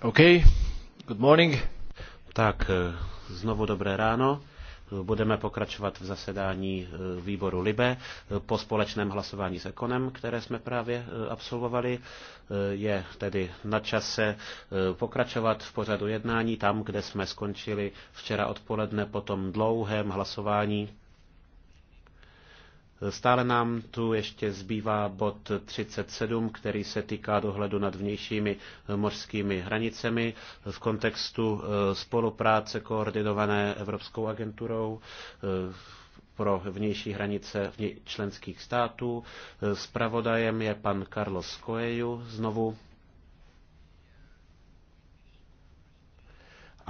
Okay. Good morning. Tak, eh, znovu dobré ráno. Budeme pokračovat v zasedání eh, výboru LIBE eh, po společném hlasování s Ekonem, které jsme právě absolvovali. Je tedy na čase pokračovat v pořadu jednání tam, kde jsme skončili včera odpoledne po tom dlouhém hlasování Stále nám tu ještě zbývá bod 37, který se týká dohledu nad vnějšími eh, mořskými hranicemi v kontextu eh, spolupráce koordinované Evropskou agenturou eh, pro vnější hranice členských států. Spravodajem je pan Carlos Coelho znovu.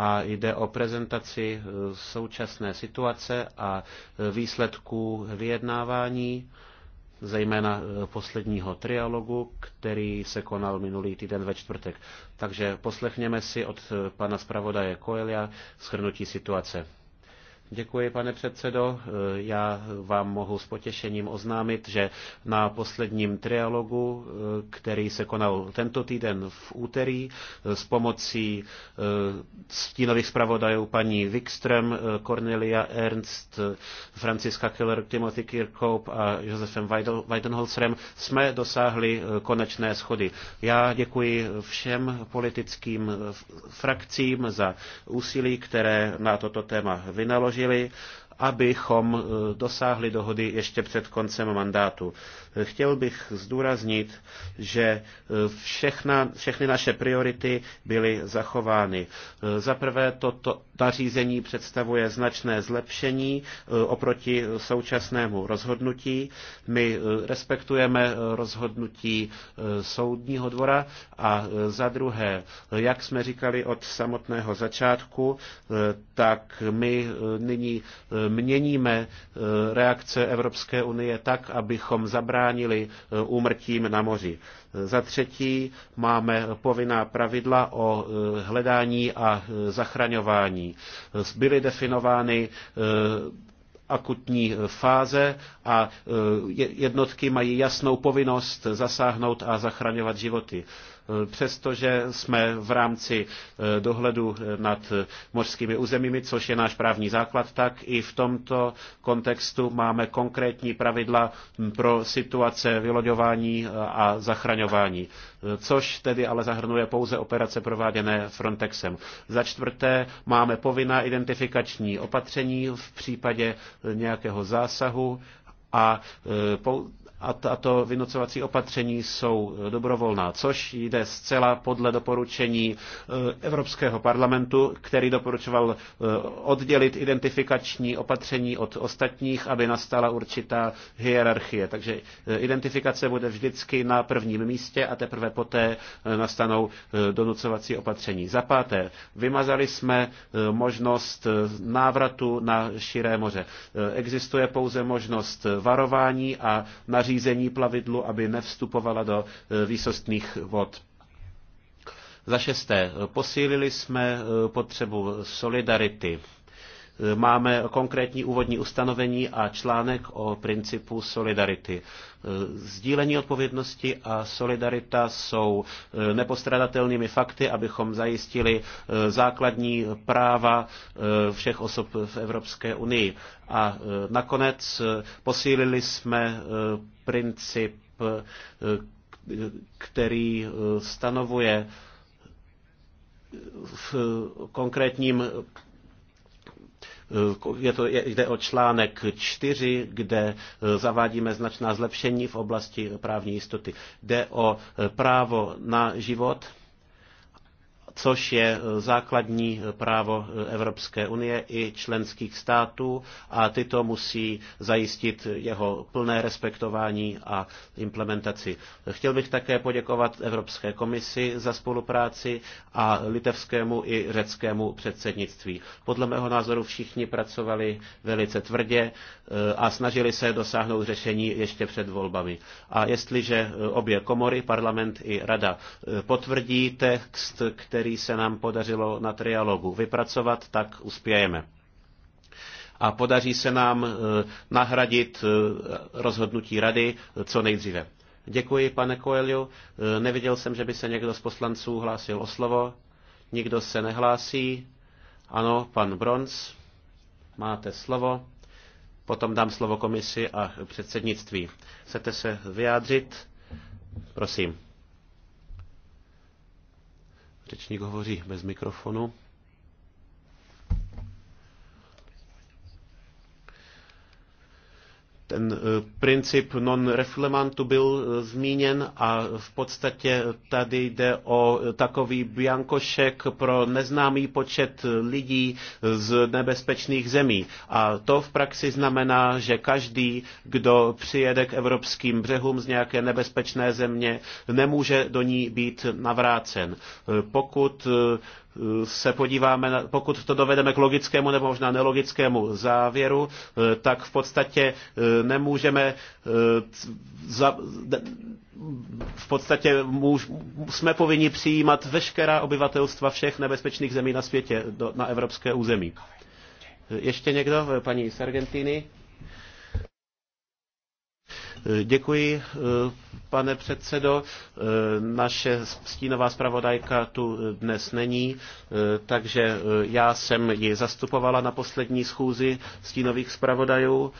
a jde o prezentaci eh, současné situace a eh, výsledků vyjednávání, zejména eh, posledního trialogu, který se konal minulý týden ve čtvrtek. Takže poslechněme si od pana zpravodaje Koelia shrnutí situace. Děkuji, pane předsedo. Já vám mohu s potěšením oznámit, že na posledním trialogu, který se konal tento týden v úterý, s pomocí eh, stínových zpravodajů paní Wikström, eh, Cornelia Ernst, Franciska Keller, Timothy Kirkhope a Josefem Weidenholzerem, jsme dosáhli eh, konečné schody. Já děkuji všem politickým frakcím za úsilí, které na toto téma vynaložili snažili abychom eh, dosáhli dohody ještě před koncem mandátu. Eh, chtěl bych zdůraznit, že eh, všechna, všechny naše priority byly zachovány. Za prvé, toto nařízení představuje značné zlepšení oproti současnému rozhodnutí. My respektujeme rozhodnutí soudního dvora a za druhé, jak jsme říkali od samotného začátku, tak my nyní měníme eh, reakce Evropské unie tak, abychom zabránili eh, úmrtím na moři. Za třetí máme povinná pravidla o eh, hledání a zachraňování. Byly definovány akutní fáze a jednotky mají jasnou povinnost zasáhnout a zachraňovat životy přestože jsme v rámci e, dohledu nad mořskými územími, což je náš právní základ, tak i v tomto kontextu máme konkrétní pravidla pro situace vyloďování a zachraňování, což tedy ale zahrnuje pouze operace prováděné Frontexem. Za čtvrté máme povinná identifikační opatření v případě nějakého zásahu a e, a tato vynucovací opatření jsou e, dobrovolná, což jde zcela podle doporučení e, Evropského parlamentu, který doporučoval e, oddělit identifikační opatření od ostatních, aby nastala určitá hierarchie. Takže identifikace bude vždycky na prvním místě a teprve poté nastanou donucovací opatření. Za páté, vymazali jsme možnost návratu na širé moře. Existuje pouze možnost varování a nařízení zařízení plavidlu, aby nevstupovala do e, výsostných vod. Za šesté, posílili jsme e, potřebu solidarity Máme konkrétní úvodní ustanovení a článek o principu solidarity. Sdílení odpovědnosti a solidarita jsou eh, nepostradatelnými fakty, abychom zajistili eh, základní práva eh, všech osob v Evropské unii. A nakonec posílili jsme princip, který stanovuje v konkrétním Eh, je to, jde o článek 4, kde eh, zavádíme značná zlepšení v oblasti právní jistoty. Jde o eh, právo na život, což je eh, základní eh, právo eh, Evropské unie i členských států a tyto musí zajistit jeho plné respektování a implementaci. Chtěl bych také poděkovat Evropské komisi za spolupráci a litevskému i řeckému předsednictví. Podle mého názoru všichni pracovali velice tvrdě a snažili se dosáhnout řešení ještě před volbami. A jestliže obě komory, parlament i rada, potvrdí text, který který se nám podařilo na trialogu vypracovat, tak uspějeme. A podaří se nám eh, nahradit eh, rozhodnutí rady eh, co nejdříve. Děkuji, pane Coelho. Neviděl jsem, že by se někdo z poslanců hlásil o slovo. Nikdo se nehlásí. Ano, pan Bronz, máte slovo. Potom dám slovo komisi a předsednictví. Chcete se vyjádřit? Prosím. Řečník hovoří bez mikrofonu. Ten eh, princip non reflemantu byl eh, zmíněn a v podstatě tady jde o eh, takový biankošek pro neznámý počet lidí z nebezpečných zemí. A to v praxi znamená, že každý, kdo přijede k evropským břehům z nějaké nebezpečné země, nemůže do ní být navrácen. Pokud Eh, se podíváme, pokud to dovedeme k logickému nebo možná nelogickému závěru, eh, tak v podstatě eh, nemůžeme za, v podstatě můž, jsme povinni přijímat veškerá obyvatelstva všech nebezpečných zemí na světě do, na evropské území. Ještě někdo? Paní z Argentiny? Děkuji, eh, pane předsedo. Eh, naše stínová zpravodajka tu dnes není, eh, takže já jsem ji zastupovala na poslední schůzi stínových zpravodajů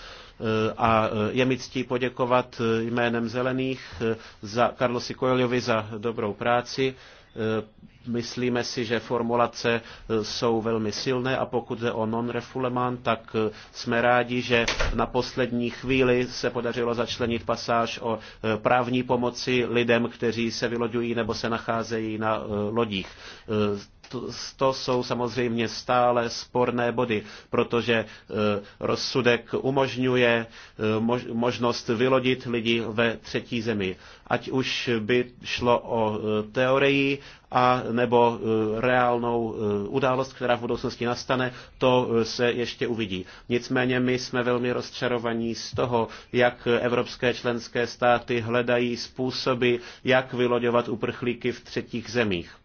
a je mi ctí poděkovat jménem Zelených za Karlosi Koeljovi za dobrou práci Eh, myslíme si, že formulace eh, jsou velmi silné a pokud jde o non-refoulement, tak eh, jsme rádi, že na poslední chvíli se podařilo začlenit pasáž o právní pomoci lidem, kteří se vyloďují nebo se nacházejí na lodích to jsou samozřejmě stále sporné body, protože eh, rozsudek umožňuje eh, možnost vylodit lidi ve třetí zemi. Ať už by šlo o eh, teorii a nebo reálnou událost, která v budoucnosti nastane, to se ještě uvidí. Nicméně my jsme velmi rozčarovaní z toho, jak evropské členské státy hledají způsoby, jak vyloďovat uprchlíky v třetích zemích.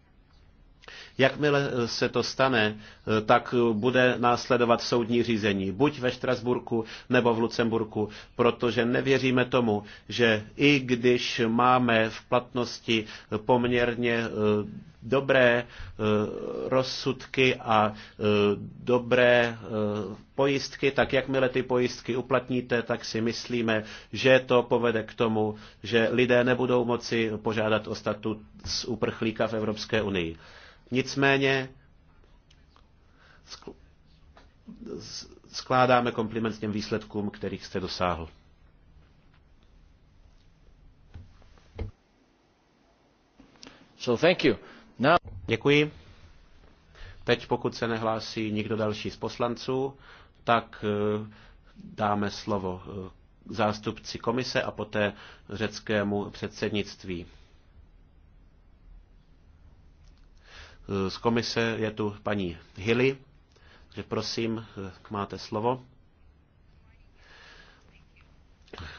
Jakmile eh, se to stane, eh, tak eh, bude následovat soudní řízení, buď ve Štrasburku nebo v Lucemburku, protože nevěříme tomu, že i když máme v platnosti poměrně dobré rozsudky a dobré pojistky, tak jakmile ty pojistky uplatníte, tak si myslíme, že to povede k tomu, že lidé nebudou moci požádat o statut z uprchlíka v Evropské unii. Nicméně skládáme kompliment s těm výsledkům, kterých jste dosáhl. So thank you. Now... Děkuji. Teď pokud se nehlásí nikdo další z poslanců, tak eh, dáme slovo eh, zástupci komise a poté řeckému předsednictví. Eh, z komise je tu paní Hilly, takže prosím, eh, máte slovo.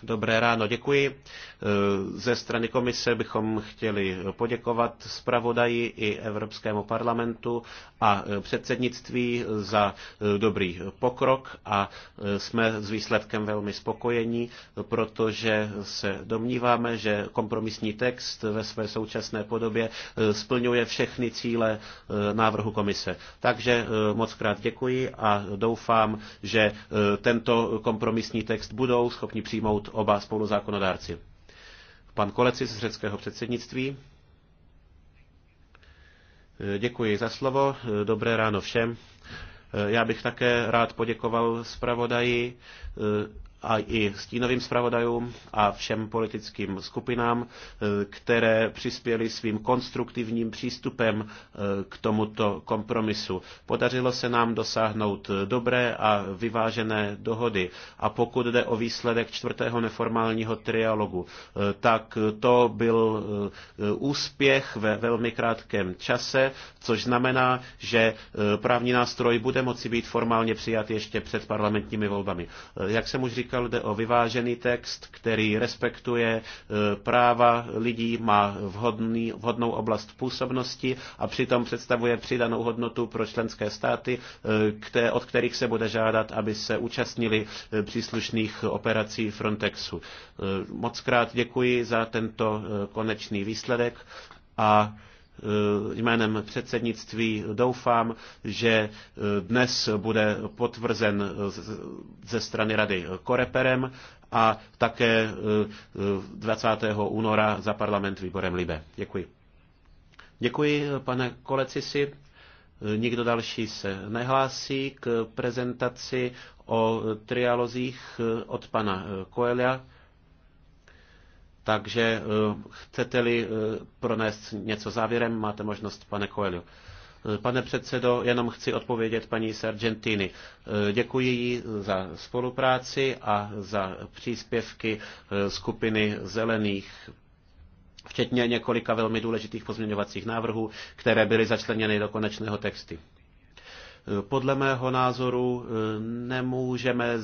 Dobré ráno, děkuji. Eh, ze strany komise bychom chtěli poděkovat zpravodaji i Evropskému parlamentu a eh, předsednictví za eh, dobrý pokrok a jsme s výsledkem velmi spokojení, protože se domníváme, že kompromisní text ve své současné podobě splňuje všechny cíle návrhu komise. Takže moc krát děkuji a doufám, že tento kompromisní text budou schopni přijít přijmout oba spoluzákonodárci. Pan Koleci z řeckého předsednictví. Děkuji za slovo. Dobré ráno všem. Já bych také rád poděkoval zpravodaji a i stínovým zpravodajům a všem politickým skupinám, eh, které přispěly svým konstruktivním přístupem eh, k tomuto kompromisu. Podařilo se nám dosáhnout eh, dobré a vyvážené dohody. A pokud jde o výsledek čtvrtého neformálního trialogu, tak to byl úspěch ve velmi krátkém čase, což znamená, že právní nástroj bude moci být formálně přijat ještě před parlamentními volbami. Jak jsem už říkal, říkal, jde o vyvážený text, který respektuje e, práva lidí, má vhodný, vhodnou oblast působnosti a přitom představuje přidanou hodnotu pro členské státy, e, které, od kterých se bude žádat, aby se účastnili e, příslušných operací Frontexu. Moc krát děkuji za tento konečný výsledek a Eh, jménem předsednictví doufám, že eh, dnes bude potvrzen eh, ze strany rady Koreperem a také 20. února za parlament výborem Libe. Děkuji. Děkuji, pane Kolecisi. Nikdo další se nehlásí k prezentaci o trialozích od pana Koelia. Takže eh, chcete-li eh, pronést něco závěrem, máte možnost, pane Coelho. Eh, pane předsedo, jenom chci odpovědět paní Sargentini. Děkuji jí za spolupráci a za příspěvky skupiny zelených včetně několika velmi důležitých pozměňovacích návrhů, které byly začleněny do konečného textu. Podle mého názoru eh, nemůžeme,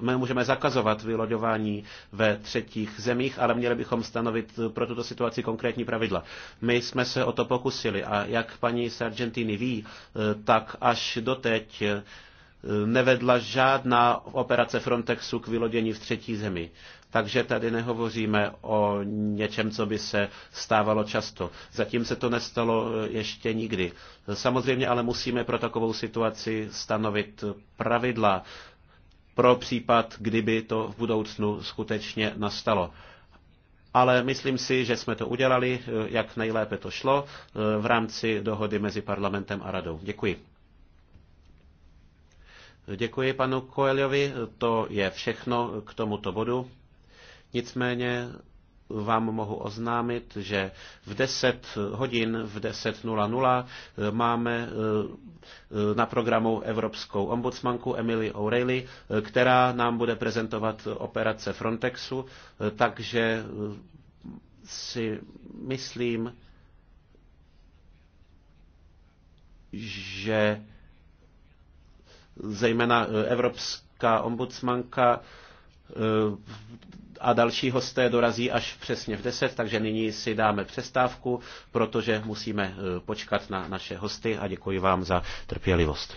nemůžeme zakazovat vyloďování ve třetích zemích, ale měli bychom stanovit pro tuto situaci konkrétní pravidla. My jsme se o to pokusili a jak paní Sargentini ví, eh, tak až doteď eh, nevedla žádná operace Frontexu k vylodění v třetí zemi. Takže tady nehovoříme o něčem, co by se stávalo často. Zatím se to nestalo eh, ještě nikdy. Samozřejmě ale musíme pro takovou situaci stanovit pravidla pro případ, kdyby to v budoucnu skutečně nastalo ale myslím si, že jsme to udělali, eh, jak nejlépe to šlo eh, v rámci dohody mezi parlamentem a radou. Děkuji. Děkuji panu Koeljovi. to je všechno k tomuto bodu. Nicméně vám mohu oznámit, že v 10 hodin v 10.00 máme eh, na programu evropskou ombudsmanku Emily O'Reilly, která nám bude prezentovat operace Frontexu, eh, takže eh, si myslím, že zejména eh, evropská ombudsmanka eh, a další hosté dorazí až přesně v 10, takže nyní si dáme přestávku, protože musíme eh, počkat na naše hosty a děkuji vám za trpělivost.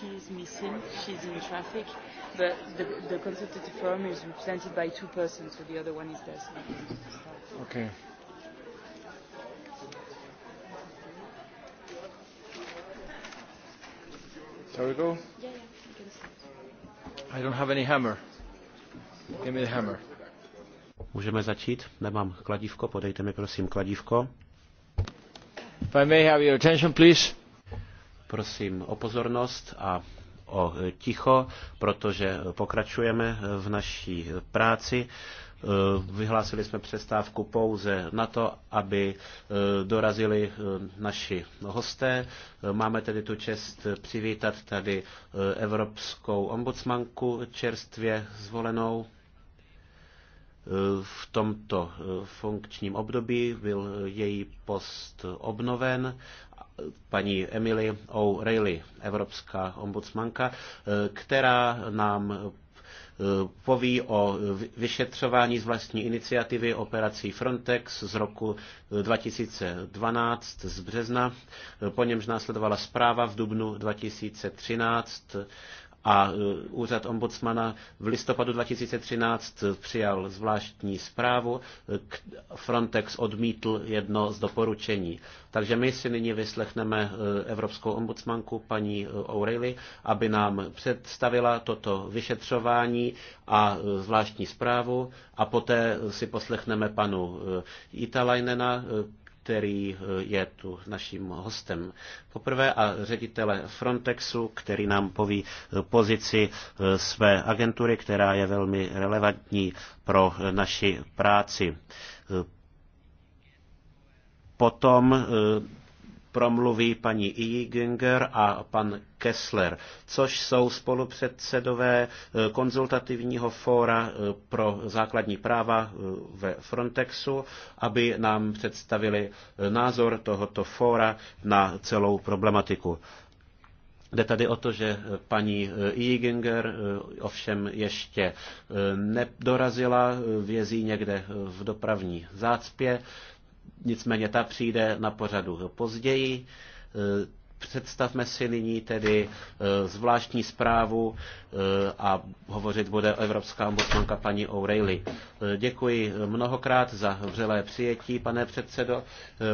she is missing. She's in traffic. But the, the consultative forum is represented by two persons, so the other one is there. So start. Okay. Shall we go? Yeah, yeah, I don't have any hammer. Give me the hammer. Můžeme začít? Nemám kladívko, podejte mi prosím kladívko. If I may have your attention, please. Prosím o pozornost a o e, ticho, protože pokračujeme v naší práci. E, vyhlásili jsme přestávku pouze na to, aby e, dorazili naši hosté. Máme tedy tu čest přivítat tady evropskou ombudsmanku čerstvě zvolenou. V tomto funkčním období byl její post obnoven paní Emily O'Reilly, evropská ombudsmanka, eh, která nám eh, poví o vyšetřování z vlastní iniciativy operací Frontex z roku 2012 eh, z března. Po němž následovala zpráva v dubnu 2013 a e, úřad ombudsmana v listopadu 2013 přijal zvláštní zprávu, e, Frontex odmítl jedno z doporučení. Takže my si nyní vyslechneme e, evropskou ombudsmanku paní O'Reilly, aby nám představila toto vyšetřování a zvláštní zprávu a poté si poslechneme panu Italajnena, který eh, je tu naším hostem poprvé a ředitele Frontexu, který nám poví eh, pozici eh, své agentury, která je velmi relevantní pro naši práci. Potom promluví paní Iginger a pan Kessler, což jsou spolupředsedové eh, konzultativního fóra eh, pro základní práva eh, ve Frontexu, aby nám představili názor tohoto fóra na celou problematiku. Jde tady o to, že paní Iginger ovšem ještě nedorazila, vězí někde v dopravní zácpě, Nicméně ta přijde na pořadu později. Představme si nyní tedy eh, zvláštní zprávu eh, a hovořit bude evropská ombudsmanka paní O'Reilly. Eh, děkuji mnohokrát za vřelé přijetí, pane předsedo.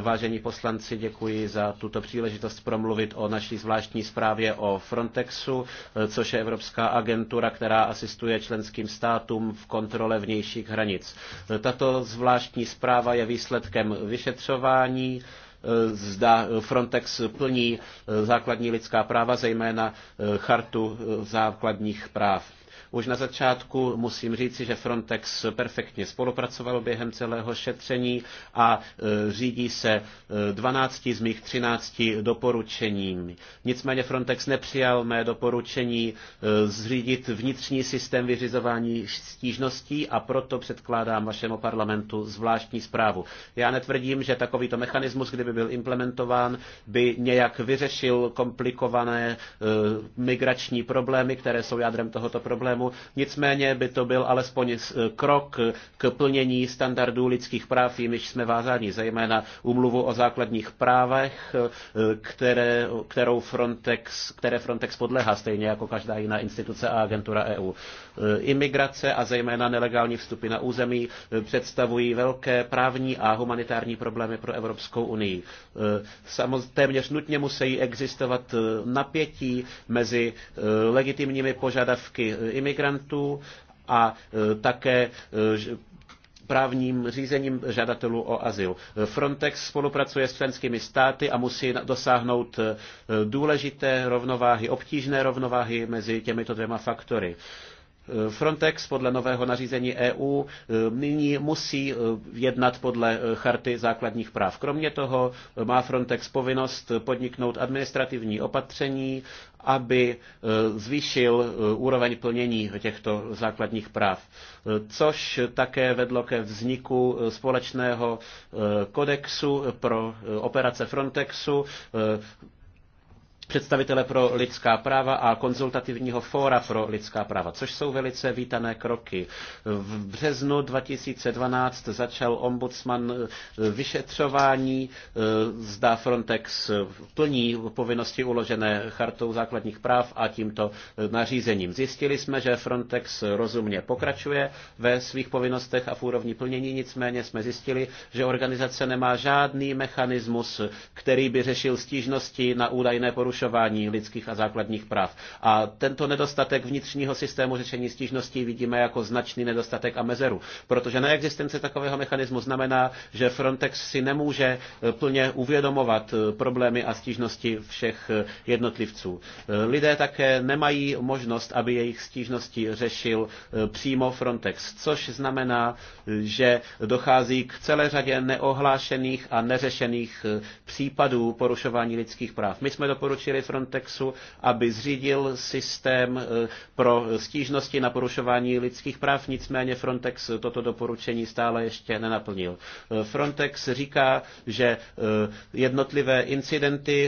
Vážení poslanci, děkuji za tuto příležitost promluvit o naší zvláštní zprávě o Frontexu, což je evropská agentura, která asistuje členským státům v kontrole vnějších hranic. Tato zvláštní zpráva je výsledkem vyšetřování, Eh, zda Frontex plní eh, základní lidská práva, zejména eh, chartu základních práv. Už na začátku musím říci, že Frontex perfektně spolupracoval během celého šetření a e, řídí se 12 e, z mých 13 doporučení. Nicméně Frontex nepřijal mé doporučení e, zřídit vnitřní systém vyřizování stížností a proto předkládám vašemu parlamentu zvláštní zprávu. Já netvrdím, že takovýto mechanismus, kdyby byl implementován, by nějak vyřešil komplikované migrační problémy, které jsou jádrem tohoto problému problému, nicméně by to byl alespoň krok k plnění standardů lidských práv, jimiž jsme vázáni zejména umluvu o základních právech, které, kterou Frontex, které Frontex podlehá stejně jako každá jiná instituce a agentura EU. Imigrace a zejména nelegální vstupy na území představují velké právní a humanitární problémy pro Evropskou unii. Samozřejmě téměř nutně musí existovat napětí mezi legitimními požadavky imigrace, imigrantů a e, také e, právním řízením žadatelů o azyl. Frontex spolupracuje s členskými státy a musí dosáhnout e, důležité rovnováhy, obtížné rovnováhy mezi těmito dvěma faktory. Eh, Frontex podle nového nařízení EU eh, nyní musí eh, jednat podle charty základních práv. Kromě toho má Frontex povinnost podniknout administrativní opatření, aby zvýšil úroveň plnění těchto základních práv, což také vedlo ke vzniku společného kodexu pro operace Frontexu, představitele pro lidská práva a konzultativního fóra pro lidská práva, což jsou velice vítané kroky. V březnu 2012 začal ombudsman eh, vyšetřování, eh, zda Frontex eh, plní povinnosti uložené chartou základních práv a tímto nařízením. Zjistili jsme, že Frontex rozumně pokračuje ve svých povinnostech a v úrovni plnění, nicméně jsme zjistili, že organizace nemá žádný mechanismus, který by řešil stížnosti na údajné porušení porušování lidských a základních práv. A tento nedostatek vnitřního systému řešení stížností vidíme jako značný nedostatek a mezeru, protože neexistence takového mechanismu znamená, že Frontex si nemůže eh, plně uvědomovat eh, problémy a stížnosti všech eh, jednotlivců. Lidé také nemají možnost, aby jejich stížnosti řešil přímo Frontex, což znamená, že dochází k celé řadě neohlášených a neřešených případů porušování lidských práv. My jsme doporučili doporučili Frontexu, aby zřídil systém eh, pro stížnosti na porušování lidských práv, nicméně Frontex toto doporučení stále ještě nenaplnil. Eh, Frontex říká, že eh, jednotlivé incidenty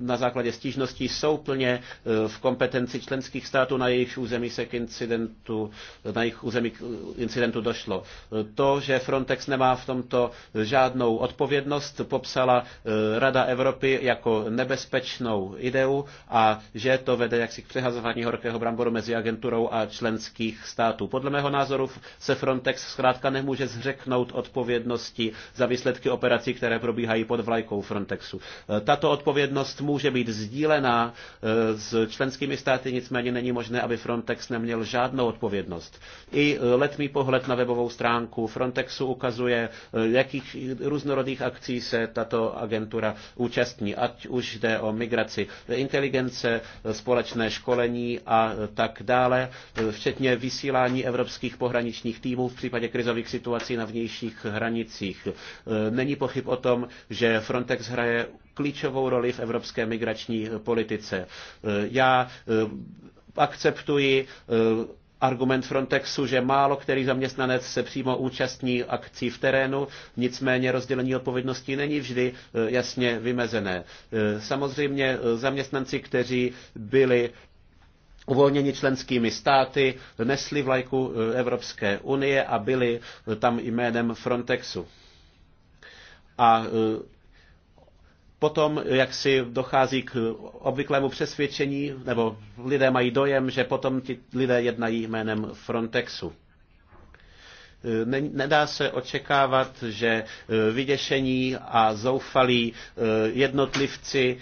na základě stížností jsou plně v kompetenci členských států, na jejich území se k incidentu, na jejich území k incidentu došlo. To, že Frontex nemá v tomto žádnou odpovědnost, popsala Rada Evropy jako nebezpečnou ideu a že to vede jaksi k přehazování horkého bramboru mezi agenturou a členských států. Podle mého názoru se Frontex zkrátka nemůže zřeknout odpovědnosti za výsledky operací, které probíhají pod vlajkou Frontexu. E, tato odpovědnost může být sdílená e, s členskými státy, nicméně není možné, aby Frontex neměl žádnou odpovědnost. I e, letmý pohled na webovou stránku Frontexu ukazuje, jakých různorodých akcí se tato agentura účastní, ať už jde o migraci rámci inteligence, společné školení a tak dále, včetně vysílání evropských pohraničních týmů v případě krizových situací na vnějších hranicích. Není pochyb o tom, že Frontex hraje klíčovou roli v evropské migrační politice. Já akceptuji argument Frontexu, že málo který zaměstnanec se přímo účastní akcí v terénu, nicméně rozdělení odpovědností není vždy e, jasně vymezené. E, samozřejmě e, zaměstnanci, kteří byli uvolněni členskými státy, nesli vlajku Evropské unie a byli tam jménem Frontexu. A potom, jak si dochází k obvyklému přesvědčení, nebo lidé mají dojem, že potom ti lidé jednají jménem Frontexu. Eh, nedá se očekávat, že eh, vyděšení a zoufalí eh, jednotlivci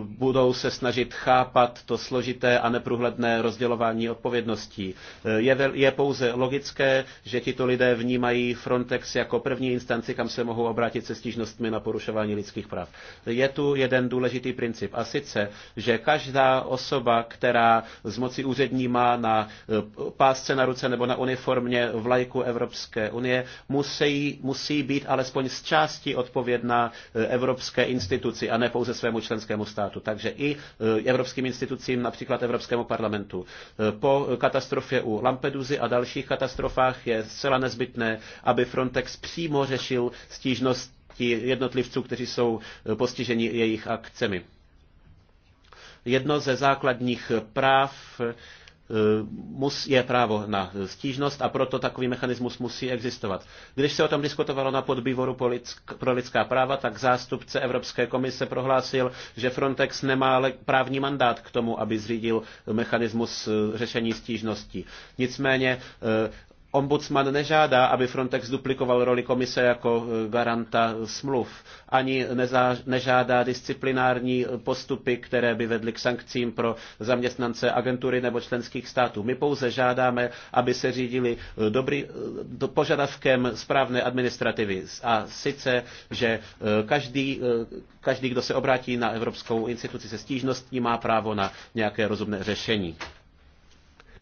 budou se snažit chápat to složité a neprůhledné rozdělování odpovědností. Je, pouze logické, že tito lidé vnímají Frontex jako první instanci, kam se mohou obrátit se stížnostmi na porušování lidských práv. Je tu jeden důležitý princip a sice, že každá osoba, která z moci úřední má na pásce na ruce nebo na uniformě vlajku Evropské Evropské unie musí, musí být alespoň z části odpovědná eh, Evropské instituci a ne pouze svému členskému státu. Takže i eh, evropským institucím, například Evropskému parlamentu. Eh, po katastrofě u Lampeduzy a dalších katastrofách je zcela nezbytné, aby Frontex přímo řešil stížnost jednotlivců, kteří jsou postiženi jejich akcemi jedno ze základních práv Eh, je právo na stížnost a proto takový mechanismus musí existovat. Když se o tom diskutovalo na podbývoru pro lidská práva, tak zástupce Evropské komise prohlásil, že Frontex nemá právní mandát k tomu, aby zřídil mechanismus eh, řešení stížností. Nicméně eh, Ombudsman nežádá, aby Frontex duplikoval roli komise jako eh, garanta smluv, ani nežádá disciplinární postupy, které by vedly k sankcím pro zaměstnance agentury nebo členských států. My pouze žádáme, aby se řídili eh, dobrý, eh, do, požadavkem správné administrativy. A sice, že každý, každý, kdo se obrátí na Evropskou instituci se stížností, má právo na nějaké rozumné řešení.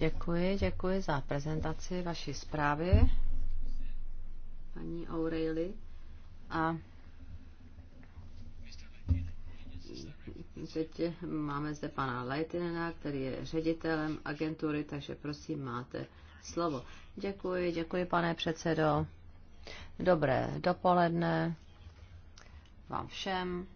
Děkuji, děkuji za prezentaci vaší zprávy, paní O'Reilly. A teď máme zde pana Leitinena, který je ředitelem agentury, takže prosím, máte slovo. Děkuji, děkuji, pane předsedo. Dobré dopoledne vám všem.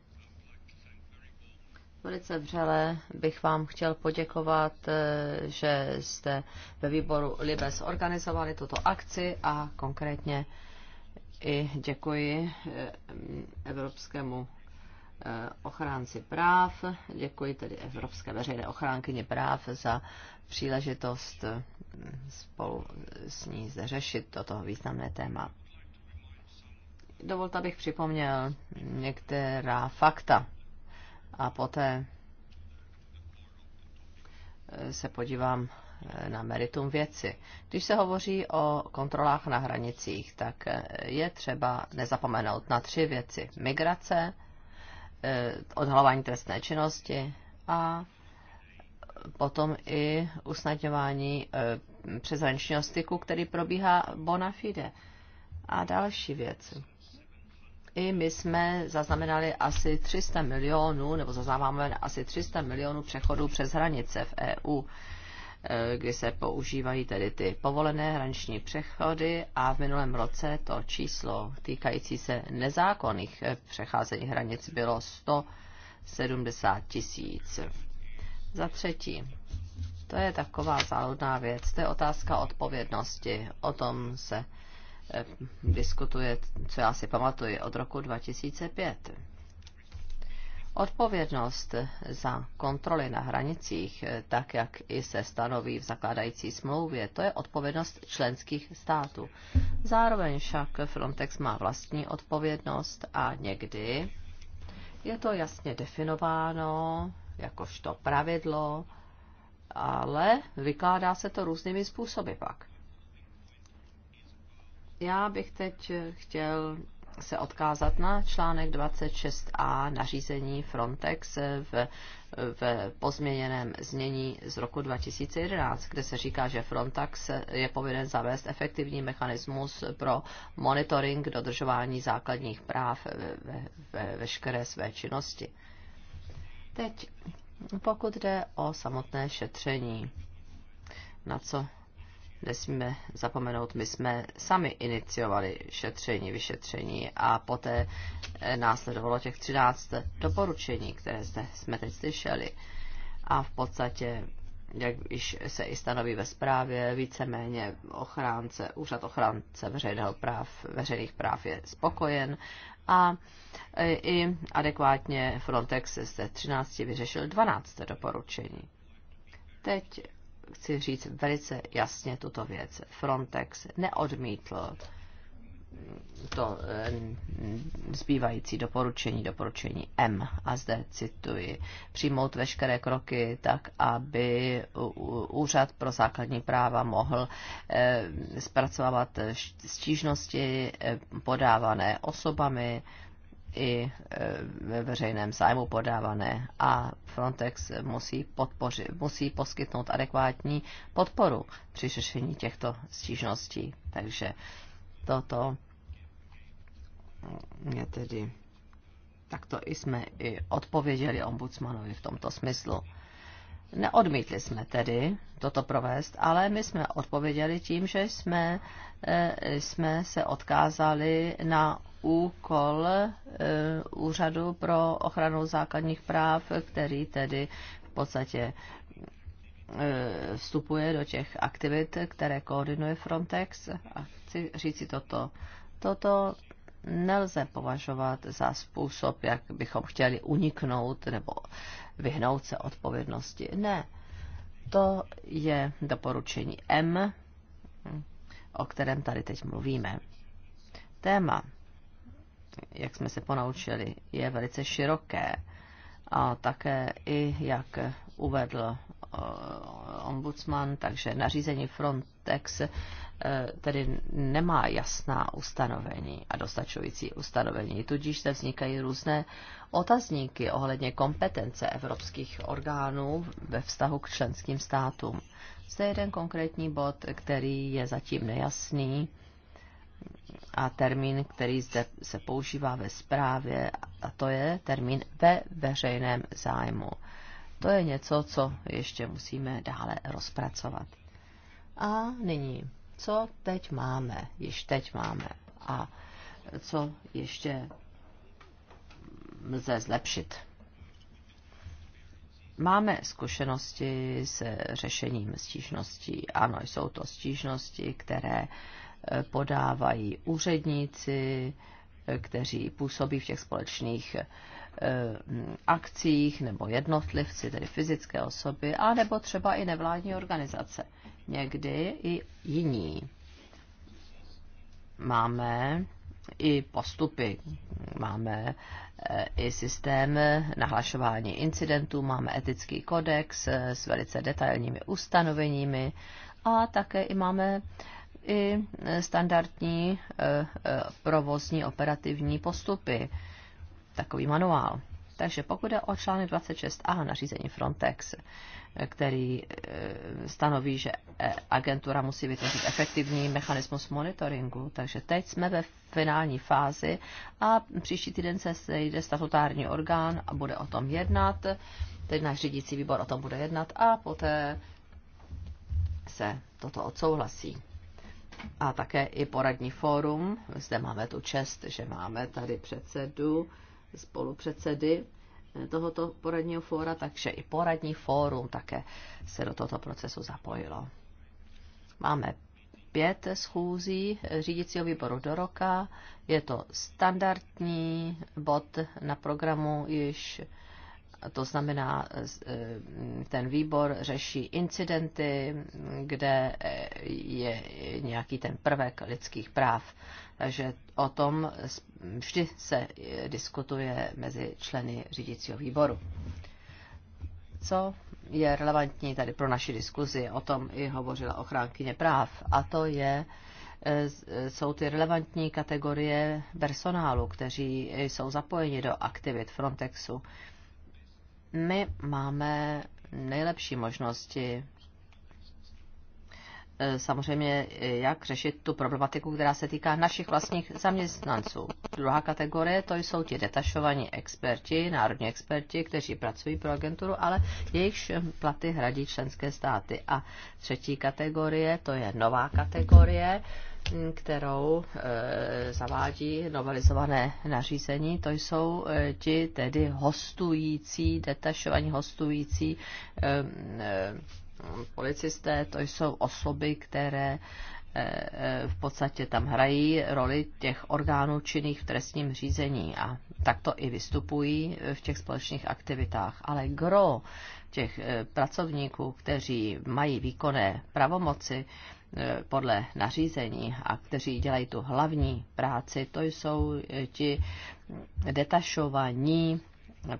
Velice vřele bych vám chtěl poděkovat, eh, že jste ve výboru Libes organizovali tuto akci a konkrétně i děkuji eh, Evropskému eh, ochránci práv, děkuji tedy Evropské veřejné ochránkyni práv za příležitost spolu s ní zde řešit toto významné téma. Dovolte, abych připomněl některá fakta a poté eh, se podívám eh, na meritum věci. Když se hovoří o kontrolách na hranicích, tak eh, je třeba nezapomenout na tři věci. Migrace, odhalování trestné činnosti a potom i usnadňování přeshraničního styku, který probíhá bona fide. A další věci i my jsme zaznamenali asi 300 milionů, nebo zaznáváme asi 300 milionů přechodů přes hranice v EU, eh, kdy se používají tedy ty povolené hraniční přechody a v minulém roce to číslo týkající se nezákonných eh, přecházení hranic bylo 170 tisíc. Za třetí, to je taková záludná věc, to je otázka odpovědnosti, o tom se Eh, diskutuje, co já si pamatuju, od roku 2005. Odpovědnost za kontroly na hranicích, eh, tak jak i se stanoví v zakládající smlouvě, to je odpovědnost členských států. Zároveň však Frontex má vlastní odpovědnost a někdy je to jasně definováno jakožto pravidlo, ale vykládá se to různými způsoby pak. Já bych teď eh, chtěl se odkázat na článek 26a nařízení Frontex eh, v, v pozměněném znění z roku 2011, kde se říká, že Frontex eh, je povinen zavést efektivní mechanismus pro monitoring dodržování základních práv ve, ve veškeré své činnosti. Teď, pokud jde o samotné šetření, na co nesmíme zapomenout, my jsme sami iniciovali šetření, vyšetření a poté eh, následovalo těch 13 doporučení, které zde jsme teď slyšeli. A v podstatě, jak již se i stanoví ve zprávě, víceméně ochránce, úřad ochránce veřejného práv, veřejných práv je spokojen a eh, i adekvátně Frontex z 13 vyřešil 12 doporučení. Teď chci říct velice jasně tuto věc. Frontex neodmítl to eh, zbývající doporučení, doporučení M, a zde cituji, přijmout veškeré kroky tak, aby Úřad pro základní práva mohl eh, zpracovávat stížnosti eh, podávané osobami, i e, ve veřejném zájmu podávané a Frontex musí, podpoři, musí poskytnout adekvátní podporu při řešení těchto stížností. Takže toto je tedy. Takto i jsme i odpověděli ombudsmanovi v tomto smyslu. Neodmítli jsme tedy toto provést, ale my jsme odpověděli tím, že jsme, eh, jsme se odkázali na úkol eh, Úřadu pro ochranu základních práv, který tedy v podstatě eh, vstupuje do těch aktivit, které koordinuje Frontex. A chci si toto. Toto nelze považovat za způsob, jak bychom chtěli uniknout nebo vyhnout se odpovědnosti. Ne. To je doporučení M, o kterém tady teď mluvíme. Téma, jak jsme se ponaučili, je velice široké a také i, jak uvedl eh, ombudsman, takže nařízení Frontex Eh, tedy nemá jasná ustanovení a dostačující ustanovení. Tudíž se vznikají různé otazníky ohledně kompetence evropských orgánů ve vztahu k členským státům. Zde jeden konkrétní bod, který je zatím nejasný a termín, který zde se používá ve zprávě, a to je termín ve veřejném zájmu. To je něco, co ještě musíme dále rozpracovat. A nyní co teď máme, již teď máme a co ještě lze zlepšit. Máme zkušenosti s řešením stížností. Ano, jsou to stížnosti, které eh, podávají úředníci, eh, kteří působí v těch společných eh, akcích, nebo jednotlivci, tedy fyzické osoby, a nebo třeba i nevládní organizace někdy i jiní. Máme i postupy, máme eh, i systém nahlašování incidentů, máme etický kodex eh, s velice detailními ustanoveními a také i máme i eh, standardní provozní operativní postupy, takový manuál. Takže pokud je o článek 26a nařízení Frontex, který e, stanoví, že e, agentura musí vytvořit efektivní mechanismus monitoringu, takže teď jsme ve finální fázi a příští týden se sejde statutární orgán a bude o tom jednat. Teď náš řídící výbor o tom bude jednat a poté se toto odsouhlasí. A také i poradní fórum. Zde máme tu čest, že máme tady předsedu spolupředsedy eh, tohoto poradního fóra, takže i poradní fórum také se do tohoto procesu zapojilo. Máme pět schůzí řídicího výboru do roka. Je to standardní bod na programu již to znamená, e, ten výbor řeší incidenty, kde e, je nějaký ten prvek lidských práv. Takže o tom vždy se e, diskutuje mezi členy řídícího výboru. Co je relevantní tady pro naši diskuzi, o tom i hovořila ochránkyně práv, a to je, jsou ty relevantní kategorie personálu, kteří jsou zapojeni do aktivit Frontexu. My máme nejlepší možnosti eh, samozřejmě, eh, jak řešit tu problematiku, která se týká našich vlastních zaměstnanců. Druhá kategorie, to jsou ti detašovaní experti, národní experti, kteří pracují pro agenturu, ale jejichž platy hradí členské státy. A třetí kategorie, to je nová kategorie, kterou eh, zavádí novelizované nařízení. To jsou eh, ti tedy hostující, detašovaní hostující eh, policisté, to jsou osoby, které v podstatě tam hrají roli těch orgánů činných v trestním řízení a takto i vystupují v těch společných aktivitách. Ale gro těch pracovníků, kteří mají výkonné pravomoci, podle nařízení a kteří dělají tu hlavní práci, to jsou ti detašovaní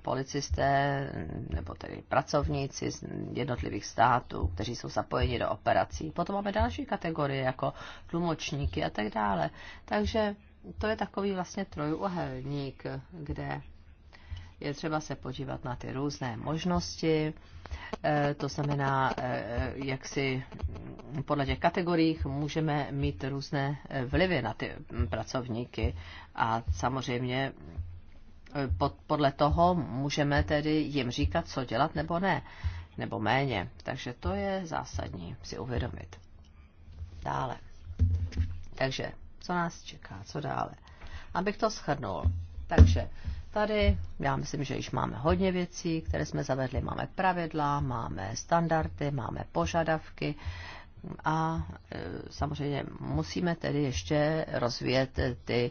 policisté nebo tedy pracovníci z jednotlivých států, kteří jsou zapojeni do operací. Potom máme další kategorie jako tlumočníky a tak dále. Takže to je takový vlastně trojuhelník, kde je třeba se podívat na ty různé možnosti, eh, to znamená, eh, jak si podle těch kategorií můžeme mít různé eh, vlivy na ty pracovníky a samozřejmě podle toho můžeme tedy jim říkat, co dělat nebo ne, nebo méně. Takže to je zásadní si uvědomit. Dále. Takže, co nás čeká, co dále? Abych to shrnul. Takže tady. Já myslím, že již máme hodně věcí, které jsme zavedli. Máme pravidla, máme standardy, máme požadavky a e, samozřejmě musíme tedy ještě rozvíjet ty e,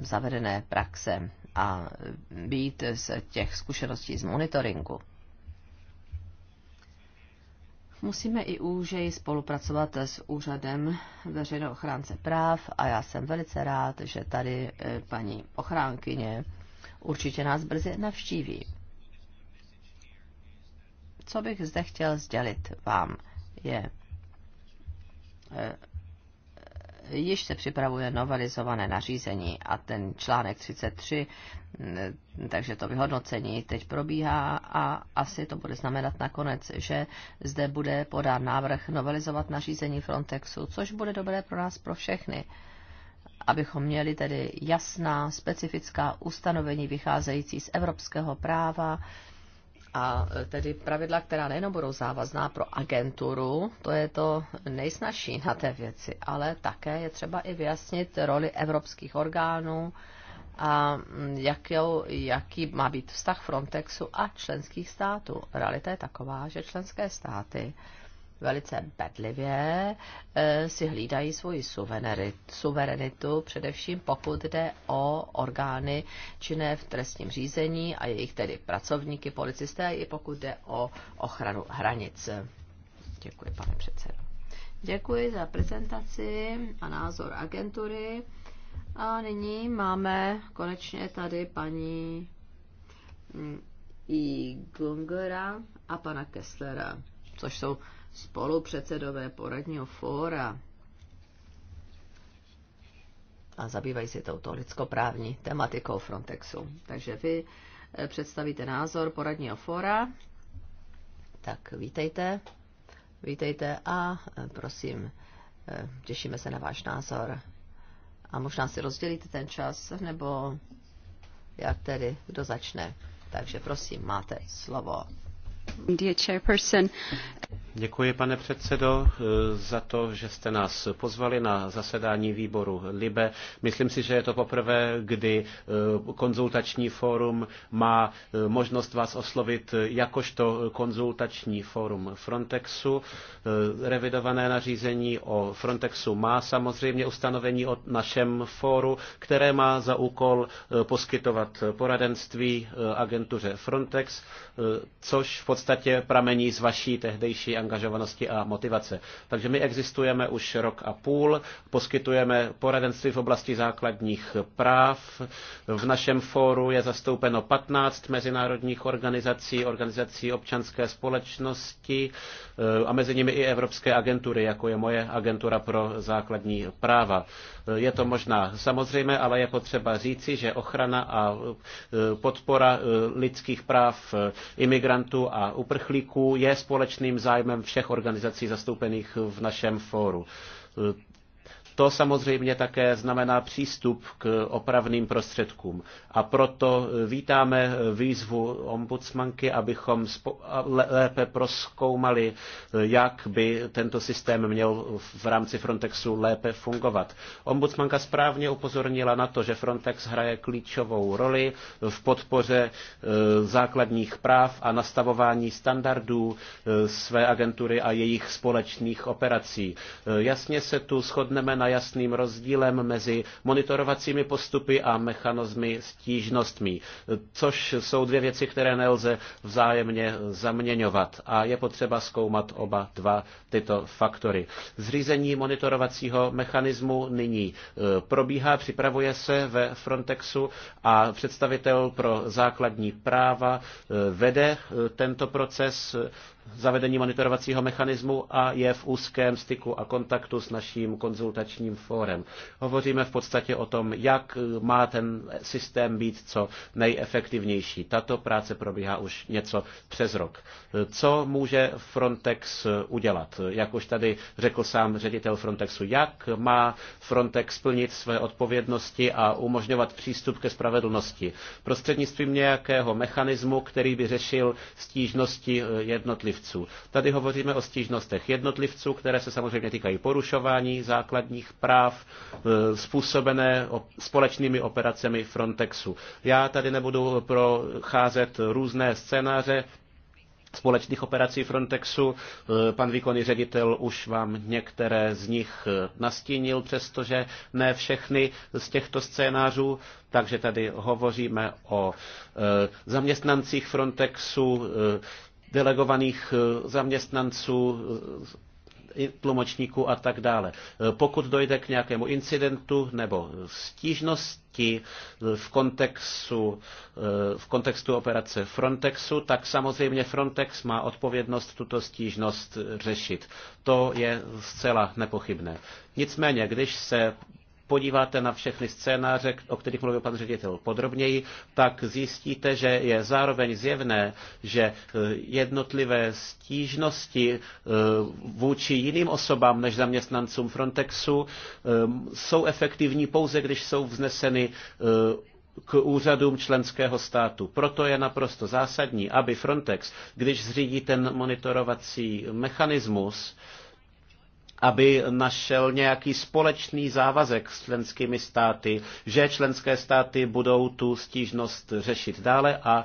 zavedené praxe a být z těch zkušeností z monitoringu. Musíme i úžeji spolupracovat s úřadem veřejného ochránce práv a já jsem velice rád, že tady e, paní ochránkyně určitě nás brzy navštíví. Co bych zde chtěl sdělit vám, je, eh, již se připravuje novelizované nařízení a ten článek 33, mm, takže to vyhodnocení teď probíhá a asi to bude znamenat nakonec, že zde bude podán návrh novelizovat nařízení Frontexu, což bude dobré pro nás, pro všechny abychom měli tedy jasná, specifická ustanovení vycházející z evropského práva a e, tedy pravidla, která nejenom budou závazná pro agenturu, to je to nejsnažší na té věci, ale také je třeba i vyjasnit roli evropských orgánů a jakou, jaký má být vztah Frontexu a členských států. Realita je taková, že členské státy velice bedlivě eh, si hlídají svoji suverenitu, především pokud jde o orgány činné v trestním řízení a jejich tedy pracovníky, policisté, i pokud jde o ochranu hranic. Děkuji, pane předsedo. Děkuji za prezentaci a názor agentury. A nyní máme konečně tady paní mm, I. Gungera a pana Kesslera, což jsou spolupředsedové poradního fóra a zabývají se touto lidskoprávní tematikou Frontexu. Takže vy eh, představíte názor poradního fóra, tak vítejte, vítejte a eh, prosím, eh, těšíme se na váš názor. A možná si rozdělíte ten čas, nebo jak tedy, kdo začne. Takže prosím, máte slovo. Děkuji, pane předsedo, za to, že jste nás pozvali na zasedání výboru LIBE. Myslím si, že je to poprvé, kdy eh, konzultační fórum má eh, možnost vás oslovit jakožto konzultační fórum Frontexu. Eh, revidované nařízení o Frontexu má samozřejmě ustanovení o našem fóru, které má za úkol poskytovat poradenství agentuře Frontex, což v podstatě podstatě pramení z vaší tehdejší angažovanosti a motivace. Takže my existujeme už rok a půl, poskytujeme poradenství v oblasti základních práv. V našem fóru je zastoupeno 15 mezinárodních organizací, organizací občanské společnosti eh, a mezi nimi i evropské agentury, jako je moje agentura pro základní práva. Je to možná samozřejmé, ale je potřeba říci, že ochrana a eh, podpora eh, lidských práv imigrantů a uprchlíků je společným zájmem všech organizací zastoupených v našem fóru. To samozřejmě také znamená přístup k opravným prostředkům. A proto eh, vítáme eh, výzvu ombudsmanky, abychom lépe proskoumali, eh, jak by tento systém měl v rámci Frontexu lépe fungovat. Ombudsmanka správně upozornila na to, že Frontex hraje klíčovou roli v podpoře základních práv a nastavování standardů své agentury a jejich společných operací. Jasně se tu shodneme na zejména jasným rozdílem mezi monitorovacími postupy a mechanizmy stížnostmi, což jsou dvě věci, které nelze vzájemně zaměňovat a je potřeba zkoumat oba dva tyto faktory. Zřízení monitorovacího mechanismu nyní e, probíhá, připravuje se ve Frontexu a představitel pro základní práva e, vede e, tento proces zavedení monitorovacího mechanismu a je v úzkém styku a kontaktu s naším konzultačním fórem. Hovoříme v podstatě o tom, jak má ten systém být co nejefektivnější. Tato práce probíhá už něco přes rok. Co může Frontex udělat? Jak už tady řekl sám ředitel Frontexu, jak má Frontex plnit své odpovědnosti a umožňovat přístup ke spravedlnosti? Prostřednictvím nějakého mechanismu, který by řešil stížnosti jednotlivých jednotlivců. Tady hovoříme o stížnostech jednotlivců, které se samozřejmě týkají porušování základních práv e, způsobené společnými operacemi Frontexu. Já tady nebudu procházet různé scénáře, společných operací Frontexu. E, pan výkonný ředitel už vám některé z nich e, nastínil, přestože ne všechny z těchto scénářů. Takže tady hovoříme o zaměstnancích Frontexu, delegovaných eh, zaměstnanců, eh, tlumočníků a tak dále. Eh, pokud dojde k nějakému incidentu nebo stížnosti v kontextu, v kontextu operace Frontexu, tak samozřejmě Frontex má odpovědnost tuto stížnost řešit. To je zcela nepochybné. Nicméně, když se podíváte na všechny scénáře, o kterých mluvil pan ředitel podrobněji, tak zjistíte, že je zároveň zjevné, že e, jednotlivé stížnosti e, vůči jiným osobám než zaměstnancům Frontexu e, jsou efektivní pouze, když jsou vzneseny k úřadům členského státu. Proto je naprosto zásadní, aby Frontex, když zřídí ten monitorovací mechanismus, aby našel nějaký společný závazek s členskými státy, že členské státy budou tu stížnost řešit dále a e,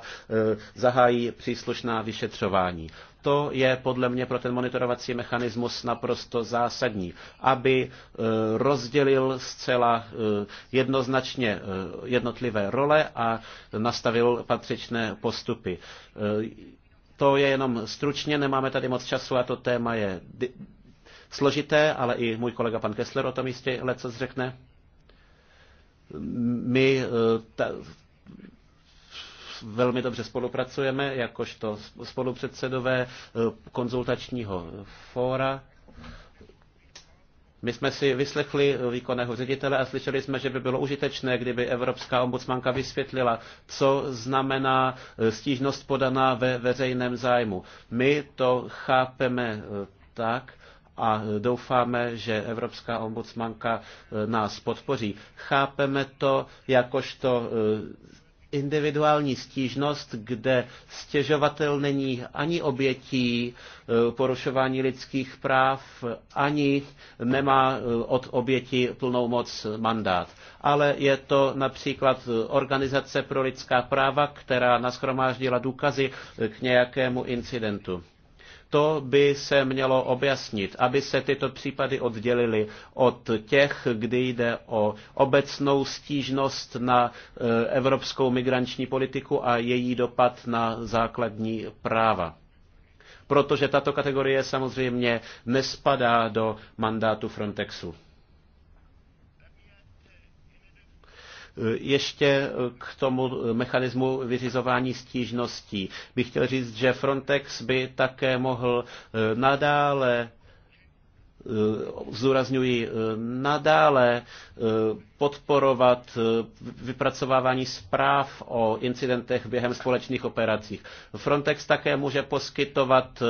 zahájí příslušná vyšetřování. To je podle mě pro ten monitorovací mechanismus naprosto zásadní, aby e, rozdělil zcela e, jednoznačně jednotlivé role a nastavil patřičné postupy. To je jenom stručně, nemáme tady moc času a to téma je složité, ale i můj kolega pan Kessler o tom jistě leco zřekne. My eh, ta, velmi dobře spolupracujeme, jakožto spolupředsedové eh, konzultačního fóra. My jsme si vyslechli výkonného ředitele a slyšeli jsme, že by bylo užitečné, kdyby Evropská ombudsmanka vysvětlila, co znamená eh, stížnost podaná ve veřejném zájmu. My to chápeme tak, a doufáme, že Evropská ombudsmanka e, nás podpoří. Chápeme to jakožto e, individuální stížnost, kde stěžovatel není ani obětí e, porušování lidských práv, ani nemá od oběti plnou moc mandát. Ale je to například Organizace pro lidská práva, která nashromáždila důkazy k nějakému incidentu. To by se mělo objasnit, aby se tyto případy oddělily od těch, kdy jde o obecnou stížnost na eh, evropskou migrační politiku a její dopad na základní práva protože tato kategorie samozřejmě nespadá do mandátu Frontexu. Ještě k tomu mechanismu vyřizování stížností bych chtěl říct, že Frontex by také mohl nadále Eh, zdůrazňuji eh, nadále eh, podporovat vypracovávání zpráv o incidentech během společných operací. Frontex také může poskytovat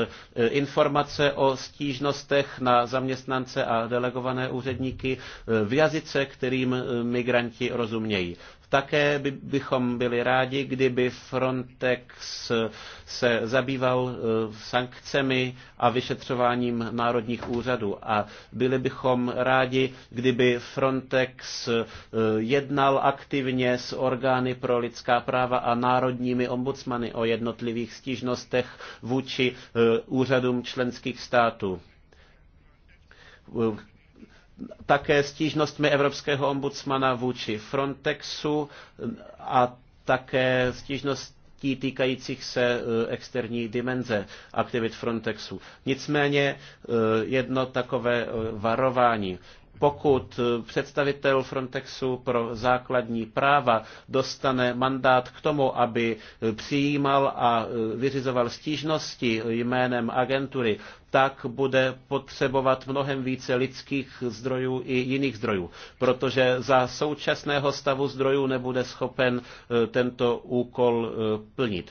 informace o stížnostech na zaměstnance a delegované úředníky v jazyce, kterým migranti rozumějí. Také bychom byli rádi, kdyby Frontex se zabýval eh, sankcemi a vyšetřováním národních úřadů. A byli bychom rádi, kdyby Frontex eh, jednal aktivně s orgány pro lidská práva a národními ombudsmany o jednotlivých stížnostech vůči eh, úřadům členských států také stížnostmi Evropského ombudsmana vůči Frontexu a také stížnost týkajících se eh, externí dimenze aktivit Frontexu. Nicméně eh, jedno takové eh, varování pokud představitel Frontexu pro základní práva dostane mandát k tomu, aby přijímal a vyřizoval stížnosti jménem agentury, tak bude potřebovat mnohem více lidských zdrojů i jiných zdrojů, protože za současného stavu zdrojů nebude schopen eh, tento úkol eh, plnit.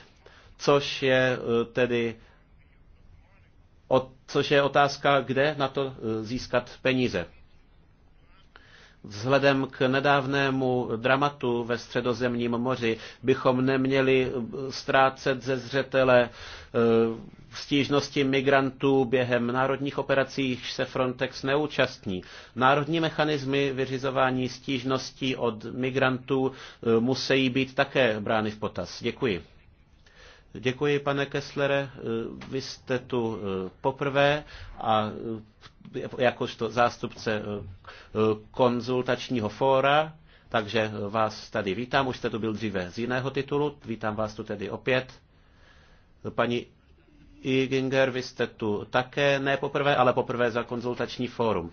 Což je eh, tedy což je otázka, kde na to získat peníze. Vzhledem k nedávnému dramatu ve středozemním moři bychom neměli eh, ztrácet ze zřetele eh, stížnosti migrantů během národních operací, jichž se Frontex neúčastní. Národní mechanismy vyřizování stížností od migrantů eh, musí být také brány v potaz. Děkuji. Děkuji, pane Kesslere. Vy jste tu eh, poprvé a eh, jakožto zástupce eh, konzultačního fóra, takže vás tady vítám. Už jste tu byl dříve z jiného titulu, vítám vás tu tedy opět. Paní Ginger, vy jste tu také, ne poprvé, ale poprvé za konzultační fórum.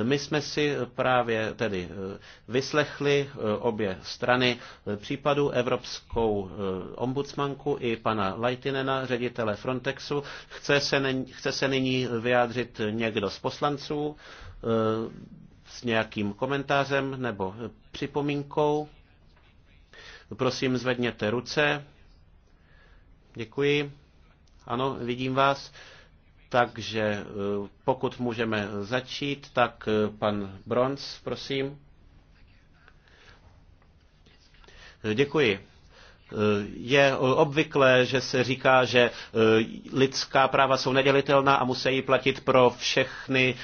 E, my jsme si právě tedy e, vyslechli e, obě strany případu evropskou ombudsmanku i pana Leitinena, ředitele Frontexu. Chce se, nyní, chce se nyní vyjádřit někdo z poslanců s nějakým komentářem nebo připomínkou. Prosím, zvedněte ruce. Děkuji. Ano, vidím vás. Takže eh, pokud můžeme začít, tak eh, pan Bronz, prosím. Eh, děkuji. Je obvyklé, že se říká, že lidská práva jsou nedělitelná a musí platit pro všechny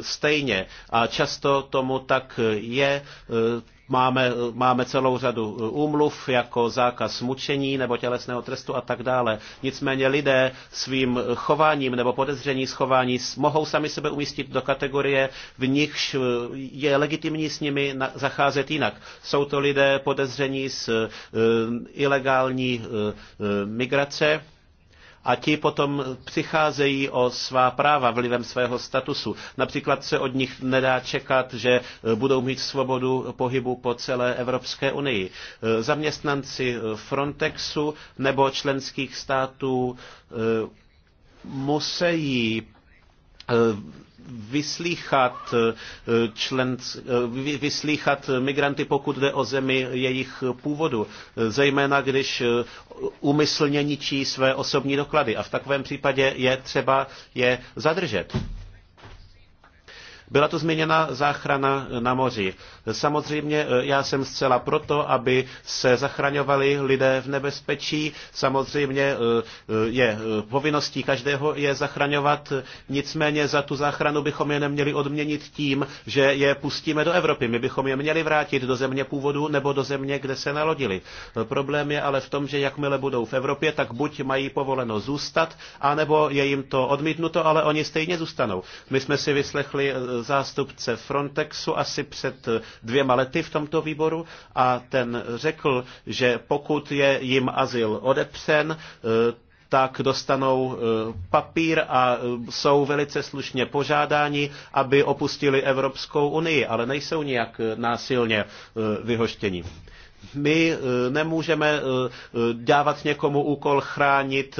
stejně. A často tomu tak je Máme, máme celou řadu eh, úmluv, jako zákaz mučení nebo tělesného trestu a tak dále. Nicméně lidé svým chováním nebo podezření schování mohou sami sebe umístit do kategorie, v nichž eh, je legitimní s nimi zacházet jinak. Jsou to lidé podezření z eh, ilegální migrace, a ti potom přicházejí o svá práva vlivem svého statusu. Například se od nich nedá čekat, že budou mít svobodu pohybu po celé Evropské unii. Zaměstnanci Frontexu nebo členských států eh, musí Eh, vyslýchat, eh, člen, eh, vyslýchat migranty, pokud jde o zemi jejich původu, zejména když úmyslně ničí své osobní doklady. A v takovém případě je třeba je zadržet. Byla tu zmíněna záchrana na moři. Samozřejmě e, já jsem zcela proto, aby se zachraňovali lidé v nebezpečí. Samozřejmě e, e, je povinností každého je zachraňovat, nicméně za tu záchranu bychom je neměli odměnit tím, že je pustíme do Evropy. My bychom je měli vrátit do země původu nebo do země, kde se nalodili. Problém je ale v tom, že jakmile budou v Evropě, tak buď mají povoleno zůstat, anebo je jim to odmítnuto, ale oni stejně zůstanou. My jsme si vyslechli zástupce Frontexu asi před dvěma lety v tomto výboru a ten řekl, že pokud je jim azyl odepřen, eh, tak dostanou eh, papír a eh, jsou velice slušně požádáni, aby opustili Evropskou unii, ale nejsou nijak násilně vyhoštěni. My nemůžeme dávat někomu úkol chránit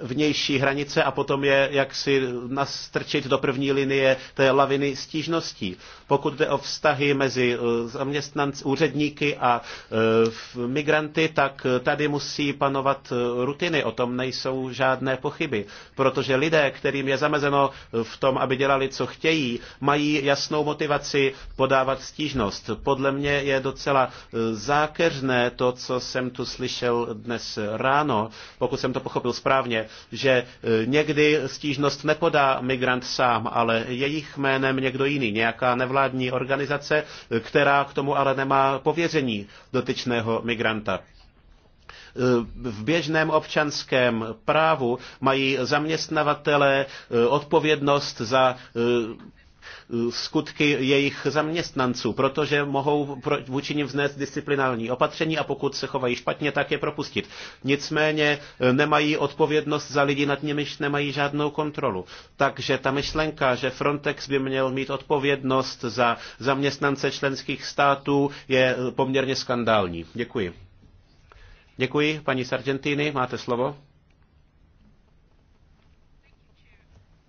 vnější hranice a potom je jak si nastrčit do první linie té laviny stížností. Pokud jde o vztahy mezi eh, zaměstnanci, úředníky a eh, migranty, tak eh, tady musí panovat rutiny, o tom nejsou žádné pochyby, protože lidé, kterým je zamezeno v tom, aby dělali, co chtějí, mají jasnou motivaci podávat stížnost. Podle mě je docela zákeřné to, co jsem tu slyšel dnes ráno, pokud jsem to pochopil správně, že e, někdy stížnost nepodá migrant sám, ale jejich jménem někdo jiný, nějaká nevládní organizace, e, která k tomu ale nemá pověření dotyčného migranta e, v běžném občanském právu mají zaměstnavatele odpovědnost za skutky jejich zaměstnanců, protože mohou vůči nim vznést disciplinární opatření a pokud se chovají špatně, tak je propustit. Nicméně e, nemají odpovědnost za lidi, nad nimiž nemají žádnou kontrolu. Takže ta myšlenka, že Frontex by měl mít odpovědnost za zaměstnance členských států, je e, poměrně skandální. Děkuji. Děkuji, paní Sargentini, máte slovo.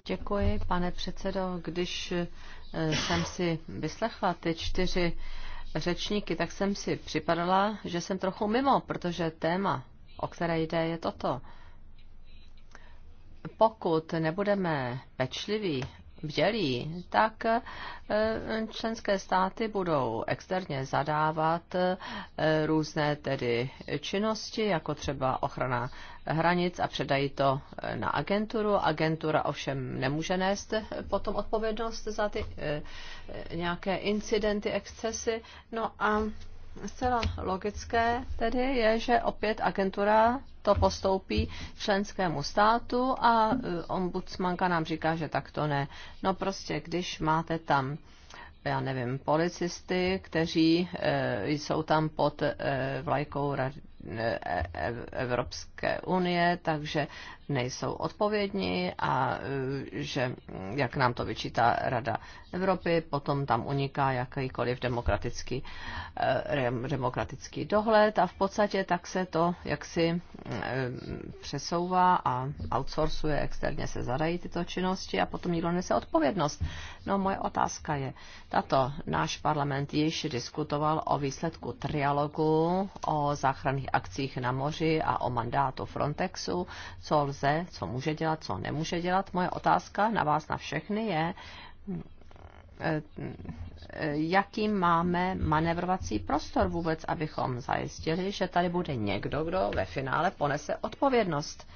Děkuji, pane předsedo. Když eh, jsem si vyslechla ty čtyři řečníky, tak jsem si připadala, že jsem trochu mimo, protože téma, o které jde, je toto. Pokud nebudeme pečliví bdělí, tak eh, členské státy budou externě zadávat eh, různé tedy činnosti, jako třeba ochrana hranic a předají to eh, na agenturu. Agentura ovšem nemůže nést potom odpovědnost za ty nějaké incidenty, excesy. No a Zcela logické tedy je, že opět agentura to postoupí členskému státu a e, ombudsmanka nám říká, že tak to ne. No prostě, když máte tam já nevím, policisty, kteří e, jsou tam pod e, vlajkou e, e, Evropské Evropské unie, takže nejsou odpovědní a e, že, jak nám to vyčítá Rada Evropy, potom tam uniká jakýkoliv demokratický, e, demokratický dohled a v podstatě tak se to jaksi e, přesouvá a outsourcuje, externě se zadají tyto činnosti a potom nikdo nese odpovědnost. No moje otázka je, tato náš parlament již diskutoval o výsledku trialogu, o záchranných akcích na moři a o mandátu mandátu Frontexu, co lze, co může dělat, co nemůže dělat. Moje otázka na vás, na všechny je, jaký máme manevrovací prostor vůbec, abychom zajistili, že tady bude někdo, kdo ve finále ponese odpovědnost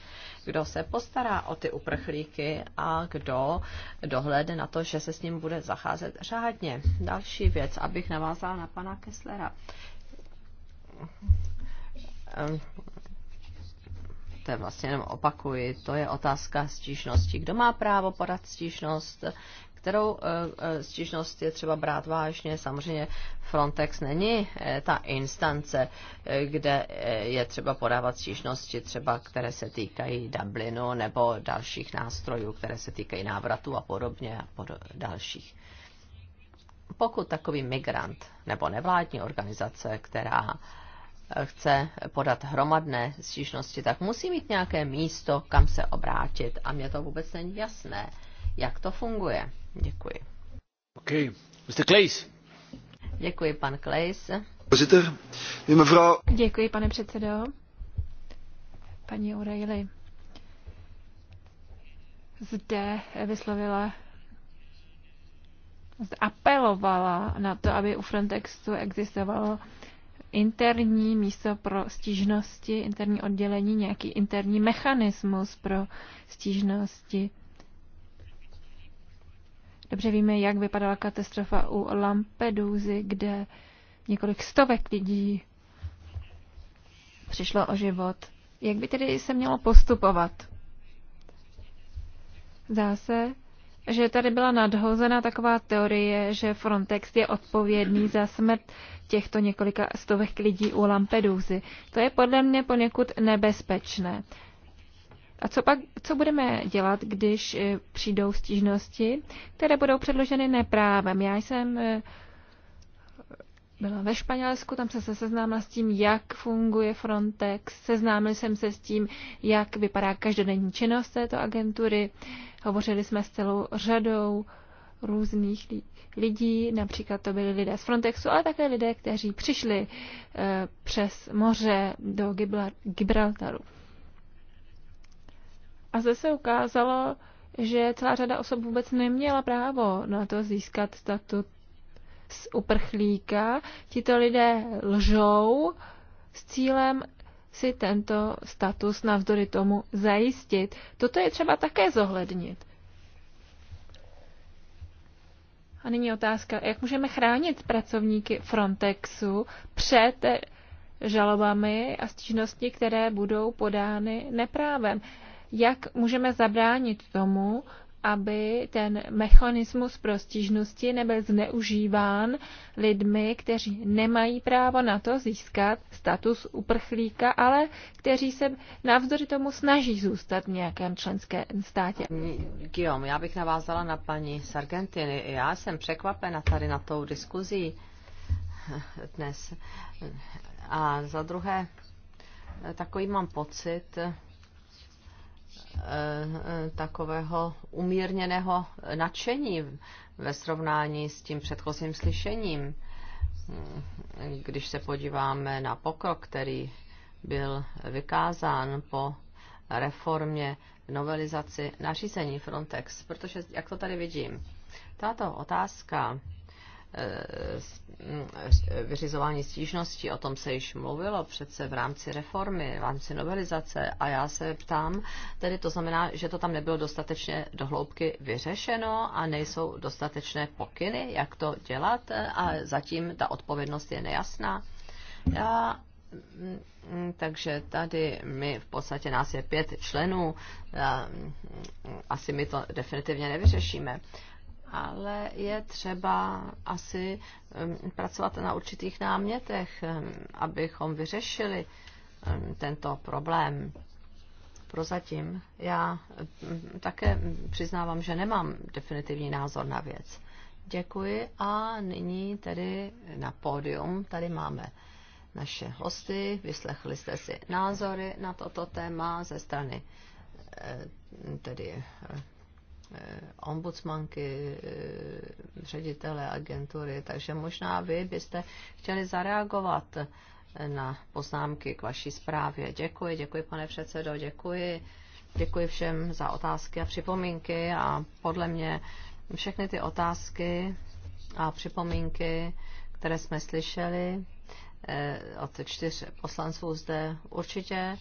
kdo se postará o ty uprchlíky a kdo dohlede na to, že se s ním bude zacházet řádně. Další věc, abych navázal na pana Kesslera to je vlastně jenom opakuji, to je otázka stížnosti. Kdo má právo podat stížnost, kterou eh, eh, stížnost je třeba brát vážně. Samozřejmě Frontex není eh, ta instance, kde je třeba podávat stížnosti, třeba které se týkají Dublinu nebo dalších nástrojů, které se týkají návratu a podobně a pod dalších. Pokud takový migrant nebo nevládní organizace, která chce podat hromadné stížnosti, tak musí mít nějaké místo, kam se obrátit. A mně to vůbec není jasné, jak to funguje. Děkuji. OK. Mr. Klejs. Děkuji, pan Klejs. Děkuji, pane předsedo. Paní O'Reilly. Zde vyslovila apelovala na to, aby u Frontexu existovalo interní místo pro stížnosti, interní oddělení, nějaký interní mechanismus pro stížnosti. Dobře víme, jak vypadala katastrofa u Lampedusy, kde několik stovek lidí přišlo o život. Jak by tedy se mělo postupovat? Zase že tady byla nadhozena taková teorie, že Frontex je odpovědný za smrt těchto několika stovek lidí u Lampedusy. To je podle mě poněkud nebezpečné. A co pak, co budeme dělat, když eh, přijdou stížnosti, které budou předloženy neprávem? Já jsem eh, byla ve Španělsku, tam jsem se seznámila s tím, jak funguje Frontex, seznámil jsem se s tím, jak vypadá každodenní činnost této agentury, hovořili jsme s celou řadou různých lidí, například to byli lidé z Frontexu, ale také lidé, kteří přišli eh, přes moře do Gibraltaru. A zde se ukázalo, že celá řada osob vůbec neměla právo na to získat statut z uprchlíka. Tito lidé lžou s cílem si tento status navzdory tomu zajistit. Toto je třeba také zohlednit. A nyní otázka, jak můžeme chránit pracovníky Frontexu před žalobami a stížnosti, které budou podány neprávem. Jak můžeme zabránit tomu, aby ten mechanismus pro stížnosti nebyl zneužíván lidmi, kteří nemají právo na to získat status uprchlíka, ale kteří se navzdory tomu snaží zůstat v nějakém členském státě. Guillaume, já bych navázala na paní Sargentiny. Já jsem překvapena tady na tou diskuzí dnes. A za druhé, takový mám pocit, Eh, eh, takového umírněného nadšení ve srovnání s tím předchozím slyšením. Když se podíváme na pokrok, který byl vykázán po reformě novelizaci nařízení Frontex, protože jak to tady vidím, tato otázka Eh, mm, vyřizování stížností, o tom se již mluvilo přece v rámci reformy, v rámci novelizace a já se ptám, tedy to znamená, že to tam nebylo dostatečně dohloubky vyřešeno a nejsou dostatečné pokyny, jak to dělat eh, a zatím ta odpovědnost je nejasná. Já mm, mm, takže tady my v podstatě nás je pět členů, asi my to definitivně nevyřešíme ale je třeba asi pracovat na určitých námětech, abychom vyřešili tento problém. Prozatím já také přiznávám, že nemám definitivní názor na věc. Děkuji a nyní tedy na pódium tady máme naše hosty. Vyslechli jste si názory na toto téma ze strany eh, tedy E, ombudsmanky, e, ředitele agentury, takže možná vy byste chtěli zareagovat na poznámky k vaší zprávě. Děkuji, děkuji pane předsedo, děkuji. Děkuji všem za otázky a připomínky a podle mě všechny ty otázky a připomínky, které jsme slyšeli e, od čtyř poslanců zde určitě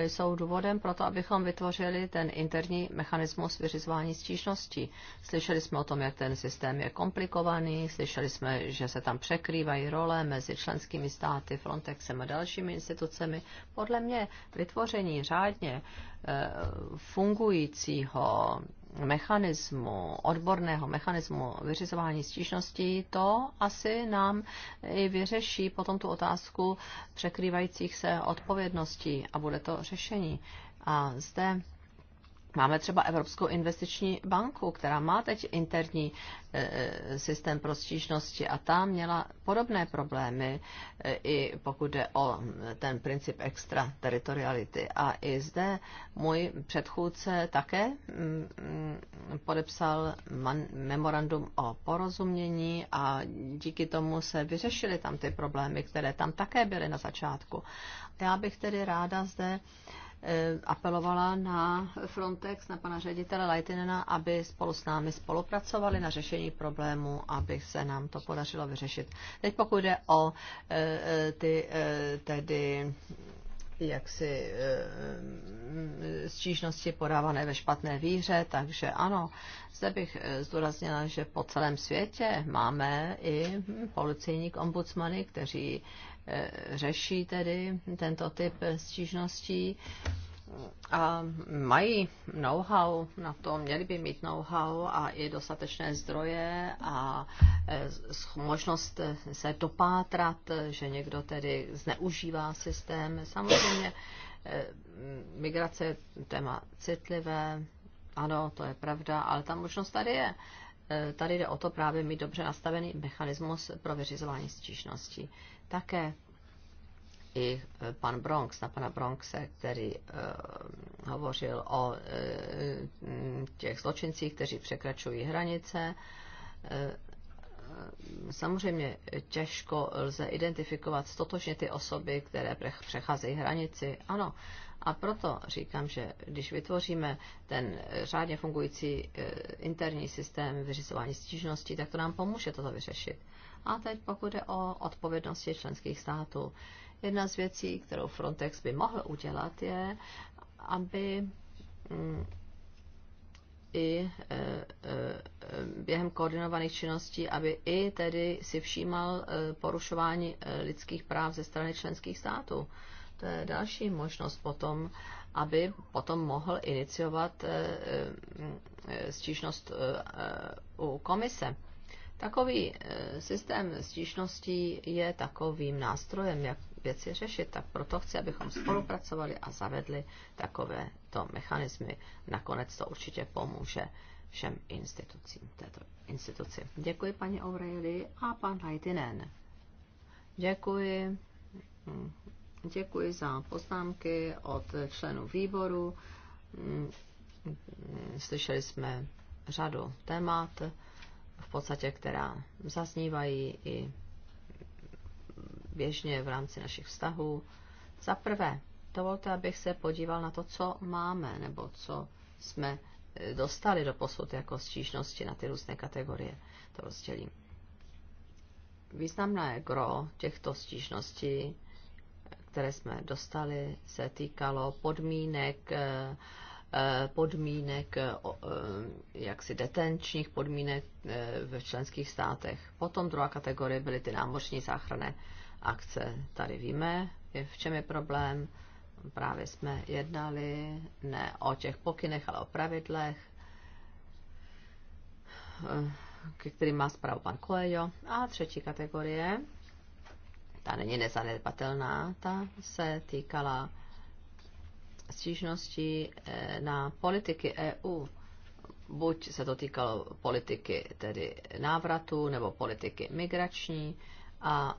jsou důvodem pro to, abychom vytvořili ten interní mechanismus vyřizování stížností. Slyšeli jsme o tom, jak ten systém je komplikovaný, slyšeli jsme, že se tam překrývají role mezi členskými státy, Frontexem a dalšími institucemi. Podle mě vytvoření řádně eh, fungujícího mechanismu, odborného mechanismu vyřizování stížností, to asi nám i vyřeší potom tu otázku překrývajících se odpovědností a bude to řešení. A zde Máme třeba Evropskou investiční banku, která má teď interní e, e, systém pro stížnosti a ta měla podobné problémy, e, i pokud jde o ten princip extrateritoriality. A i zde můj předchůdce také podepsal memorandum o porozumění a díky tomu se vyřešily tam ty problémy, které tam také byly na začátku. Já bych tedy ráda zde E, Eh, apelovala na Frontex, na pana ředitele Leitinena, aby spolu s námi spolupracovali na řešení problému, aby se nám to podařilo vyřešit. Teď pokud jde o eh, eh, ty tedy jaksi stížnosti podávané ve špatné víře, takže ano, zde bych zdůraznila, že po celém světě máme i policejní ombudsmany, kteří Eh, řeší tedy tento typ stížností a mají know-how na to, měli by mít know-how a i dostatečné zdroje a eh, možnost se dopátrat, že někdo tedy zneužívá systém. Samozřejmě eh, migrace je téma citlivé, ano, to je pravda, ale ta možnost tady je. Tady jde o to právě mít dobře nastavený mechanismus pro vyřizování stížností také i e, pan Bronx, na pana Bronxe, který uh, hovořil o uh, těch zločincích, kteří překračují hranice. Uh, samozřejmě těžko lze identifikovat stotožně ty osoby, které přecházejí hranici. Ano, a proto říkám, že když vytvoříme ten řádně fungující interní systém vyřizování stížností, tak to nám pomůže toto vyřešit. A teď pokud je o odpovědnosti členských států. Jedna z věcí, kterou Frontex by mohl udělat, je, aby mm, i e, e, během koordinovaných činností, aby i tedy si všímal e, porušování lidských práv ze strany členských států. To je další možnost potom, aby potom mohl iniciovat stížnost u komise. Takový eh, systém stížností je takovým nástrojem, jak věci řešit, tak proto chci, abychom spolupracovali a zavedli takovéto mechanismy. Nakonec to určitě pomůže všem institucím této instituci. Děkuji paní O'Reilly a pan Hajtinen. Děkuji. Hm, děkuji za poznámky od členů výboru. Hm, slyšeli jsme řadu témat v podstatě, která zaznívají i běžně v rámci našich vztahů. Za prvé, dovolte, abych se podíval na to, co máme nebo co jsme eh, dostali do posud jako stížnosti na ty různé kategorie. To rozdělím. Významné gro těchto stížností, eh, které jsme dostali, se týkalo podmínek eh, Eh, podmínek, eh, eh, jaksi detenčních podmínek v členských státech. Potom druhá kategorie byly ty námořní záchranné akce. Tady víme, v čem je problém. Právě jsme jednali ne o těch pokynech, ale o pravidlech, ke kterým má zprávu pan Coelho. A třetí kategorie, ta není nezanedbatelná, ta se týkala stížnosti eh, na politiky EU. Buď se to týkalo politiky tedy návratu nebo politiky migrační a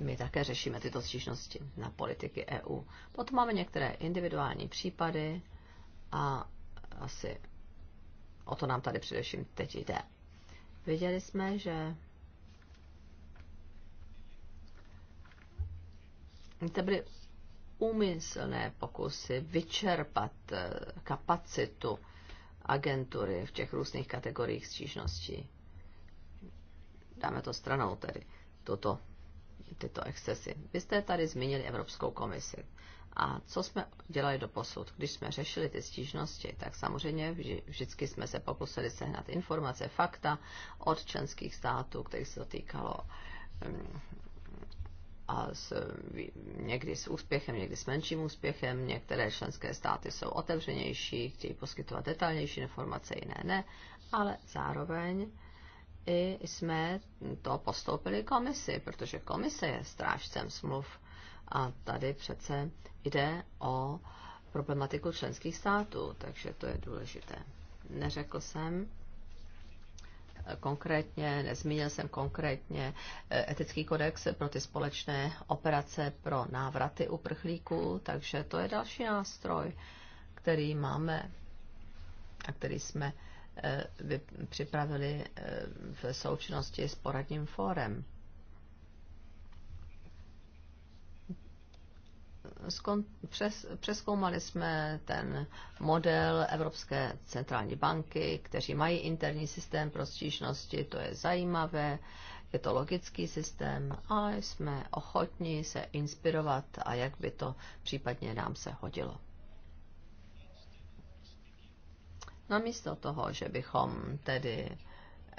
my také řešíme tyto stížnosti na politiky EU. Potom máme některé individuální případy a asi o to nám tady především teď jde. Viděli jsme, že to byly úmyslné pokusy vyčerpat eh, kapacitu agentury v těch různých kategoriích stížností. Dáme to stranou tedy, toto, tyto excesy. Vy jste tady zmínili Evropskou komisi. A co jsme dělali do posud? Když jsme řešili ty stížnosti, tak samozřejmě vždycky jsme se pokusili sehnat informace, fakta od členských států, kterých se to týkalo mm, a s, někdy s úspěchem, někdy s menším úspěchem. Některé členské státy jsou otevřenější, chtějí poskytovat detailnější informace, jiné ne, ale zároveň i jsme to postoupili komisi, protože komise je strážcem smluv a tady přece jde o problematiku členských států, takže to je důležité. Neřekl jsem, konkrétně, nezmínil jsem konkrétně eh, etický kodex pro ty společné operace pro návraty uprchlíků, takže to je další nástroj, který máme a který jsme eh, připravili eh, v součinnosti s poradním fórem. přes, přeskoumali jsme ten model Evropské centrální banky, kteří mají interní systém pro stížnosti, to je zajímavé, je to logický systém a jsme ochotní se inspirovat a jak by to případně nám se hodilo. Namísto toho, že bychom tedy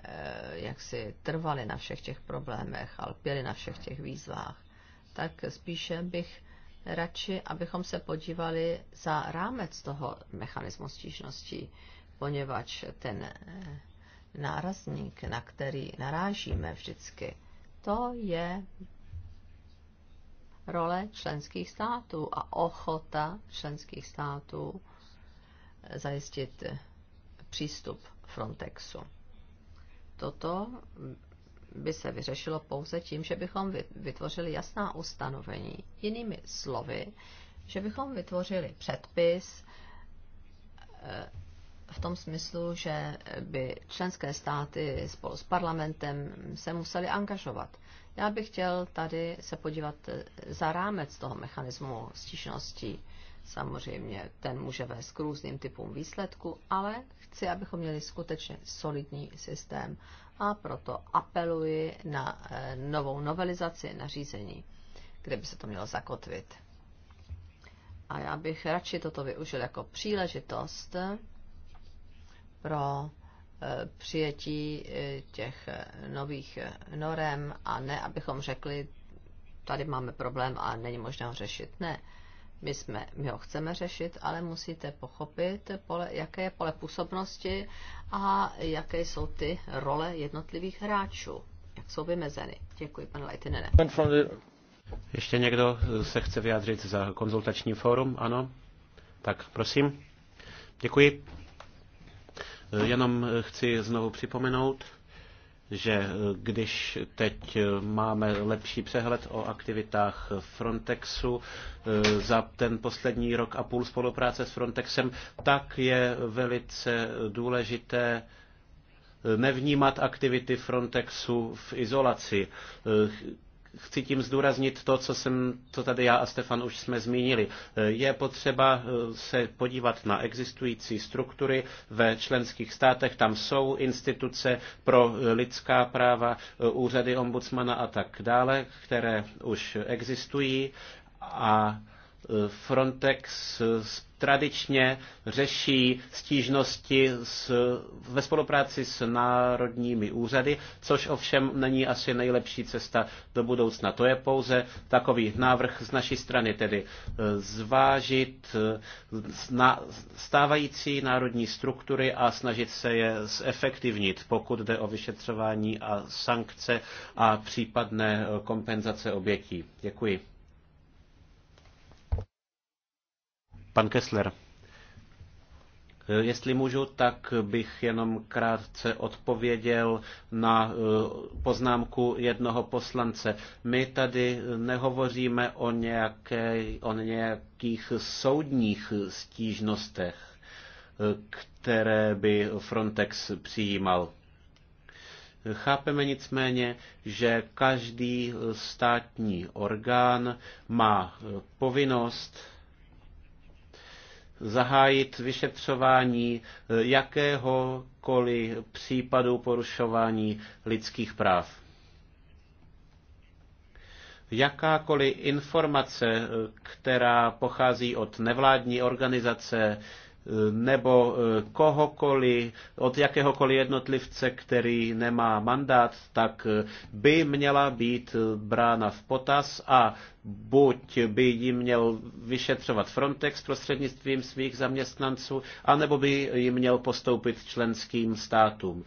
eh, jak si trvali na všech těch problémech ale pěli na všech těch výzvách, tak spíše bych radši, abychom se podívali za rámec toho mechanismu stížnosti, poněvadž ten eh, nárazník, na který narážíme vždycky, to je role členských států a ochota členských států eh, zajistit eh, přístup Frontexu. Toto by se vyřešilo pouze tím, že bychom vytvořili jasná ustanovení. Jinými slovy, že bychom vytvořili předpis eh, v tom smyslu, že by členské státy spolu s parlamentem se museli angažovat. Já bych chtěl tady se podívat eh, za rámec toho mechanismu stížností. Samozřejmě ten může vést k různým typům výsledku, ale chci, abychom měli skutečně solidní systém a proto apeluji na eh, novou novelizaci nařízení, kde by se to mělo zakotvit. A já bych radši toto využil jako příležitost pro eh, přijetí eh, těch nových norem a ne, abychom řekli, tady máme problém a není možné ho řešit. Ne, my, jsme, my ho chceme řešit, ale musíte pochopit, pole, jaké je pole působnosti a jaké jsou ty role jednotlivých hráčů, jak jsou vymezeny. Děkuji, pane Leitinene. Ještě někdo se chce vyjádřit za konzultační fórum? Ano? Tak, prosím. Děkuji. Jenom chci znovu připomenout, že eh, když teď eh, máme lepší přehled o aktivitách Frontexu eh, za ten poslední rok a půl spolupráce s Frontexem, tak je velice důležité nevnímat aktivity Frontexu v izolaci chci tím zdůraznit to, co, jsem, co tady já a Stefan už jsme zmínili. Je potřeba eh, se podívat na existující struktury ve členských státech. Tam jsou instituce pro eh, lidská práva, eh, úřady ombudsmana a tak dále, které už existují. A Frontex tradičně řeší stížnosti s, ve spolupráci s národními úřady, což ovšem není asi nejlepší cesta do budoucna. To je pouze takový návrh z naší strany, tedy e, zvážit e, na stávající národní struktury a snažit se je zefektivnit, pokud jde o vyšetřování a sankce a případné kompenzace obětí. Děkuji. Pan Kessler. E, jestli můžu, tak bych jenom krátce odpověděl na e, poznámku jednoho poslance. My tady nehovoříme o, nějaké, o nějakých soudních stížnostech, e, které by Frontex přijímal. Chápeme nicméně, že každý státní orgán má povinnost zahájit vyšetřování eh, jakéhokoliv případu porušování lidských práv. Jakákoliv informace, eh, která pochází od nevládní organizace, nebo eh, kohokoliv, od jakéhokoliv jednotlivce, který nemá mandát, tak eh, by měla být eh, brána v potaz a buď by ji měl vyšetřovat Frontex prostřednictvím svých zaměstnanců, anebo by ji měl postoupit členským státům.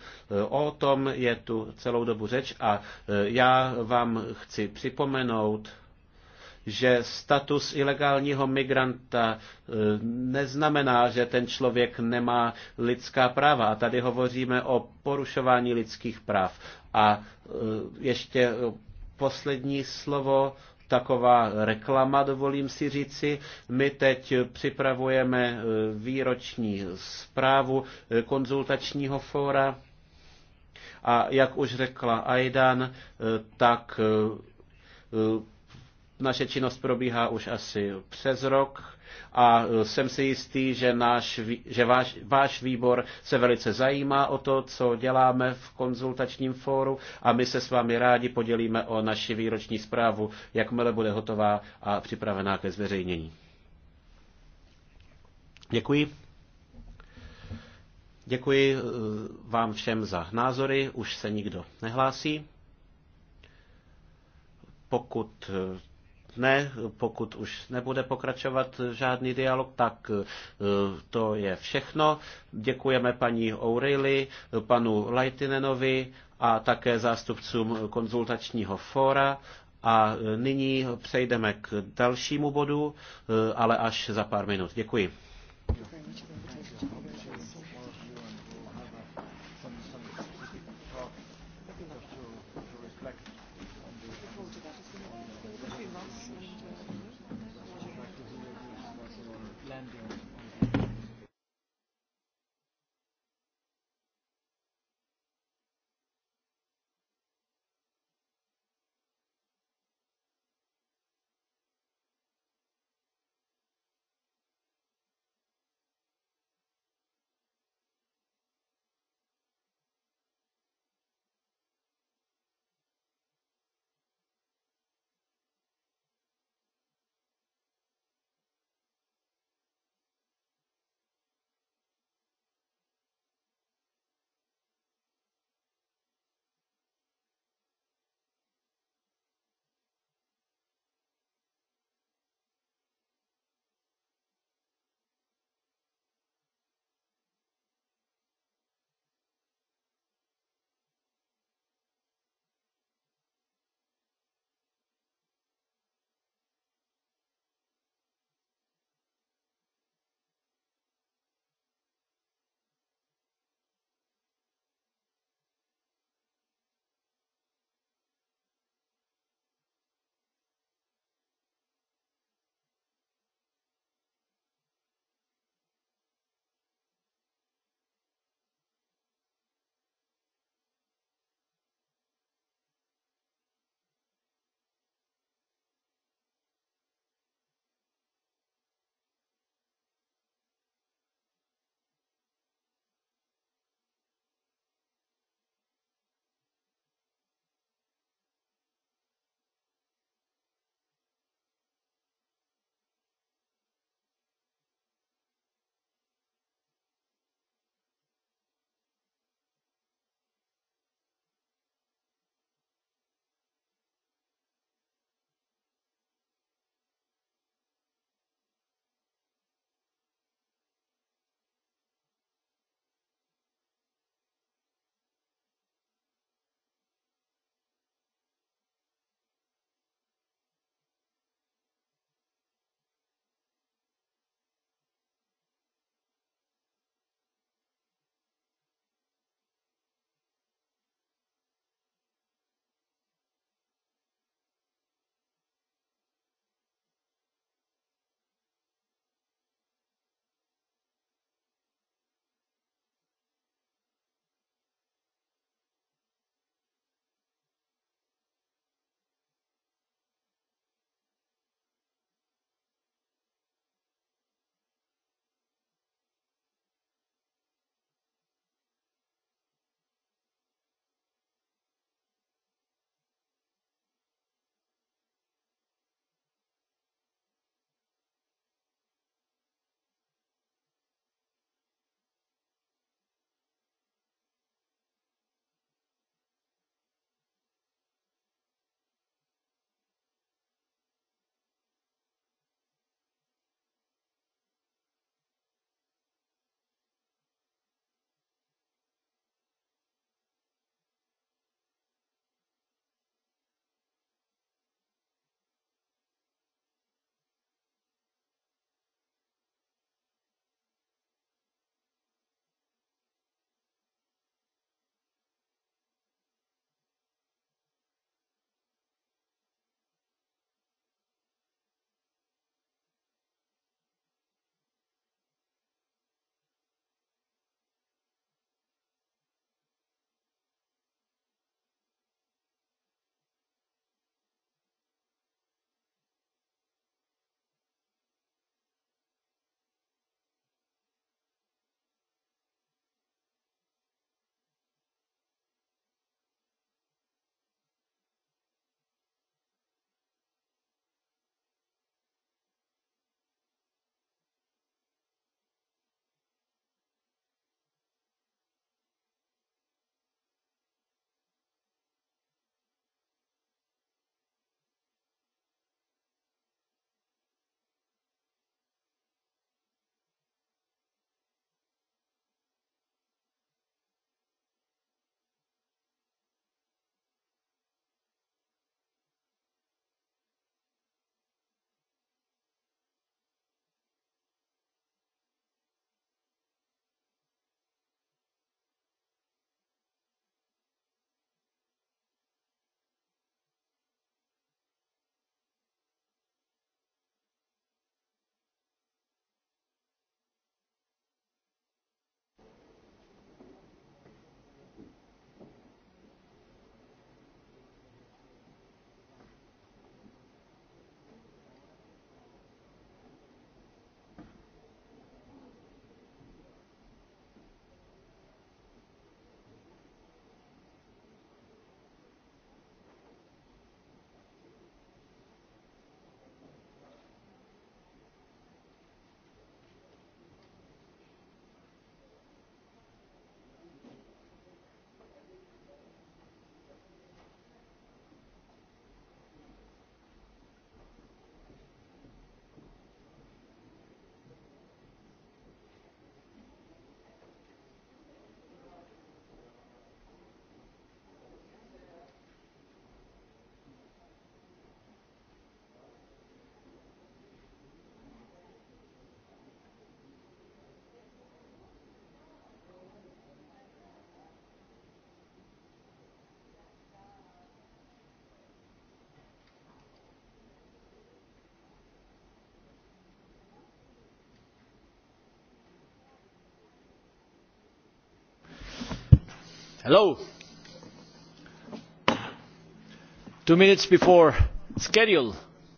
O tom je tu celou dobu řeč a já vám chci připomenout, že status ilegálního migranta eh, neznamená, že ten člověk nemá lidská práva. A tady hovoříme o porušování lidských práv. A eh, ještě poslední slovo taková reklama, dovolím si říci. My teď připravujeme eh, výroční zprávu konzultačního fóra a jak už řekla Aidan, tak naše činnost probíhá už asi přes rok a e, jsem si jistý, že, náš, že váš, váš výbor se velice zajímá o to, co děláme v konzultačním fóru a my se s vámi rádi podělíme o naši výroční zprávu, jakmile bude hotová a připravená ke zveřejnění. Děkuji. Děkuji e, vám všem za názory, už se nikdo nehlásí. Pokud e, ne, pokud už nebude pokračovat žádný dialog, tak eh, to je všechno. Děkujeme paní O'Reilly, panu Leitinenovi a také zástupcům konzultačního fóra. A eh, nyní přejdeme k dalšímu bodu, eh, ale až za pár minut. Děkuji. Děkuji.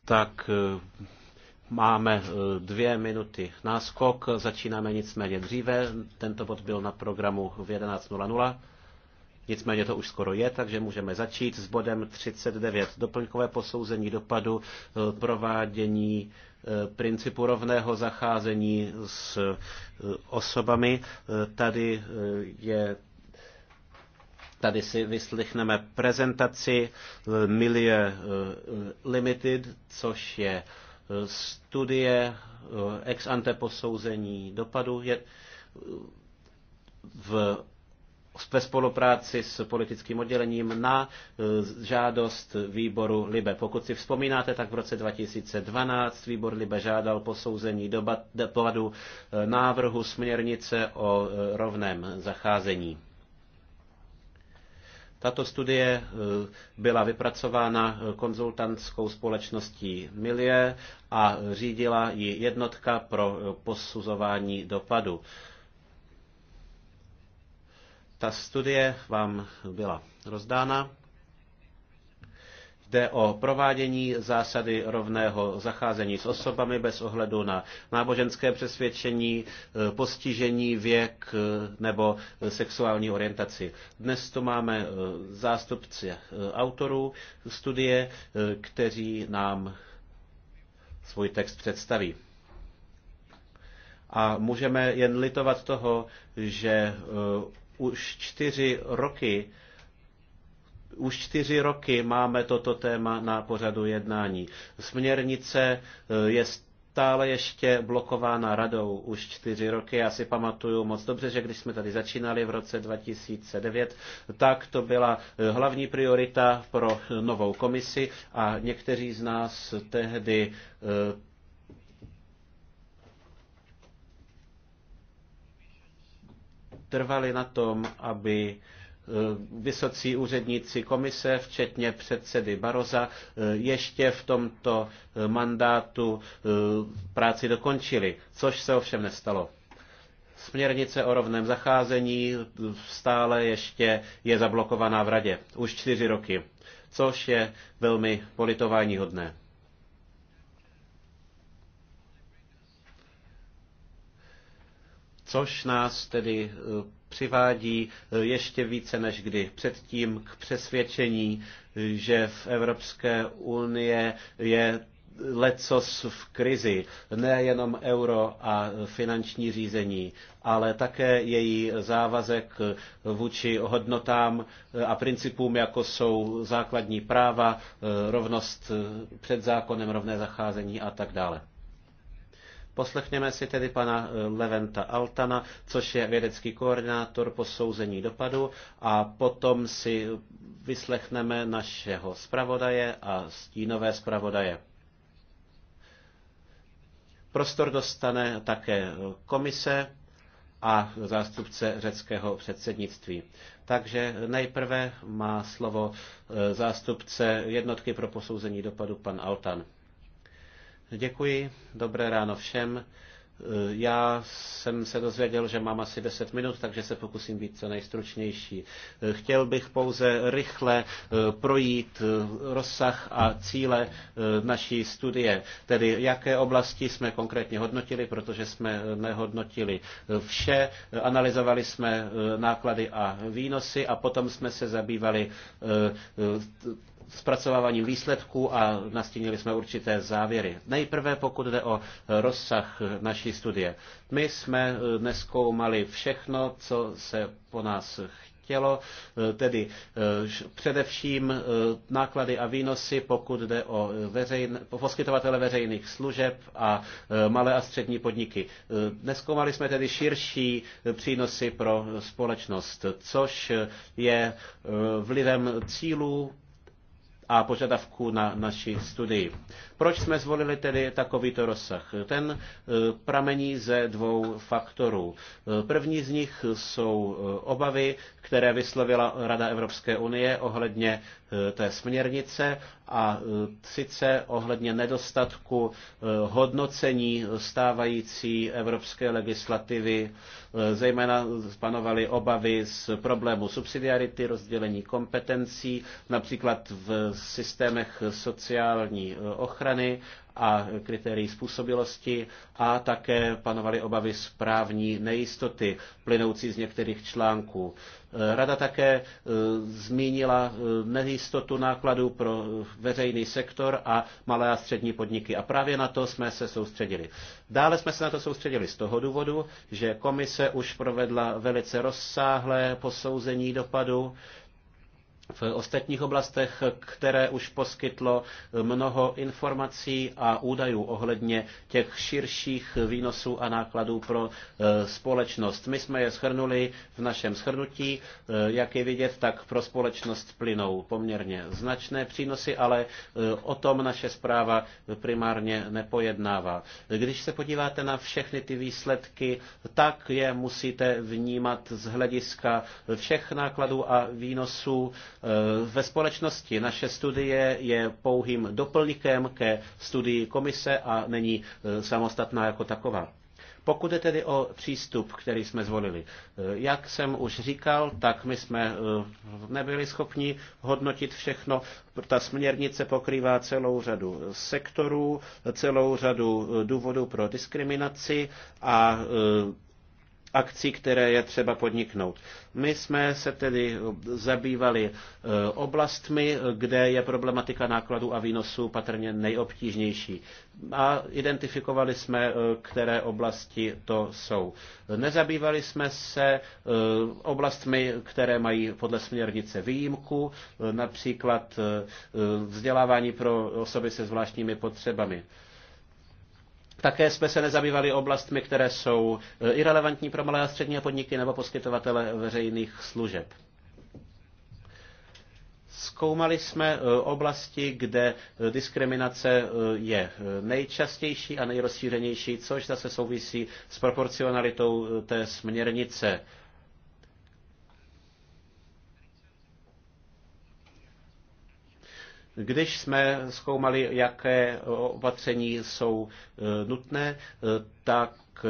Tak eh, máme eh, dvě minuty náskok, začínáme nicméně dříve. Tento bod byl na programu v 11.00. Nicméně to už skoro je, takže můžeme začít s bodem 39. Doplňkové posouzení dopadu eh, provádění principu rovného zacházení s osobami. Tady je Tady si vyslychneme prezentaci eh, Milieu eh, Limited, což je eh, studie ex ante posouzení dopadu. Je v ve spolupráci s politickým oddělením na žádost výboru Libe. Pokud si vzpomínáte, tak v roce 2012 výbor Libe žádal posouzení dopadu návrhu směrnice o rovném zacházení. Tato studie eh, byla vypracována eh, konzultantskou společností Milie a řídila ji jednotka pro eh, posuzování dopadu. Ta studie vám byla rozdána. Jde o provádění zásady rovného zacházení s osobami bez ohledu na náboženské přesvědčení, e, postižení, věk e, nebo sexuální orientaci. Dnes tu máme e, zástupce autorů studie, kteří nám svůj text představí. A můžeme jen litovat toho, že už čtyři roky už čtyři roky máme toto téma na pořadu jednání. Směrnice eh, je stále ještě blokována radou už čtyři roky. Já si pamatuju moc dobře, že když jsme tady začínali v roce 2009, tak to byla eh, hlavní priorita pro eh, novou komisi a někteří z nás tehdy trvali na tom, aby Eh, vysocí úředníci komise, včetně předsedy Baroza, eh, ještě v tomto eh, mandátu práci dokončili, což se ovšem nestalo. Směrnice o rovném zacházení stále ještě je zablokovaná v radě už čtyři roky, což je velmi politováníhodné. Což nás tedy přivádí eh, ještě více než kdy předtím k přesvědčení, eh, že v Evropské unie je lecos v krizi, nejenom euro a finanční řízení, ale také její závazek eh, vůči hodnotám a principům, jako jsou základní práva, rovnost před zákonem, rovné zacházení a tak dále. Poslechněme si tedy pana eh, Leventa Altana, což je vědecký koordinátor posouzení dopadu a potom si vyslechneme našeho zpravodaje a stínové zpravodaje. Prostor dostane také eh, komise a zástupce řeckého předsednictví. Takže nejprve má slovo eh, zástupce jednotky pro posouzení dopadu pan Altan. Děkuji, dobré ráno všem. E, já jsem se dozvěděl, že mám asi 10 minut, takže se pokusím být co nejstručnější. E, chtěl bych pouze rychle e, projít rozsah a cíle naší studie, tedy jaké oblasti jsme konkrétně hodnotili, protože jsme nehodnotili vše, analyzovali jsme náklady a výnosy a potom jsme se zabývali zpracováváním výsledků a nastínili jsme určité závěry. Nejprve pokud jde o rozsah naší studie. My jsme eh, neskoumali všechno, co se po nás chtělo, eh, tedy eh, především náklady a výnosy, pokud jde o veřejn, poskytovatele veřejných služeb a malé a střední podniky. Neskoumali jsme tedy širší přínosy pro společnost, což je vlivem cílů a požadavků na naši studii. Proč jsme zvolili tedy takovýto rozsah? Ten e, pramení ze dvou faktorů. E, první z nich jsou e, obavy, které vyslovila Rada Evropské unie ohledně té směrnice a sice ohledně nedostatku hodnocení stávající evropské legislativy. Zejména panovaly obavy z problému subsidiarity, rozdělení kompetencí, například v systémech sociální ochrany ochrany a kritérií způsobilosti a také panovaly obavy z právní nejistoty plynoucí z některých článků. Eh, Rada také eh, zmínila eh, nejistotu nákladů pro veřejný sektor a malé a střední podniky. A právě na to jsme se soustředili. Dále jsme se na to soustředili z toho důvodu, že komise už provedla velice rozsáhlé posouzení dopadu v ostatních oblastech, které už poskytlo mnoho informací a údajů ohledně těch širších výnosů a nákladů pro eh, společnost. My jsme je schrnuli v našem schrnutí, eh, jak je vidět, tak pro společnost plynou poměrně značné přínosy, ale eh, o tom naše zpráva primárně nepojednává. Když se podíváte na všechny ty výsledky, tak je musíte vnímat z hlediska všech nákladů a výnosů Eh, ve společnosti naše studie je pouhým doplňkem ke studii komise a není eh, samostatná jako taková. Pokud je tedy o přístup, který jsme zvolili, eh, jak jsem už říkal, tak my jsme nebyli schopni hodnotit všechno. Ta směrnice pokrývá celou řadu sektorů, celou řadu důvodů pro diskriminaci a akcí, které je třeba podniknout. My jsme se tedy zabývali eh, oblastmi, kde je problematika nákladů a výnosů patrně nejobtížnější. A identifikovali jsme, eh, které oblasti to jsou. Nezabývali jsme se eh, oblastmi, které mají podle směrnice výjimku, například vzdělávání pro osoby se zvláštními potřebami. Také jsme se nezabývali oblastmi, které jsou eh, irrelevantní pro malé a střední podniky nebo poskytovatele veřejných služeb. Zkoumali jsme eh, oblasti, kde eh, diskriminace je nejčastější a nejrozšířenější, což zase souvisí s proporcionalitou té směrnice Když jsme zkoumali, jaké opatření jsou e, nutné, e, tak e,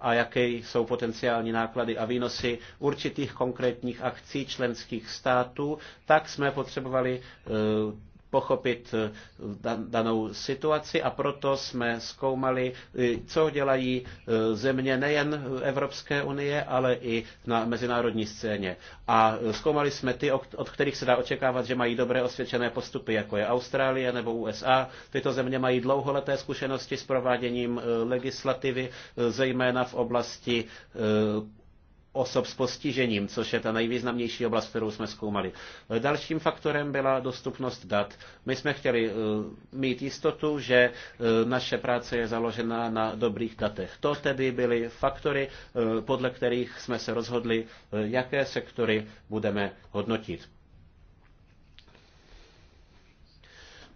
a jaké jsou potenciální náklady a výnosy určitých konkrétních akcí členských států, tak jsme potřebovali pochopit eh, danou situaci a proto jsme zkoumali, eh, co dělají eh, země nejen Evropské unie, ale i na mezinárodní scéně. A zkoumali jsme ty, od kterých se dá očekávat, že mají dobré osvědčené postupy, jako je Austrálie nebo USA. Tyto země mají dlouholeté zkušenosti s prováděním legislativy, zejména v oblasti osob s postižením, což je ta nejvýznamnější oblast, kterou jsme zkoumali. Dalším faktorem byla dostupnost dat. My jsme chtěli eh, mít jistotu, že eh, naše práce je založena na dobrých datech. To tedy byly faktory, eh, podle kterých jsme se rozhodli, jaké sektory budeme hodnotit.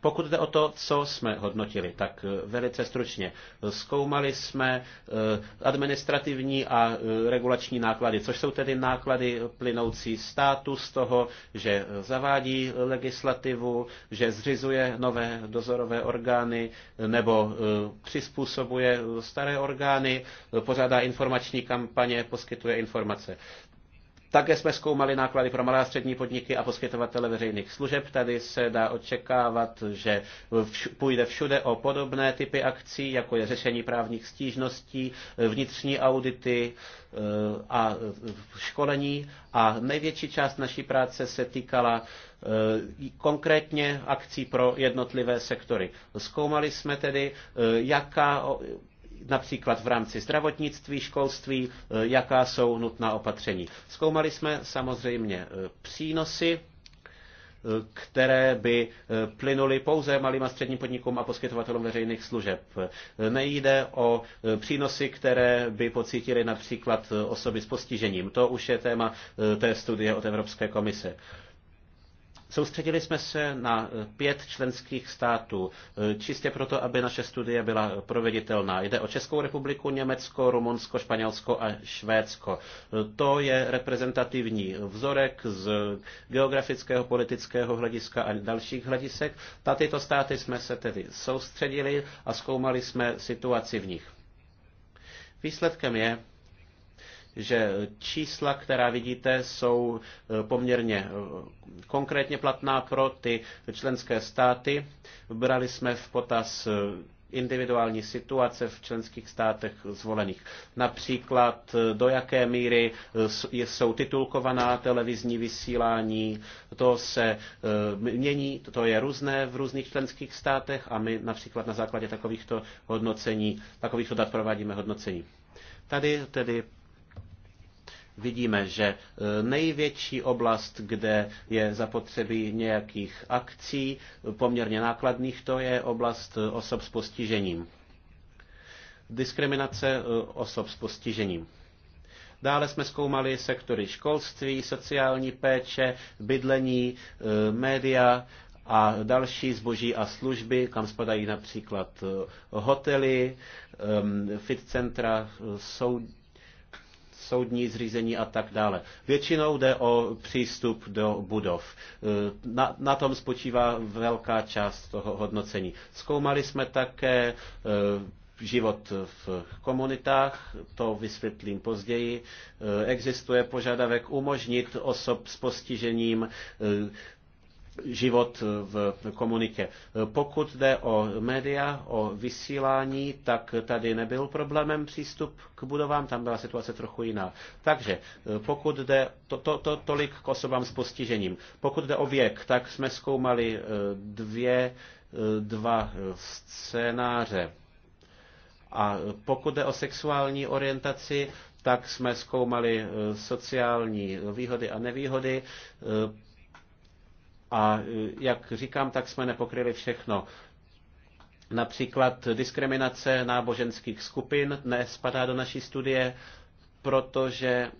Pokud jde o to, co jsme hodnotili, tak eh, velice stručně. Zkoumali jsme eh, administrativní a eh, regulační náklady, což jsou tedy náklady plynoucí státu z toho, že zavádí legislativu, že zřizuje nové dozorové orgány nebo přizpůsobuje staré orgány, pořádá informační kampaně, poskytuje informace. Také jsme zkoumali náklady pro malé a střední podniky a poskytovatele veřejných služeb. Tady se dá očekávat, že vš- půjde všude o podobné typy akcí, jako je řešení právních stížností, vnitřní audity e, a školení. A největší část naší práce se týkala e, konkrétně akcí pro jednotlivé sektory. Zkoumali jsme tedy, e, jaká například v rámci zdravotnictví, školství, e, jaká jsou nutná opatření. Zkoumali jsme samozřejmě e, přínosy e, které by plynuly pouze malým a středním podnikům a poskytovatelům veřejných služeb. Nejde o přínosy, které by pocítili například osoby s postižením. To už je téma té studie od Evropské komise. Soustředili jsme se na eh, pět členských států, eh, čistě proto, aby naše studie byla proveditelná. Jde o Českou republiku, Německo, Rumunsko, Španělsko a Švédsko. Eh, to je reprezentativní vzorek z geografického, politického hlediska a dalších hledisek. Na tyto státy jsme se tedy soustředili a zkoumali jsme situaci v nich. Výsledkem je, že čísla, která vidíte, jsou eh, poměrně eh, konkrétně platná pro ty členské státy. Brali jsme v potaz eh, individuální situace v členských státech zvolených. Například do jaké míry jsou titulkovaná televizní vysílání, to se mění, to je různé v různých členských státech a my například na základě takovýchto hodnocení, takovýchto dat provádíme hodnocení. Tady tedy vidíme, že e, největší oblast, kde je zapotřebí nějakých akcí poměrně nákladných, to je oblast e, osob s postižením. Diskriminace e, osob s postižením. Dále jsme zkoumali sektory školství, sociální péče, bydlení, média a další zboží a služby, kam spadají například hotely, fit centra, soud, soudní zřízení a tak dále. Většinou jde o přístup do budov. E, na, na tom spočívá velká část toho hodnocení. Zkoumali jsme také e, život v komunitách, to vysvětlím později. E, existuje požadavek umožnit osob s postižením život v komunitě. Pokud jde o média, o vysílání, tak tady nebyl problémem přístup k budovám, tam byla situace trochu jiná. Takže pokud jde to, to, to, tolik k osobám s postižením. Pokud jde o věk, tak jsme zkoumali eh, dvě, eh, dva scénáře. A pokud jde o sexuální orientaci, tak jsme zkoumali eh, sociální výhody a nevýhody. A e, jak říkám, tak jsme nepokryli všechno. Například diskriminace náboženských skupin nespadá do naší studie, protože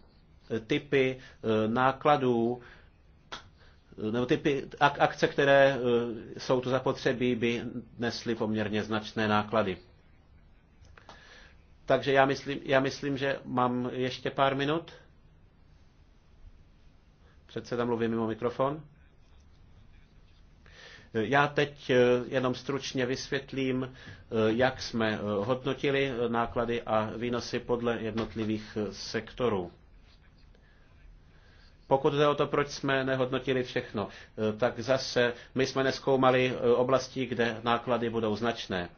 typy e, nákladů e, nebo typy ak- akce, které jsou tu zapotřebí, by nesly poměrně značné náklady. Takže já myslím, já myslím, že mám ještě pár minut. Předseda mluví mimo mikrofon. Já teď eh, jenom stručně vysvětlím, eh, jak jsme eh, hodnotili náklady a výnosy podle jednotlivých sektorů. Pokud jde o to, proč jsme nehodnotili všechno, tak zase my jsme neskoumali oblasti, kde náklady budou značné.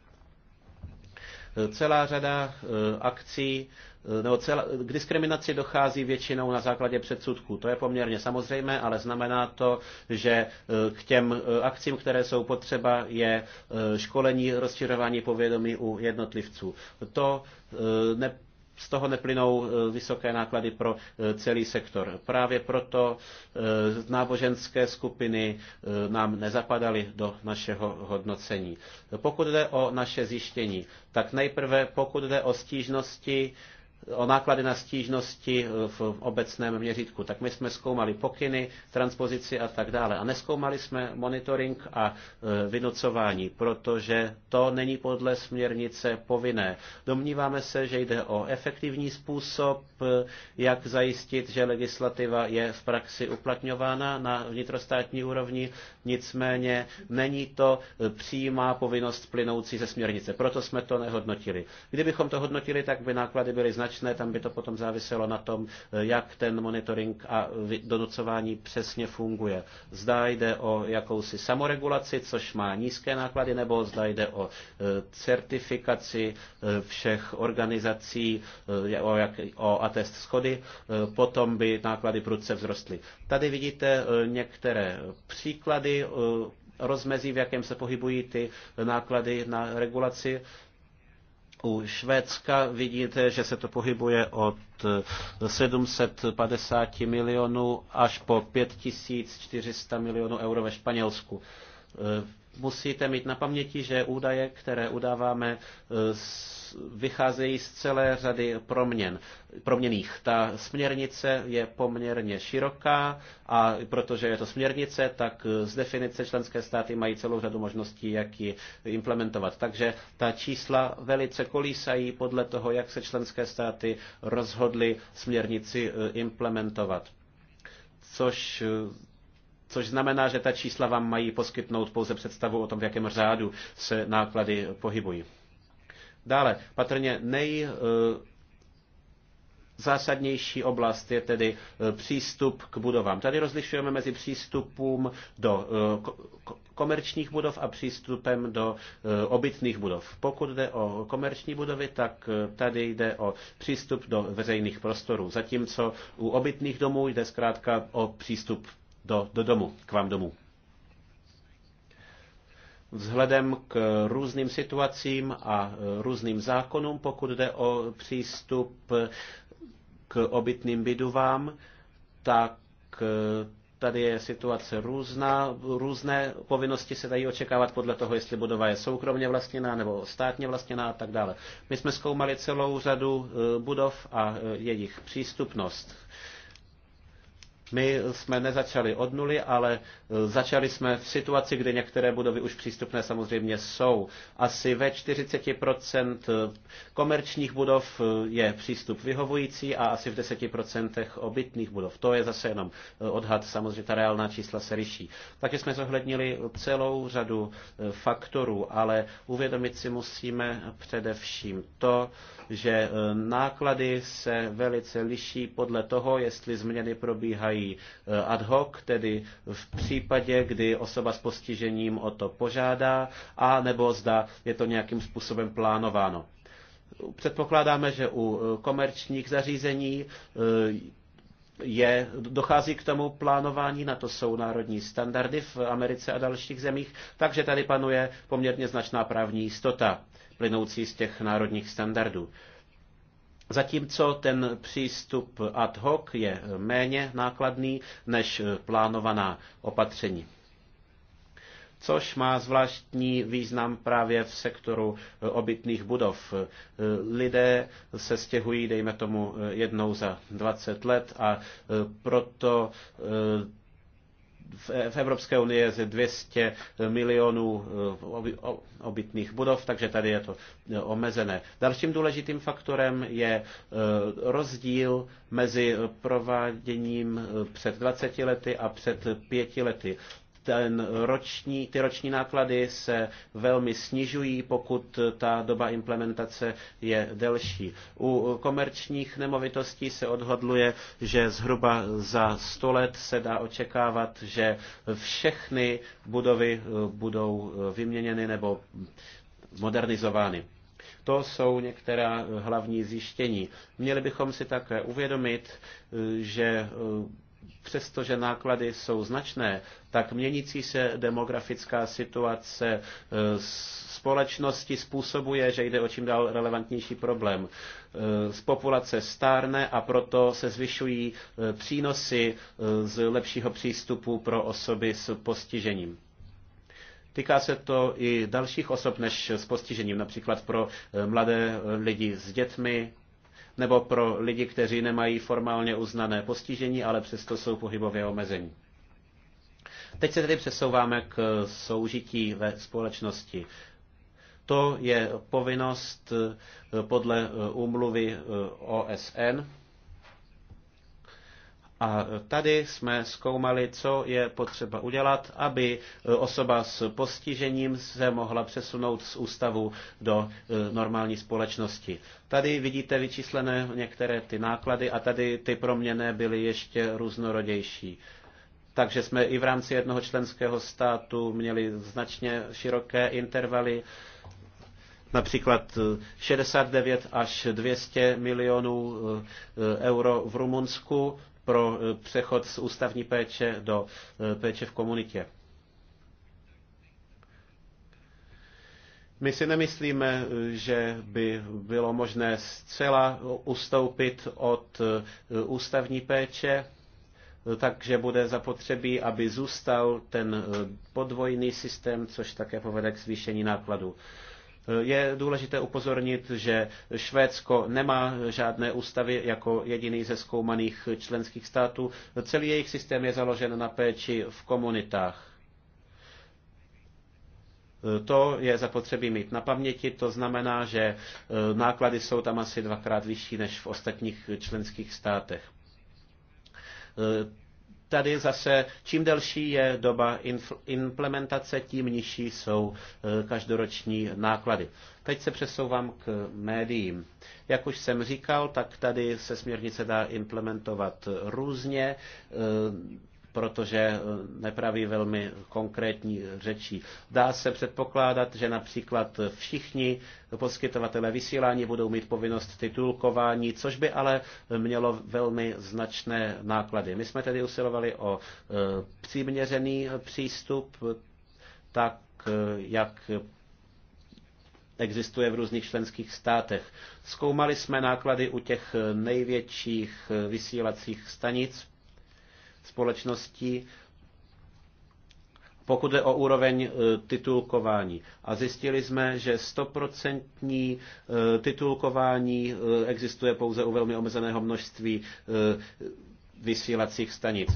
Celá řada eh, akcí, eh, nebo celá, k diskriminaci dochází většinou na základě předsudků. To je poměrně samozřejmé, ale znamená to, že eh, k těm akcím, které jsou potřeba, je školení, rozširování povědomí u jednotlivců. To ne, z toho neplynou e, vysoké náklady pro e, celý sektor. Právě proto e, náboženské skupiny nám nezapadaly do našeho hodnocení. Pokud jde o naše zjištění, tak nejprve pokud jde o stížnosti, o náklady na stížnosti e, v obecném měřítku. Tak my jsme zkoumali pokyny, transpozici a tak dále. A neskoumali jsme monitoring a e, vynucování, protože to není podle směrnice povinné. Domníváme se, že jde o efektivní způsob, e, jak zajistit, že legislativa je v praxi uplatňována na vnitrostátní úrovni, nicméně není to přímá povinnost plynoucí ze směrnice. Proto jsme to nehodnotili. Kdybychom to hodnotili, tak by náklady byly značné značné, tam by to potom záviselo na tom, jak ten monitoring a donucování přesně funguje. Zda jde o jakousi samoregulaci, což má nízké náklady, nebo zda jde o e, certifikaci e, všech organizací, e, o, jak, o atest schody, potom by náklady prudce vzrostly. Tady vidíte některé příklady rozmezí, v jakém se pohybují ty náklady na regulaci. U Švédska vidíte, že se to pohybuje od 750 eh, milionů až po 5400 milionů euro ve Španělsku. Eh, musíte mít na paměti, že údaje, které udáváme, e, vycházejí z celé řady proměn, proměných. Ta směrnice je poměrně široká a protože je to směrnice, tak e, z definice členské státy mají celou řadu možností, jak ji implementovat. Takže ta čísla velice kolísají podle toho, jak se členské státy rozhodly směrnici e, implementovat což což znamená, že ta čísla vám mají poskytnout pouze představu o tom, v jakém řádu se náklady pohybují. Dále, patrně nej, eh, Zásadnější oblast je tedy eh, přístup k budovám. Tady rozlišujeme mezi přístupům do eh, komerčních budov a přístupem do obytných budov. Pokud jde o komerční budovy, tak tady jde o přístup do veřejných prostorů, zatímco u obytných domů jde zkrátka o přístup do, do domu, k vám domů. Vzhledem k různým situacím a e, různým zákonům, pokud jde o přístup k obytným bydovám, tak e, tady je situace různá, různé povinnosti se dají očekávat podle toho, jestli budova je soukromně vlastněná nebo státně vlastněná a tak dále. My jsme zkoumali celou řadu e, budov a jejich přístupnost. My jsme nezačali od nuly, ale e, začali jsme v situaci, kdy některé budovy už přístupné samozřejmě jsou. Asi ve 40% e, komerčních budov e, je přístup vyhovující a asi v 10% obytných budov. To je zase jenom odhad, samozřejmě ta reálná čísla se liší. Takže jsme zohlednili celou řadu faktorů, ale uvědomit si musíme především to, že náklady se velice liší podle toho, jestli změny probíhají vznikají eh, ad hoc, tedy v případě, kdy osoba s postižením o to požádá, a nebo zda je to nějakým způsobem plánováno. Předpokládáme, že u eh, komerčních zařízení eh, je, dochází k tomu plánování, na to jsou národní standardy v Americe a dalších zemích, takže tady panuje poměrně značná právní jistota plynoucí z těch národních standardů. Zatímco ten přístup ad hoc je méně nákladný než plánovaná opatření což má zvláštní význam právě v sektoru obytných budov. Lidé se stěhují, dejme tomu, jednou za 20 let a proto v Evropské unii je 200 milionů eh, obytných budov, takže tady je to eh, omezené. Dalším důležitým faktorem je eh, rozdíl mezi prováděním před 20 lety a před 5 lety ten roční, ty roční náklady se velmi snižují, pokud ta doba implementace je delší. U komerčních nemovitostí se odhodluje, že zhruba za 100 let se dá očekávat, že všechny budovy eh, budou eh, vyměněny nebo modernizovány. To jsou některá eh, hlavní zjištění. Měli bychom si také uvědomit, že přestože náklady jsou značné, tak měnící se demografická situace e, společnosti způsobuje, že jde o čím dál relevantnější problém. E, z populace stárne a proto se zvyšují e, přínosy z lepšího přístupu pro osoby s postižením. Týká se to i dalších osob než s postižením, například pro mladé lidi s dětmi, nebo pro lidi, kteří nemají formálně uznané postižení, ale přesto jsou pohybově omezení. Teď se tedy přesouváme k soužití ve společnosti. To je povinnost eh, podle eh, úmluvy eh, OSN a tady jsme zkoumali, co je potřeba udělat, aby osoba s postižením se mohla přesunout z ústavu do e, normální společnosti. Tady vidíte vyčíslené některé ty náklady a tady ty proměny byly ještě různorodější. Takže jsme i v rámci jednoho členského státu měli značně široké intervaly, například 69 e, až 200 milionů e, euro v Rumunsku, pro eh, přechod z ústavní péče do eh, péče v komunitě. My si nemyslíme, eh, že by bylo možné zcela ustoupit od ústavní péče, takže bude zapotřebí, aby zůstal ten podvojný systém, což také povede k zvýšení nákladů. Je důležité upozornit, že Švédsko nemá žádné ústavy jako jediný ze zkoumaných členských států. Celý jejich systém je založen na péči v komunitách. To je zapotřebí mít na paměti, to znamená, že e, náklady jsou tam asi dvakrát vyšší než v ostatních členských státech. E, tady zase čím delší je doba implementace, tím nižší jsou eh, každoroční náklady. Teď se přesouvám k médiím. Jak už jsem říkal, tak tady se směrnice dá implementovat různě. Eh, protože eh, nepraví velmi konkrétní řeči. Dá se předpokládat, že například všichni poskytovatele vysílání budou mít povinnost titulkování, což by ale mělo velmi značné náklady. My jsme tedy usilovali o eh, přiměřený přístup, tak eh, jak existuje v různých členských státech. Zkoumali jsme náklady u těch největších vysílacích stanic společnosti. pokud jde o úroveň e, titulkování. A zjistili jsme, že stoprocentní e, titulkování e, existuje pouze u velmi omezeného množství vysílacích stanic.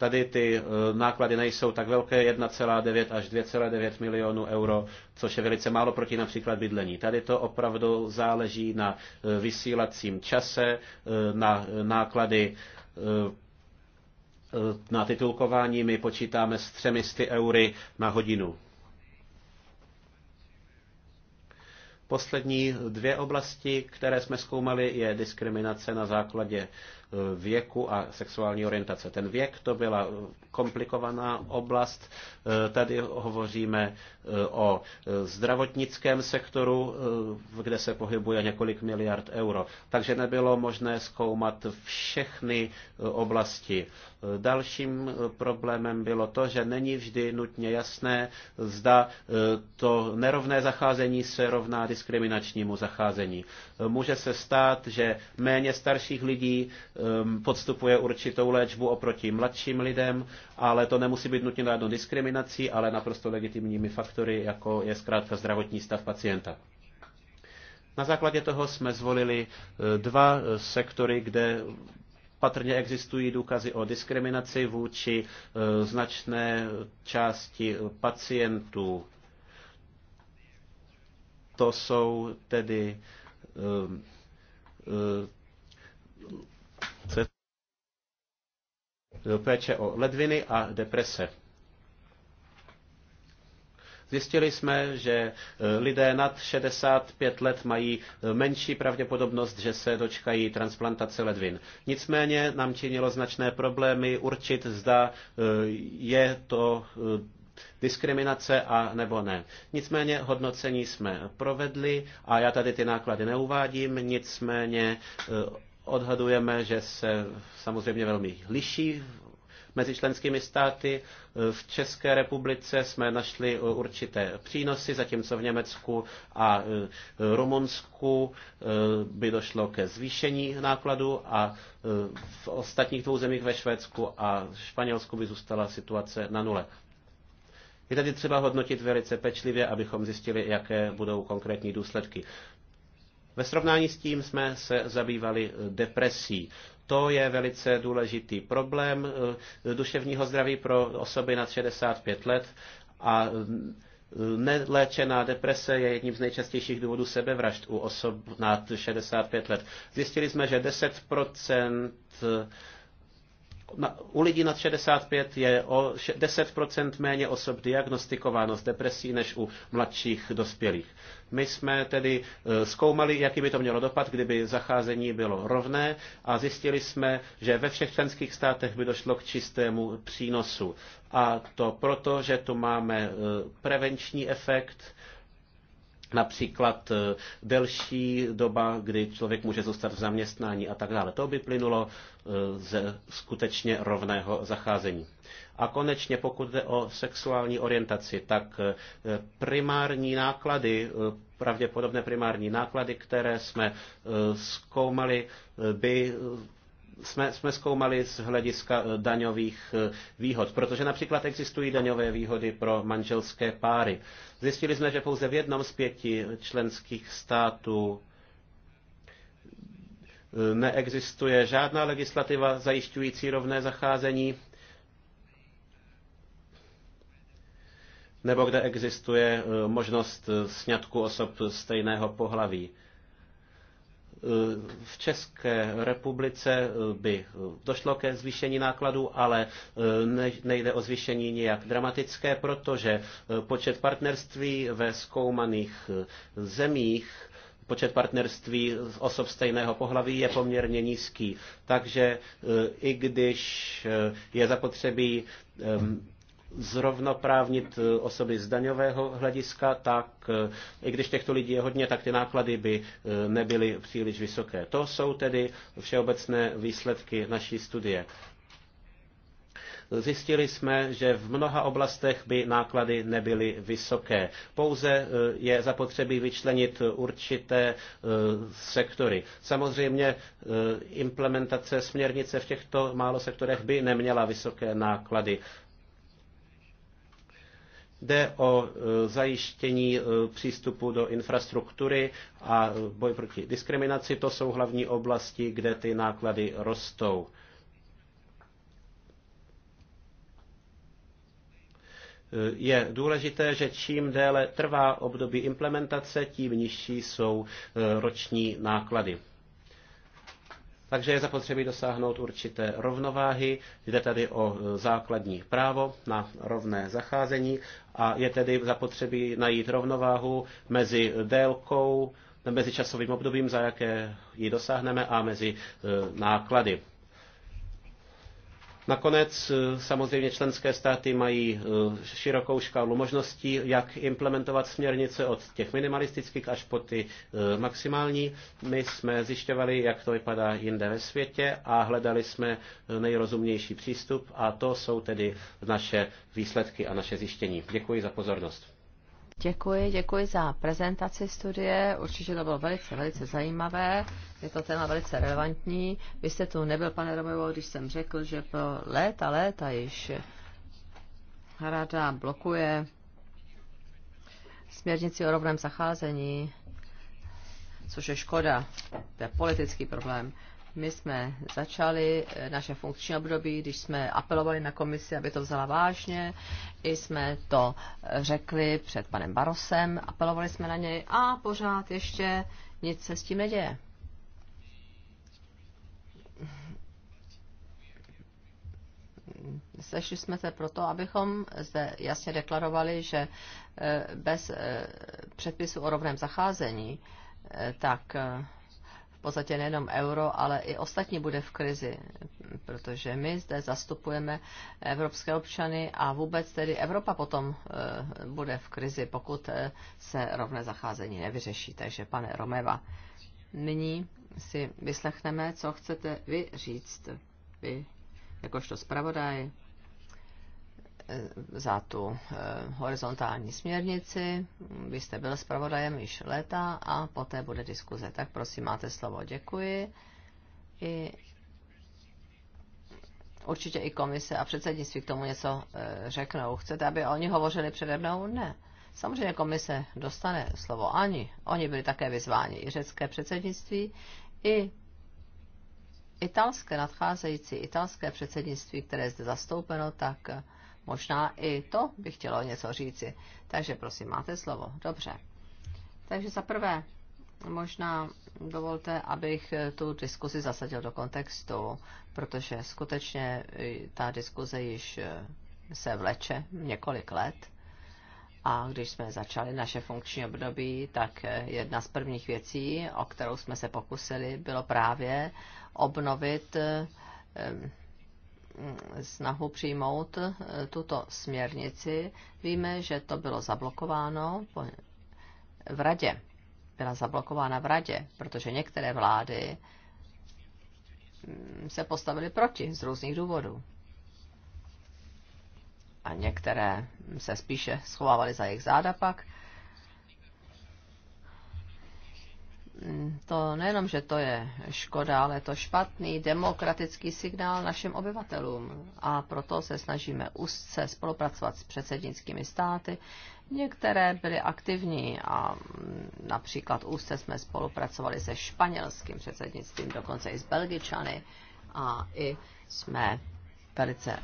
Tady ty eh, náklady nejsou tak velké, 1,9 až 2,9 milionů euro, což je velice málo proti například bydlení. Tady to opravdu záleží na eh, vysílacím čase, eh, na náklady na titulkování my počítáme s 300 eury na hodinu. Poslední dvě oblasti, které jsme zkoumali, je diskriminace na základě věku a sexuální orientace. Ten věk to byla komplikovaná oblast. Tady hovoříme e, o e, zdravotnickém sektoru, e, kde se pohybuje několik miliard euro. Takže nebylo možné zkoumat všechny oblasti. Dalším problémem bylo to, že není vždy nutně jasné, zda to nerovné zacházení se rovná diskriminačnímu zacházení. Může se stát, že méně starších lidí Um, podstupuje určitou léčbu oproti mladším lidem, ale to nemusí být nutně na diskriminací, ale naprosto legitimními faktory, jako je zkrátka zdravotní stav pacienta. Na základě toho jsme zvolili eh, dva eh, sektory, kde patrně existují důkazy o diskriminaci vůči eh, značné části pacientů. To jsou tedy péče o ledviny a deprese. Zjistili jsme, že e, lidé nad 65 let mají e, menší pravděpodobnost, že se dočkají transplantace ledvin. Nicméně nám činilo značné problémy určit, zda e, je to diskriminace a nebo ne. Nicméně hodnocení jsme provedli a já tady ty náklady neuvádím, nicméně odhadujeme, že se samozřejmě velmi liší mezi členskými státy. V České republice jsme našli určité přínosy, zatímco v Německu a e, Rumunsku e, by došlo ke zvýšení nákladu a e, v ostatních dvou zemích ve Švédsku a Španělsku by zůstala situace na nule. Je tady třeba hodnotit velice pečlivě, abychom zjistili, jaké budou konkrétní důsledky. Ve srovnání s tím jsme se zabývali eh, depresí. To je velice důležitý problém eh, duševního zdraví pro osoby nad 65 let a eh, Neléčená deprese je jedním z nejčastějších důvodů sebevražd u osob nad 65 let. Zjistili jsme, že 10% u lidí nad 65 je o 10% méně osob diagnostikováno s depresí než u mladších dospělých. My jsme tedy eh, zkoumali, jaký by to mělo dopad, kdyby zacházení bylo rovné a zjistili jsme, že ve všech členských státech by došlo k čistému přínosu. A to proto, že tu máme eh, prevenční efekt, například eh, delší doba, kdy člověk může zůstat v zaměstnání a tak dále. To by plynulo ze skutečně rovného zacházení. A konečně pokud jde o sexuální orientaci, tak eh, primární náklady, eh, pravděpodobné primární náklady, které jsme eh, zkoumali, by jsme, jsme zkoumali z hlediska daňových výhod, protože například existují daňové výhody pro manželské páry. Zjistili jsme, že pouze v jednom z pěti členských států neexistuje žádná legislativa zajišťující rovné zacházení nebo kde existuje eh, možnost eh, sňatku osob stejného pohlaví. Eh, v České republice by došlo ke zvýšení nákladů, ale nejde o zvýšení nijak dramatické, protože počet partnerství ve zkoumaných zemích počet partnerství osob stejného pohlaví je poměrně nízký. Takže i když je zapotřebí zrovnoprávnit eh, osoby z daňového hlediska, tak eh, i když těchto lidí je hodně, tak ty náklady by eh, nebyly příliš vysoké. To jsou tedy všeobecné výsledky naší studie. Zjistili jsme, že v mnoha oblastech by náklady nebyly vysoké. Pouze je zapotřebí vyčlenit určité sektory. Samozřejmě implementace směrnice v těchto málo sektorech by neměla vysoké náklady. Jde o e, zajištění e, přístupu do infrastruktury a e, boj proti diskriminaci. To jsou hlavní oblasti, kde ty náklady rostou. Je důležité, že čím déle trvá období implementace, tím nižší jsou roční náklady. Takže je zapotřebí dosáhnout určité rovnováhy. Jde tady o e, základní právo na rovné zacházení a je tedy zapotřebí najít rovnováhu mezi délkou, mezi časovým obdobím, za jaké ji dosáhneme, a mezi e, náklady. Nakonec eh, samozřejmě členské státy mají eh, širokou škálu možností, jak implementovat směrnice od těch minimalistických až po ty eh, maximální. My jsme zjišťovali, jak to vypadá jinde ve světě a hledali jsme nejrozumnější přístup a to jsou tedy naše výsledky a naše zjištění. Děkuji za pozornost. Děkuji, děkuji za prezentaci studie. Určitě to bylo velice, velice zajímavé. Je to téma velice relevantní. Vy jste tu nebyl, pane Romevo, když jsem řekl, že pro léta, léta již rada blokuje směrnici o rovném zacházení, což je škoda. To je politický problém. My jsme začali eh, naše funkční období, když jsme apelovali na komisi, aby to vzala vážně. I jsme to eh, řekli před panem Barosem, apelovali jsme na něj a pořád ještě nic se s tím neděje. Sešli jsme se proto, abychom zde jasně deklarovali, že eh, bez předpisu o rovném zacházení, tak podstatě nejenom euro, ale i ostatní bude v krizi, protože my zde zastupujeme evropské občany a vůbec tedy Evropa potom eh, bude v krizi, pokud eh, se rovné zacházení nevyřeší. Takže pane Romeva, nyní si vyslechneme, co chcete vy říct, vy jakožto zpravodaj za tu eh, horizontální směrnici. Vy jste byl zpravodajem již léta a poté bude diskuze. Tak prosím, máte slovo. Děkuji. I určitě i komise a předsednictví k tomu něco eh, řeknou. Chcete, aby oni hovořili přede mnou? Ne. Samozřejmě komise dostane slovo. Ani. Oni byli také vyzváni. I řecké předsednictví, i italské nadcházející italské předsednictví, které je zde zastoupeno, tak Možná i to bych chtělo něco říci. Takže prosím, máte slovo. Dobře. Takže za prvé, možná dovolte, abych tu diskuzi zasadil do kontextu, protože skutečně ta diskuze již e, se vleče několik let. A když jsme začali naše funkční období, tak e, jedna z prvních věcí, o kterou jsme se pokusili, bylo právě obnovit e, snahu přijmout eh, tuto směrnici. Víme, že to bylo zablokováno v radě. Byla zablokována v radě, protože některé vlády mm, se postavily proti z různých důvodů. A některé se spíše schovávaly za jejich záda pak. to nejenom, že to je škoda, ale to špatný demokratický signál našim obyvatelům. A proto se snažíme úzce spolupracovat s předsednickými státy. Některé byly aktivní a například úzce jsme spolupracovali se španělským předsednictvím, dokonce i s Belgičany a i jsme velice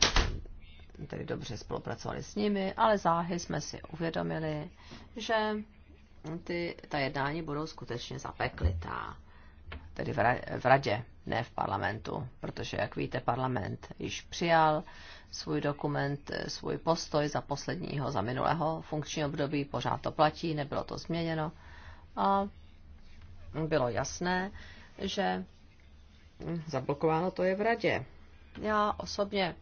tedy dobře spolupracovali s nimi, ale záhy jsme si uvědomili, že ty, ta jednání budou skutečně zapeklitá. Tedy v, ra, v radě, ne v parlamentu, protože, jak víte, parlament již přijal svůj dokument, svůj postoj za posledního, za minulého Funkční období, pořád to platí, nebylo to změněno. A bylo jasné, že zablokováno to je v radě. Já osobně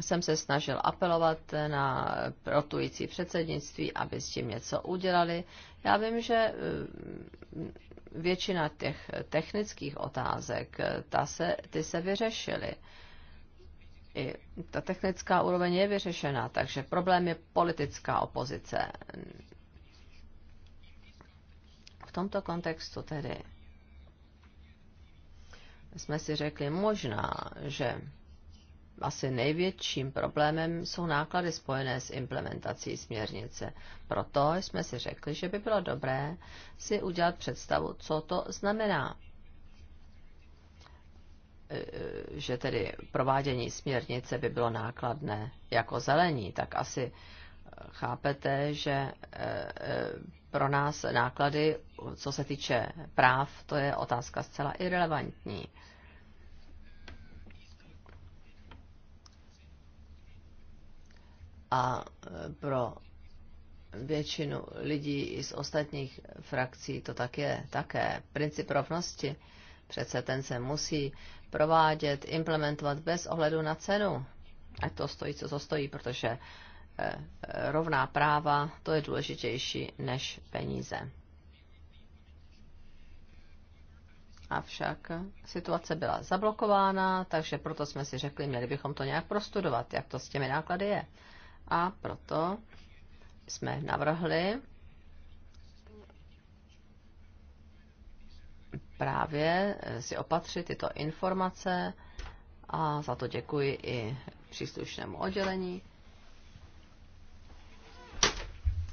jsem se snažil apelovat na rotující předsednictví, aby s tím něco udělali. Já vím, že mm, většina těch technických otázek, ta se, ty se vyřešily. I ta technická úroveň je vyřešena, takže problém je politická opozice. V tomto kontextu tedy jsme si řekli možná, že asi největším problémem jsou náklady spojené s implementací směrnice. Proto jsme si řekli, že by bylo dobré si udělat představu, co to znamená e, e, že tedy provádění směrnice by bylo nákladné jako zelení, tak asi e, chápete, že pro nás náklady, co se týče práv, to je otázka zcela irrelevantní. a e, pro většinu lidí i z ostatních frakcí to tak je také. Princip rovnosti přece ten se musí provádět, implementovat bez ohledu na cenu. Ať to stojí, co to stojí, protože e, rovná práva, to je důležitější než peníze. Avšak situace byla zablokována, takže proto jsme si řekli, měli bychom to nějak prostudovat, jak to s těmi náklady je a proto jsme navrhli právě eh, si opatřit tyto informace a za to děkuji i příslušnému oddělení.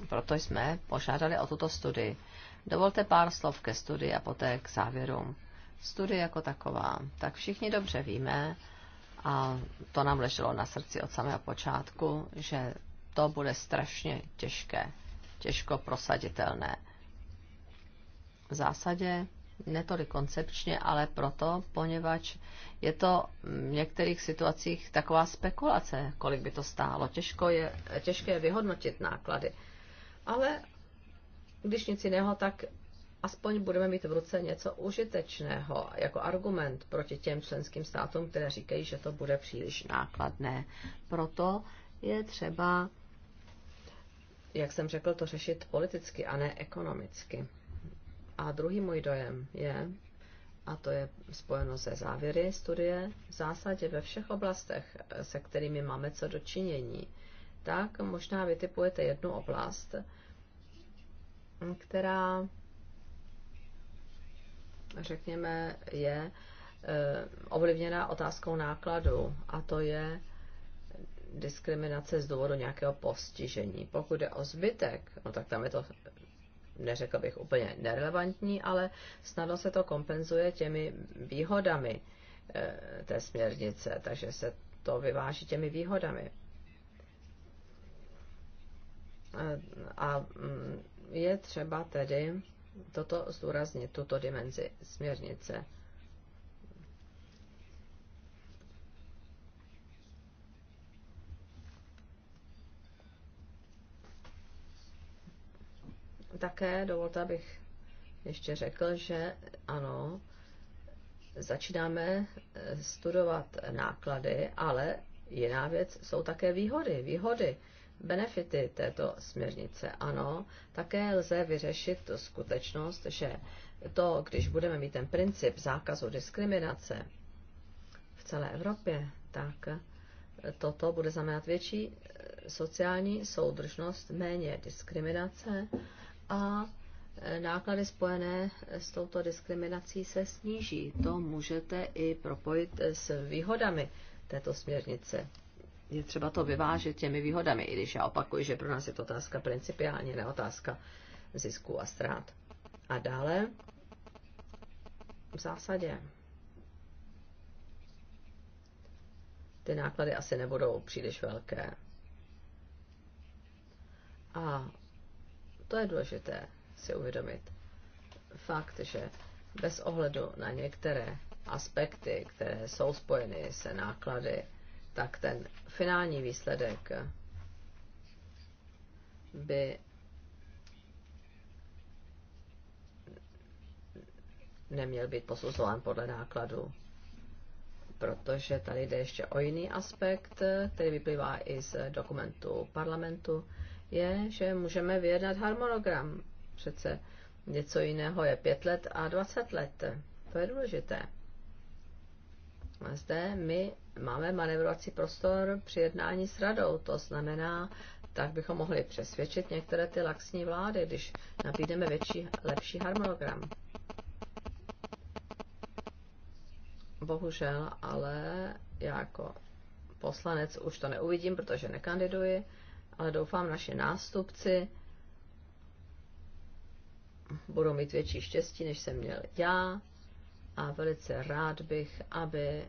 Proto jsme požádali o tuto studii. Dovolte pár slov ke studii a poté k závěrům. Studie jako taková. Tak všichni dobře víme, a to nám leželo na srdci od samého počátku, že to bude strašně těžké, těžko prosaditelné. V zásadě netolik koncepčně, ale proto, poněvadž je to v některých situacích taková spekulace, kolik by to stálo. Těžko je, těžké je vyhodnotit náklady. Ale když nic jiného, tak aspoň budeme mít v ruce něco užitečného jako argument proti těm členským státům, které říkají, že to bude příliš nákladné. Proto je třeba, jak jsem řekl, to řešit politicky a ne ekonomicky. A druhý můj dojem je, a to je spojeno se závěry studie, v zásadě ve všech oblastech, se kterými máme co dočinění, tak možná vytipujete jednu oblast, která řekněme, je eh, ovlivněna otázkou nákladu a to je diskriminace z důvodu nějakého postižení. Pokud je o zbytek, no tak tam je to, neřekl bych, úplně nerelevantní, ale snadno se to kompenzuje těmi výhodami eh, té směrnice, takže se to vyváží těmi výhodami. Eh, a mm, je třeba tedy toto zdůraznit, tuto dimenzi směrnice. Také dovolte, abych ještě řekl, že ano, začínáme eh, studovat náklady, ale jiná věc jsou také výhody. Výhody benefity této směrnice. Ano, také lze vyřešit tu skutečnost, že to, když budeme mít ten princip zákazu diskriminace v celé Evropě, tak toto bude znamenat větší eh, sociální soudržnost, méně diskriminace a eh, náklady spojené eh, s touto diskriminací se sníží. To můžete i propojit s výhodami této směrnice je třeba to vyvážet těmi výhodami, i když já opakuju, že pro nás je to otázka principiálně, ne otázka zisku a ztrát. A dále v zásadě ty náklady asi nebudou příliš velké. A to je důležité si uvědomit. Fakt, že bez ohledu na některé aspekty, které jsou spojeny se náklady, tak ten finální výsledek by neměl být posuzován podle nákladu, protože tady jde ještě o jiný aspekt, který vyplývá i z dokumentu parlamentu, je, že můžeme vyjednat harmonogram. Přece něco jiného je pět let a 20 let. To je důležité zde my máme manevrovací prostor při jednání s radou. To znamená, tak bychom mohli přesvědčit některé ty laxní vlády, když nabídeme větší, lepší harmonogram. Bohužel, ale já jako poslanec už to neuvidím, protože nekandiduji, ale doufám, naše nástupci budou mít větší štěstí, než jsem měl já a velice rád bych, aby eh,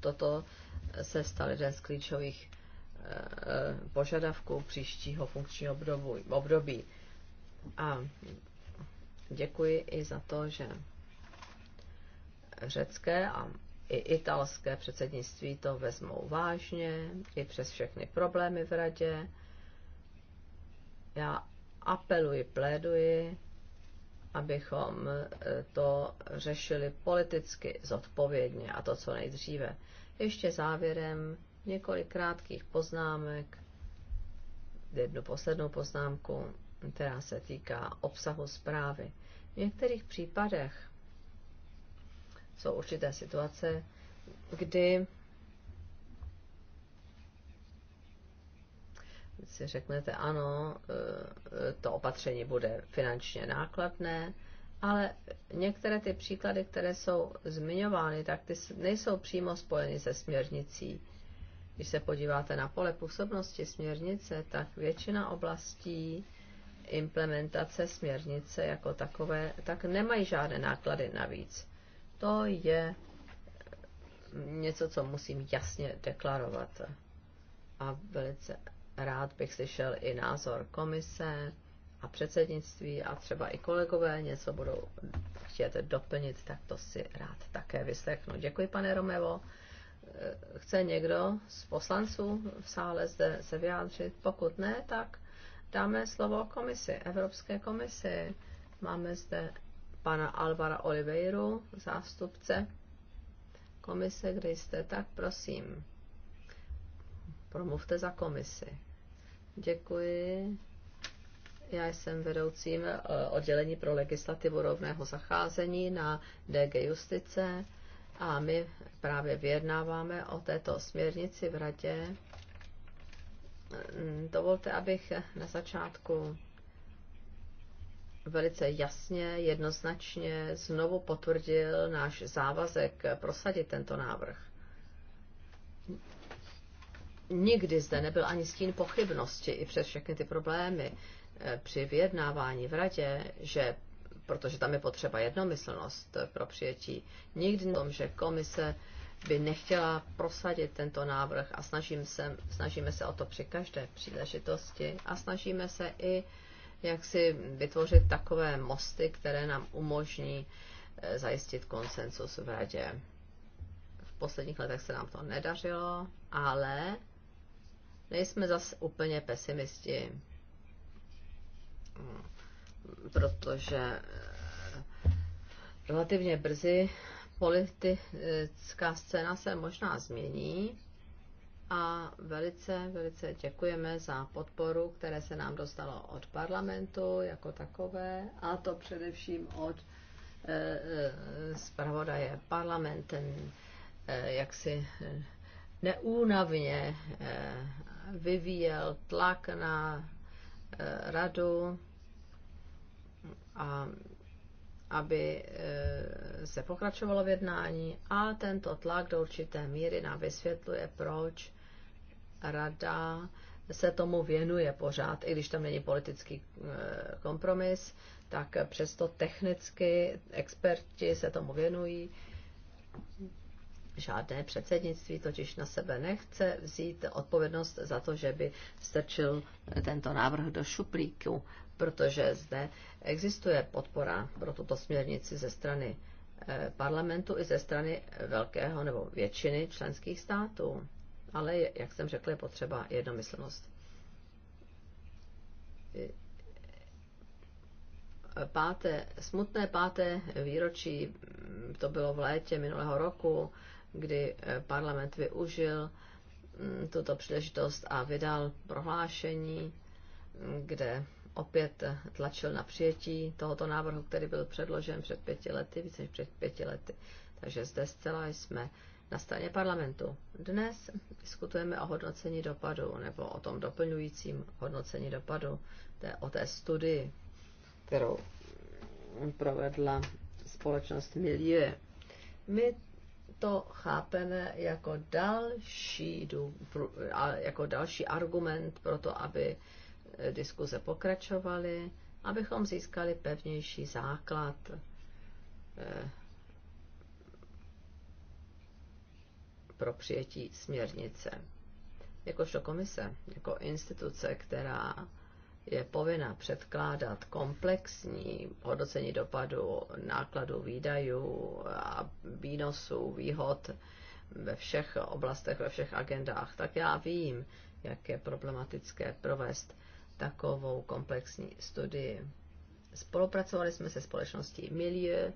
toto se stalo jeden z klíčových eh, požadavků příštího funkčního období. A děkuji i za to, že řecké a i italské předsednictví to vezmou vážně, i přes všechny problémy v radě. Já apeluji, pléduji abychom e, to řešili politicky zodpovědně a to co nejdříve. Ještě závěrem několik krátkých poznámek, jednu poslednou poznámku, která se týká obsahu zprávy. V některých případech jsou určité situace, kdy si řeknete, ano, e, e, to opatření bude finančně nákladné, ale některé ty příklady, které jsou zmiňovány, tak ty nejsou přímo spojeny se směrnicí. Když se podíváte na pole působnosti směrnice, tak většina oblastí implementace směrnice jako takové, tak nemají žádné náklady navíc. To je něco, co musím jasně deklarovat. A velice rád bych slyšel i názor komise a předsednictví a třeba i kolegové něco budou chtět doplnit, tak to si rád také vyslechnu. Děkuji, pane Romevo. Eh, chce někdo z poslanců v sále zde se vyjádřit? Pokud ne, tak dáme slovo komisi, Evropské komisi. Máme zde pana Alvara Oliveiru, zástupce komise, kde jste, tak prosím. Promluvte za komisi. Děkuji. Já jsem vedoucím eh, oddělení pro legislativu rovného zacházení na DG Justice a my právě vyjednáváme o této směrnici v radě. Mm, dovolte, abych na začátku velice jasně, jednoznačně znovu potvrdil náš závazek prosadit tento návrh nikdy zde nebyl ani stín pochybnosti i přes všechny ty problémy eh, při vyjednávání v radě, že protože tam je potřeba jednomyslnost pro přijetí. Nikdy tom, že komise by nechtěla prosadit tento návrh a snažím se, snažíme se o to při každé příležitosti a snažíme se i jak si vytvořit takové mosty, které nám umožní eh, zajistit konsensus v radě. V posledních letech se nám to nedařilo, ale nejsme zase úplně pesimisti, protože eh, relativně brzy politická scéna se možná změní a velice, velice děkujeme za podporu, které se nám dostalo od parlamentu jako takové a to především od eh, eh, zpravodaje parlamentem, jak si neúnavně vyvíjel tlak na eh, radu a aby eh, se pokračovalo v jednání a tento tlak do určité míry nám vysvětluje, proč rada se tomu věnuje pořád, i když tam není politický eh, kompromis, tak přesto technicky experti se tomu věnují žádné předsednictví totiž na sebe nechce vzít odpovědnost za to, že by strčil tento návrh do šuplíku, protože zde existuje podpora pro tuto směrnici ze strany eh, parlamentu i ze strany velkého nebo většiny členských států. Ale, jak jsem řekl, je potřeba jednomyslnost. Páté, smutné páté výročí, to bylo v létě minulého roku, kdy eh, parlament využil mm, tuto příležitost a vydal prohlášení, mm, kde opět eh, tlačil na přijetí tohoto návrhu, který byl předložen před pěti lety, více než před pěti lety. Takže zde zcela jsme na straně parlamentu. Dnes diskutujeme o hodnocení dopadu nebo o tom doplňujícím hodnocení dopadu, té, o té studii, kterou provedla společnost Milieu. My to chápeme jako další, jako další argument pro to, aby eh, diskuze pokračovaly, abychom získali pevnější základ eh, pro přijetí směrnice. Jakožto komise, jako instituce, která je povinna předkládat komplexní hodnocení dopadu nákladů, výdajů a výnosů, výhod ve všech oblastech, ve všech agendách, tak já vím, jak je problematické provést takovou komplexní studii. Spolupracovali jsme se společností Milieu,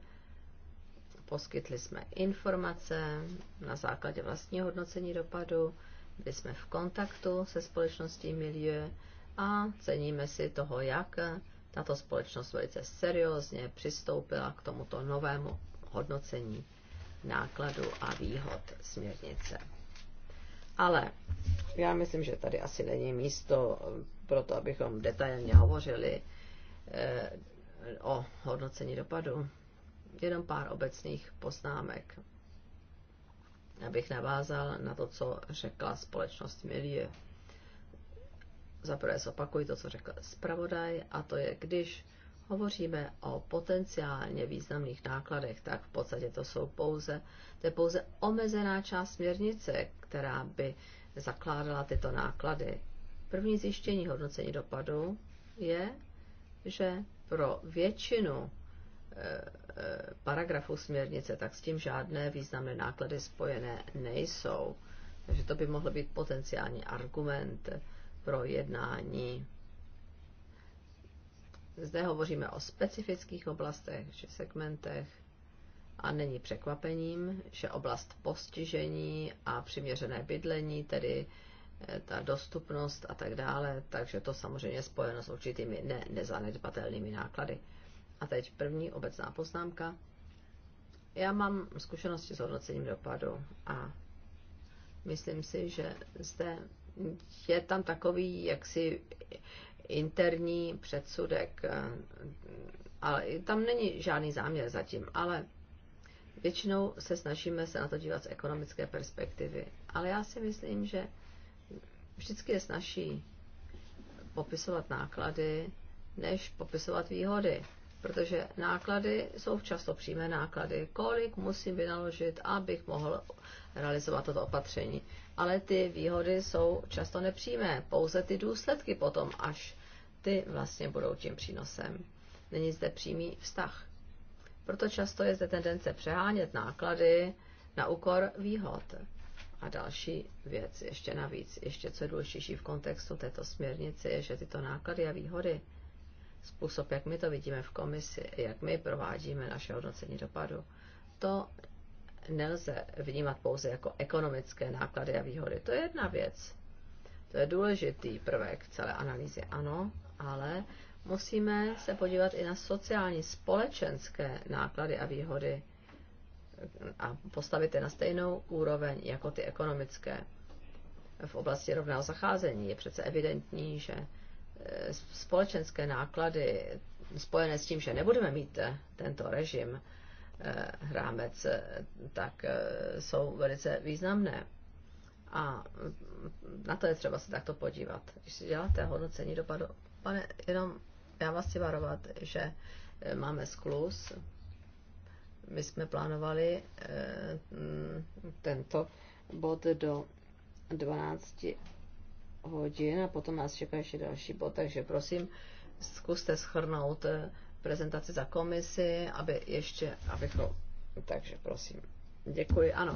poskytli jsme informace na základě vlastního hodnocení dopadu, byli jsme v kontaktu se společností Milieu, a ceníme si toho, jak tato společnost velice seriózně přistoupila k tomuto novému hodnocení nákladu a výhod směrnice. Ale já myslím, že tady asi není místo pro to, abychom detailně hovořili eh, o hodnocení dopadu. Jenom pár obecných poznámek, abych navázal na to, co řekla společnost Milieu zaprvé zopakuji to, co řekl zpravodaj, a to je, když hovoříme o potenciálně významných nákladech, tak v podstatě to jsou pouze, to je pouze omezená část směrnice, která by zakládala tyto náklady. První zjištění hodnocení dopadu je, že pro většinu eh, eh, paragrafu směrnice, tak s tím žádné významné náklady spojené nejsou. Takže to by mohl být potenciální argument pro jednání. Zde hovoříme o specifických oblastech či segmentech a není překvapením, že oblast postižení a přiměřené bydlení, tedy eh, ta dostupnost a tak dále, takže to samozřejmě je spojeno s určitými ne, nezanedbatelnými náklady. A teď první obecná poznámka. Já mám zkušenosti s hodnocením dopadu a myslím si, že zde je tam takový jaksi interní předsudek, ale tam není žádný záměr zatím, ale většinou se snažíme se na to dívat z ekonomické perspektivy. Ale já si myslím, že vždycky je snaží popisovat náklady, než popisovat výhody. Protože náklady jsou často přímé náklady. Kolik musím vynaložit, abych mohl realizovat toto opatření ale ty výhody jsou často nepřímé, pouze ty důsledky potom až ty vlastně budou tím přínosem. Není zde přímý vztah. Proto často je zde tendence přehánět náklady na úkor výhod. A další věc, ještě navíc, ještě co je důležitější v kontextu této směrnice, je, že tyto náklady a výhody, způsob, jak my to vidíme v komisi, jak my provádíme naše hodnocení dopadu, to nelze vnímat pouze jako ekonomické náklady a výhody. To je jedna věc. To je důležitý prvek celé analýzy, ano, ale musíme se podívat i na sociální, společenské náklady a výhody a postavit je na stejnou úroveň jako ty ekonomické. V oblasti rovného zacházení je přece evidentní, že e, společenské náklady spojené s tím, že nebudeme mít e, tento režim, Eh, rámec, eh, tak eh, jsou velice významné. A na to je třeba se takto podívat. Když si děláte hodnocení dopadu, pane, jenom já vás chci varovat, že máme sklus, my jsme plánovali mm, tento bod do 12 hodin a potom nás čeká ještě další bod, takže prosím, zkuste schrnout prezentaci za komisi, aby ještě, abychom, takže prosím, děkuji, ano.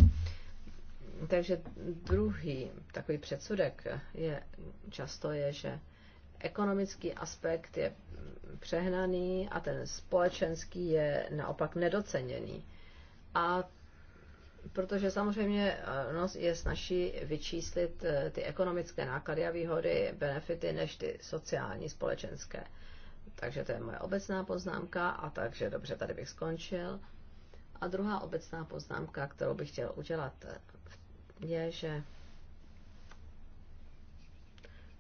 Takže druhý takový předsudek je často je, že ekonomický aspekt je přehnaný a ten společenský je naopak nedoceněný. A protože samozřejmě eh, je snaží vyčíslit eh, ty ekonomické náklady a výhody, benefity, než ty sociální, společenské. Takže to je moje obecná poznámka a takže dobře, tady bych skončil. A druhá obecná poznámka, kterou bych chtěl udělat, je, že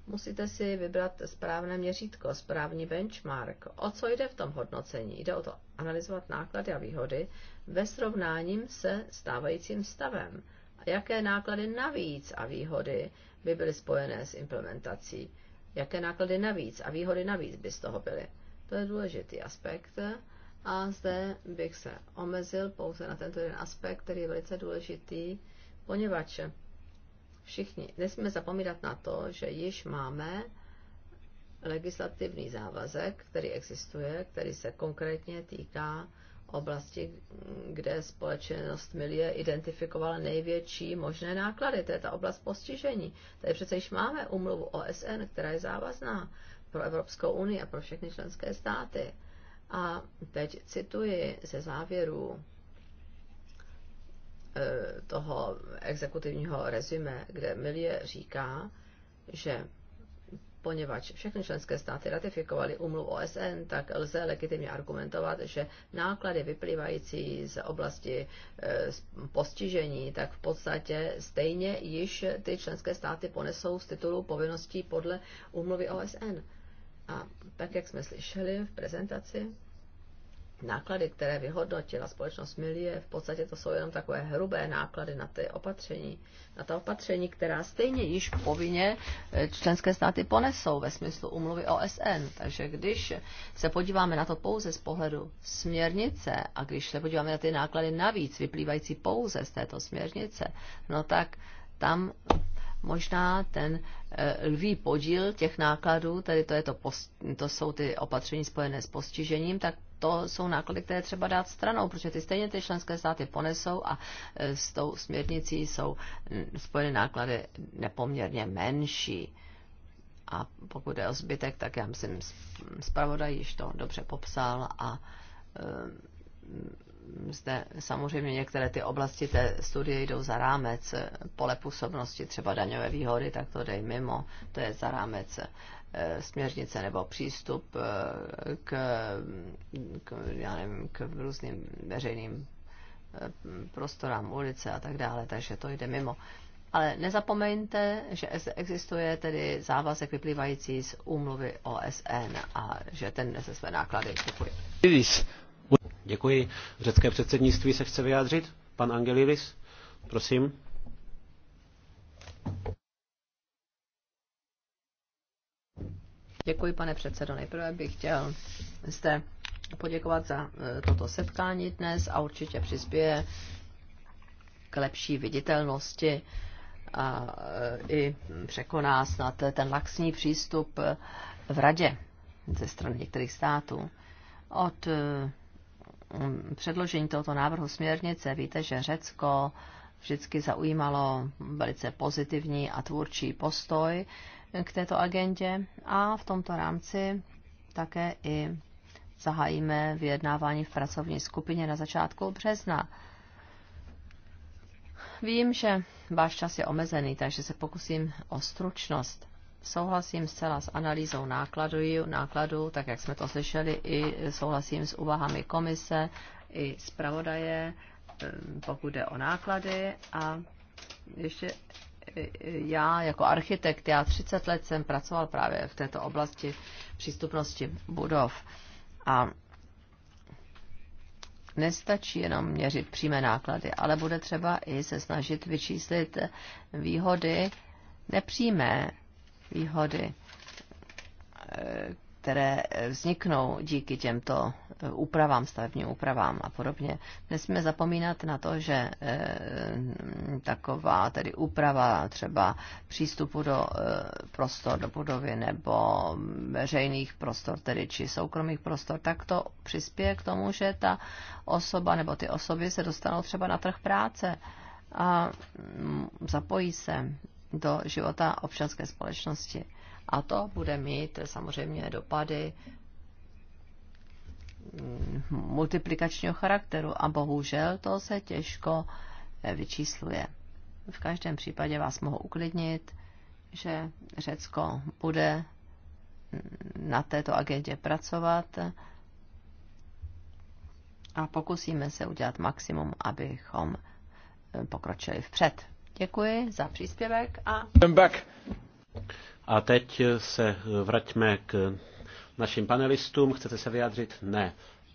musíte si vybrat správné měřítko, správný benchmark. O co jde v tom hodnocení? Jde o to analyzovat náklady a výhody ve srovnáním se stávajícím stavem. Jaké náklady navíc a výhody by byly spojené s implementací? jaké náklady navíc a výhody navíc by z toho byly. To je důležitý aspekt a zde bych se omezil pouze na tento jeden aspekt, který je velice důležitý, poněvadž všichni nesmíme zapomínat na to, že již máme legislativní závazek, který existuje, který se konkrétně týká oblasti, kde společnost Milie identifikovala největší možné náklady. To je ta oblast postižení. Tady přece již máme umluvu OSN, která je závazná pro Evropskou unii a pro všechny členské státy. A teď cituji ze závěru e, toho exekutivního rezime, kde Milie říká, že poněvadž všechny členské státy ratifikovaly umluv OSN, tak lze legitimně argumentovat, že náklady vyplývající z oblasti eh, postižení, tak v podstatě stejně již ty členské státy ponesou z titulu povinností podle umluvy OSN. A tak, jak jsme slyšeli v prezentaci, náklady, které vyhodnotila společnost Milie, v podstatě to jsou jenom takové hrubé náklady na ty opatření, na ta opatření, která stejně již povinně eh, členské státy ponesou ve smyslu umluvy OSN. Takže když se podíváme na to pouze z pohledu směrnice a když se podíváme na ty náklady navíc, vyplývající pouze z této směrnice, no tak tam možná ten eh, lví podíl těch nákladů, tedy to, je to, to jsou ty opatření spojené s postižením, tak to jsou náklady, které třeba dát stranou, protože ty stejně ty členské státy ponesou a e, s tou směrnicí jsou spojeny náklady nepoměrně menší. A pokud je o zbytek, tak já myslím, zpravodaj již to dobře popsal a e, zde samozřejmě některé ty oblasti té studie jdou za rámec pole působnosti, třeba daňové výhody, tak to dej mimo, to je za rámec Eh, směrnice nebo přístup eh, k, k, já nevím, k různým veřejným eh, prostorám, ulice a tak dále, takže to jde mimo. Ale nezapomeňte, že existuje tedy závazek vyplývající z úmluvy OSN a že ten nese své náklady. Děkuji. Děkuji. Řecké předsednictví se chce vyjádřit? Pan Angelidis, prosím. Děkuji, pane předsedo. Nejprve bych chtěl zde poděkovat za e, toto setkání dnes a určitě přispěje k lepší viditelnosti a e, i překoná snad ten laxní přístup v radě ze strany některých států. Od e, předložení tohoto návrhu směrnice víte, že Řecko vždycky zaujímalo velice pozitivní a tvůrčí postoj k této agendě a v tomto rámci také i zahájíme vyjednávání v pracovní skupině na začátku března. Vím, že váš čas je omezený, takže se pokusím o stručnost. Souhlasím zcela s analýzou nákladu, nákladu, tak jak jsme to slyšeli, i souhlasím s úvahami komise, i zpravodaje, eh, pokud jde o náklady. A ještě já jako architekt, já 30 let jsem pracoval právě v této oblasti přístupnosti budov a nestačí jenom měřit přímé náklady, ale bude třeba i se snažit vyčíslit výhody, nepřímé výhody, které eh, vzniknou díky těmto eh, úpravám, stavebním úpravám a podobně. Nesmíme zapomínat na to, že eh, taková tedy úprava třeba přístupu do prostor, do budovy nebo veřejných prostor, tedy či soukromých prostor, tak to přispěje k tomu, že ta osoba nebo ty osoby se dostanou třeba na trh práce a mm, zapojí se do života občanské společnosti. A to bude mít samozřejmě dopady mm, multiplikačního charakteru a bohužel to se těžko eh, vyčísluje. V každém případě vás mohu uklidnit, že Řecko bude mm, na této agendě pracovat a pokusíme se udělat maximum, abychom eh, pokročili vpřed. Děkuji za příspěvek a... Back. A teď se vraťme k našim panelistům. Chcete se vyjádřit? Ne.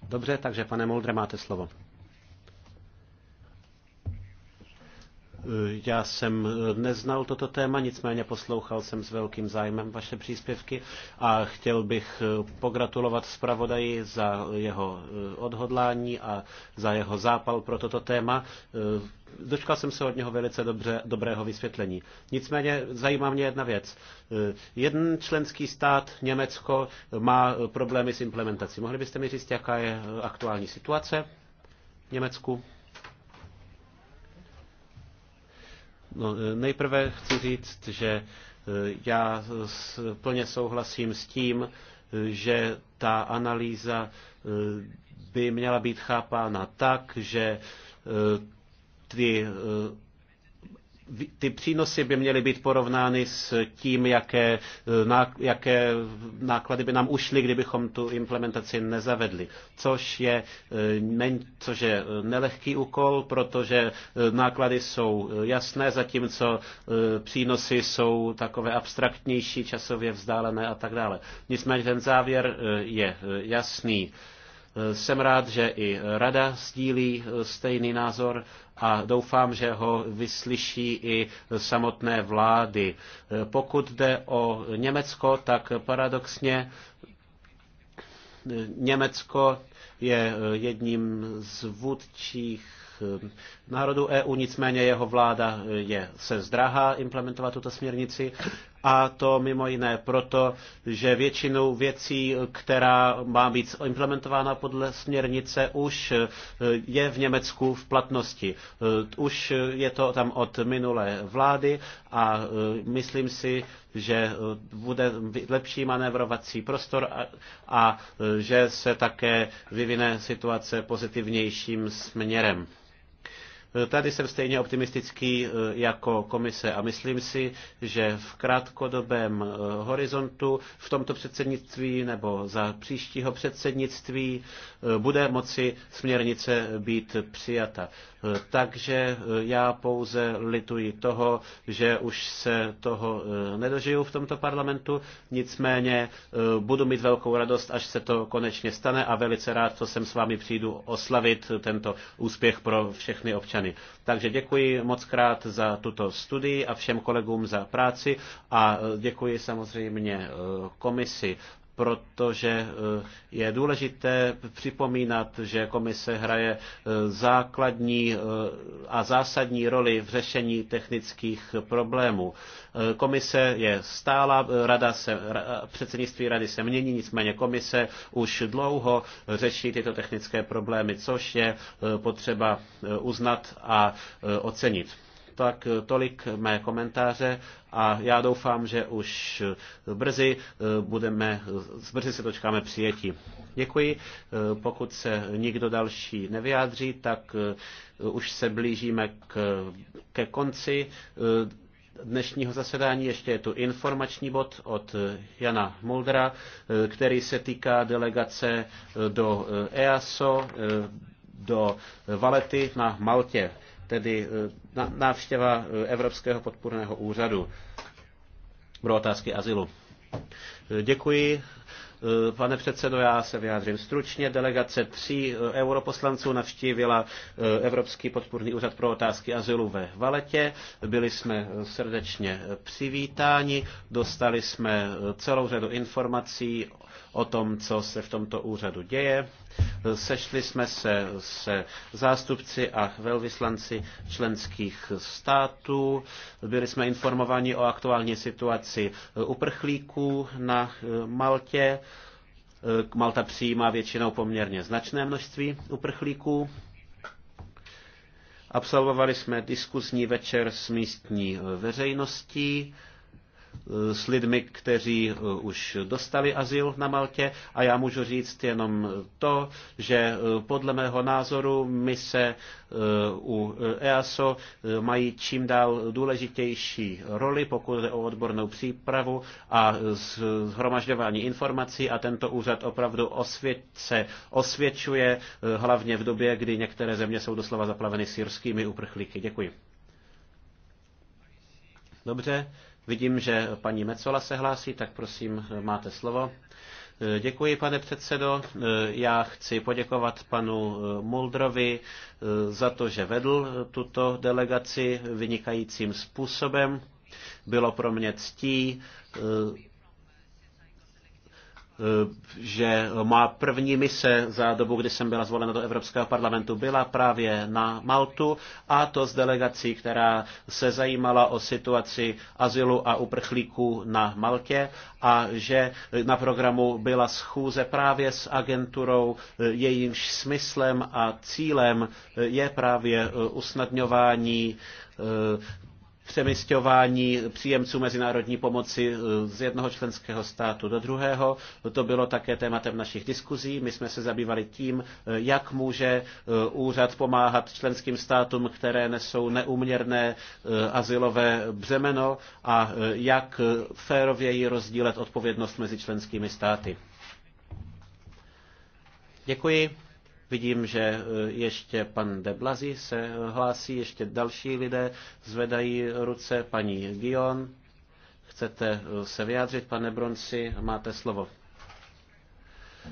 Dobře, takže pane Moldre, máte slovo. Já jsem neznal toto téma, nicméně poslouchal jsem s velkým zájmem vaše příspěvky a chtěl bych pogratulovat zpravodaji za jeho eh, odhodlání a za jeho zápal pro toto téma. Eh, dočkal jsem se od něho velice dobře, dobrého vysvětlení. Nicméně zajímá mě jedna věc. Eh, jeden členský stát, Německo, má problémy s implementací. Mohli byste mi říct, jaká je aktuální situace v Německu? No, e, nejprve chci říct, že e, já plně souhlasím s tím, e, že ta analýza by měla být chápána tak, že ty ty přínosy by měly být porovnány s tím, jaké, eh, jaké náklady by nám ušly, kdybychom tu implementaci nezavedli. Což je, eh, což je eh, nelehký úkol, protože náklady jsou jasné, zatímco přínosy jsou takové abstraktnější, časově vzdálené a tak dále. Nicméně ten závěr je jasný Eh, jsem rád, že i Rada sdílí eh, stejný názor a doufám, že ho vyslyší i samotné vlády. Eh, pokud jde o Německo, tak paradoxně Německo je jedním z vůdčích národů EU, nicméně jeho vláda je, se zdrahá implementovat tuto směrnici a to mimo jiné proto, že většinu věcí, která má být implementována podle směrnice, už eh, je v Německu v platnosti. Eh, už je to tam od minulé vlády a eh, myslím si, že bude lepší manévrovací prostor a, a že se také vyvine situace pozitivnějším směrem. Tady jsem stejně optimistický e, jako komise a myslím si, že v krátkodobém e, horizontu v tomto předsednictví nebo za příštího předsednictví e, bude moci směrnice být přijata. Takže eh, já pouze lituji toho, že už se toho eh, nedožiju v tomto parlamentu, nicméně eh, budu mít velkou radost, až se to konečně stane a velice rád co sem s vámi přijdu oslavit tento úspěch pro všechny občany. Takže děkuji moc krát za tuto studii a všem kolegům za práci a děkuji samozřejmě komisi protože eh, je důležité připomínat, že komise hraje eh, základní eh, a zásadní roli v řešení technických problémů. Komise je stála, rada se, předsednictví rady se mění, nicméně komise už dlouho řeší tyto technické problémy, což je potřeba uznat a ocenit. Tak eh, tolik mé komentáře a já doufám, že už eh, brzy, eh, budeme, brzy se dočkáme přijetí. Děkuji. Pokud se nikdo další nevyjádří, tak už se blížíme k, ke konci dnešního zasedání. Ještě je tu informační bod od Jana Muldra, který se týká delegace do EASO, do Valety na Maltě tedy eh, návštěva eh, Evropského podpůrného úřadu pro otázky azylu. Eh, děkuji. Pane předsedo, já se vyjádřím stručně. Delegace tří europoslanců navštívila Evropský podpůrný úřad pro otázky azylu ve Valetě. Byli jsme srdečně přivítáni, dostali jsme celou řadu informací o tom, co se v tomto úřadu děje. Sešli jsme se s zástupci a velvyslanci členských států. Byli jsme informováni o aktuální situaci uprchlíků na Maltě. Malta přijímá většinou poměrně značné množství uprchlíků. Absolvovali jsme diskuzní večer s místní veřejností s lidmi, kteří eh, už dostali azyl na Maltě a já můžu říct jenom to, že eh, podle mého názoru mise eh, u EASO mají čím dál důležitější roli, pokud jde o odbornou přípravu a zhromažďování informací a tento úřad opravdu osvět, se osvědčuje, hlavně v době, kdy některé země jsou doslova zaplaveny syrskými uprchlíky. Děkuji. Dobře, Vidím, že paní Mecola se hlásí, tak prosím, máte slovo. Děkuji, pane předsedo. Já chci poděkovat panu Muldrovi za to, že vedl tuto delegaci vynikajícím způsobem. Bylo pro mě ctí Eh, že má první mise za dobu, kdy jsem byla zvolena do Evropského parlamentu, byla právě na Maltu a to s delegací, která se zajímala o situaci azylu a uprchlíků na Maltě a že na programu byla schůze právě s agenturou, eh, jejímž smyslem a cílem eh, je právě usnadňování přemysťování příjemců mezinárodní pomoci eh, z jednoho členského státu do druhého. To bylo také tématem našich diskuzí. My jsme se zabývali tím, eh, jak může eh, úřad pomáhat členským státům, které nesou neuměrné asilové břemeno a jak férověji rozdílet odpovědnost mezi členskými státy. Děkuji. Vidím, že e, ještě pan Deblazi se hlásí, ještě další lidé zvedají ruce. Paní Gion, chcete e, se vyjádřit, pane Bronci, máte slovo.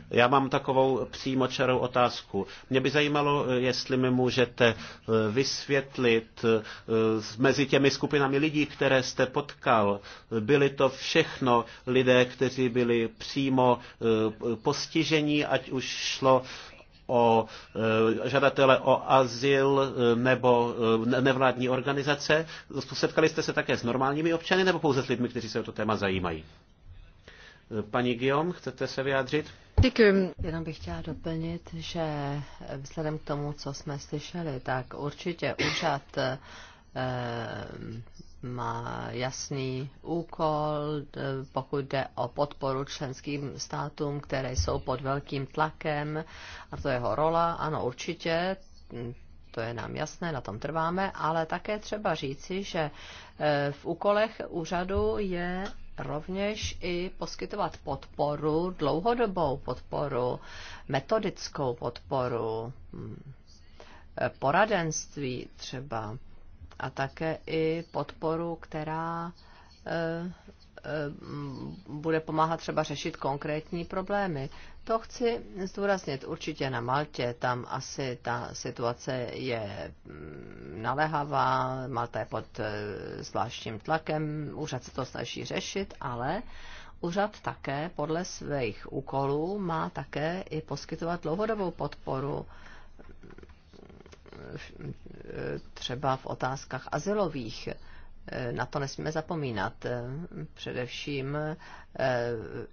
Já mám takovou přímočarou otázku. Mě by zajímalo, e, jestli mi můžete vysvětlit mezi těmi skupinami lidí, které jste potkal. Byli to všechno lidé, kteří byli přímo postižení, ať už šlo o e, žadatele o azyl e, nebo e, nevládní organizace. Setkali jste se také s normálními občany nebo pouze s lidmi, kteří se o to téma zajímají? Paní Guillaume, chcete se vyjádřit? Děkuji. Jenom bych chtěla doplnit, že vzhledem k tomu, co jsme slyšeli, tak určitě úřad má jasný úkol, e, pokud jde o podporu členským státům, které jsou pod velkým tlakem, a to jeho rola, ano, určitě, to je nám jasné, na tom trváme, ale také třeba říci, že e, v úkolech úřadu je rovněž i poskytovat podporu, dlouhodobou podporu, metodickou podporu, e, poradenství třeba a také i podporu, která eh, eh, bude pomáhat třeba řešit konkrétní problémy. To chci zdůraznit určitě na Maltě, tam asi ta situace je mm, naléhavá, Malta je pod eh, zvláštním tlakem, úřad se to snaží řešit, ale úřad také podle svých úkolů má také i poskytovat dlouhodobou podporu třeba v otázkách azylových. Eh, na to nesmíme zapomínat, eh, především eh,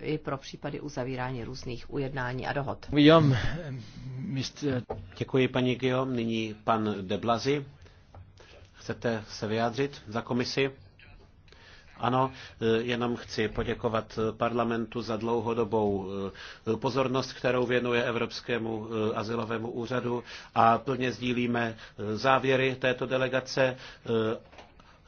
i pro případy uzavírání různých ujednání a dohod. Děkuji paní Gio. Nyní pan Deblazy. Chcete se vyjádřit za komisi? Ano, eh, jenom chci poděkovat eh, parlamentu za dlouhodobou eh, pozornost, kterou věnuje Evropskému azylovému úřadu a plně sdílíme závěry této delegace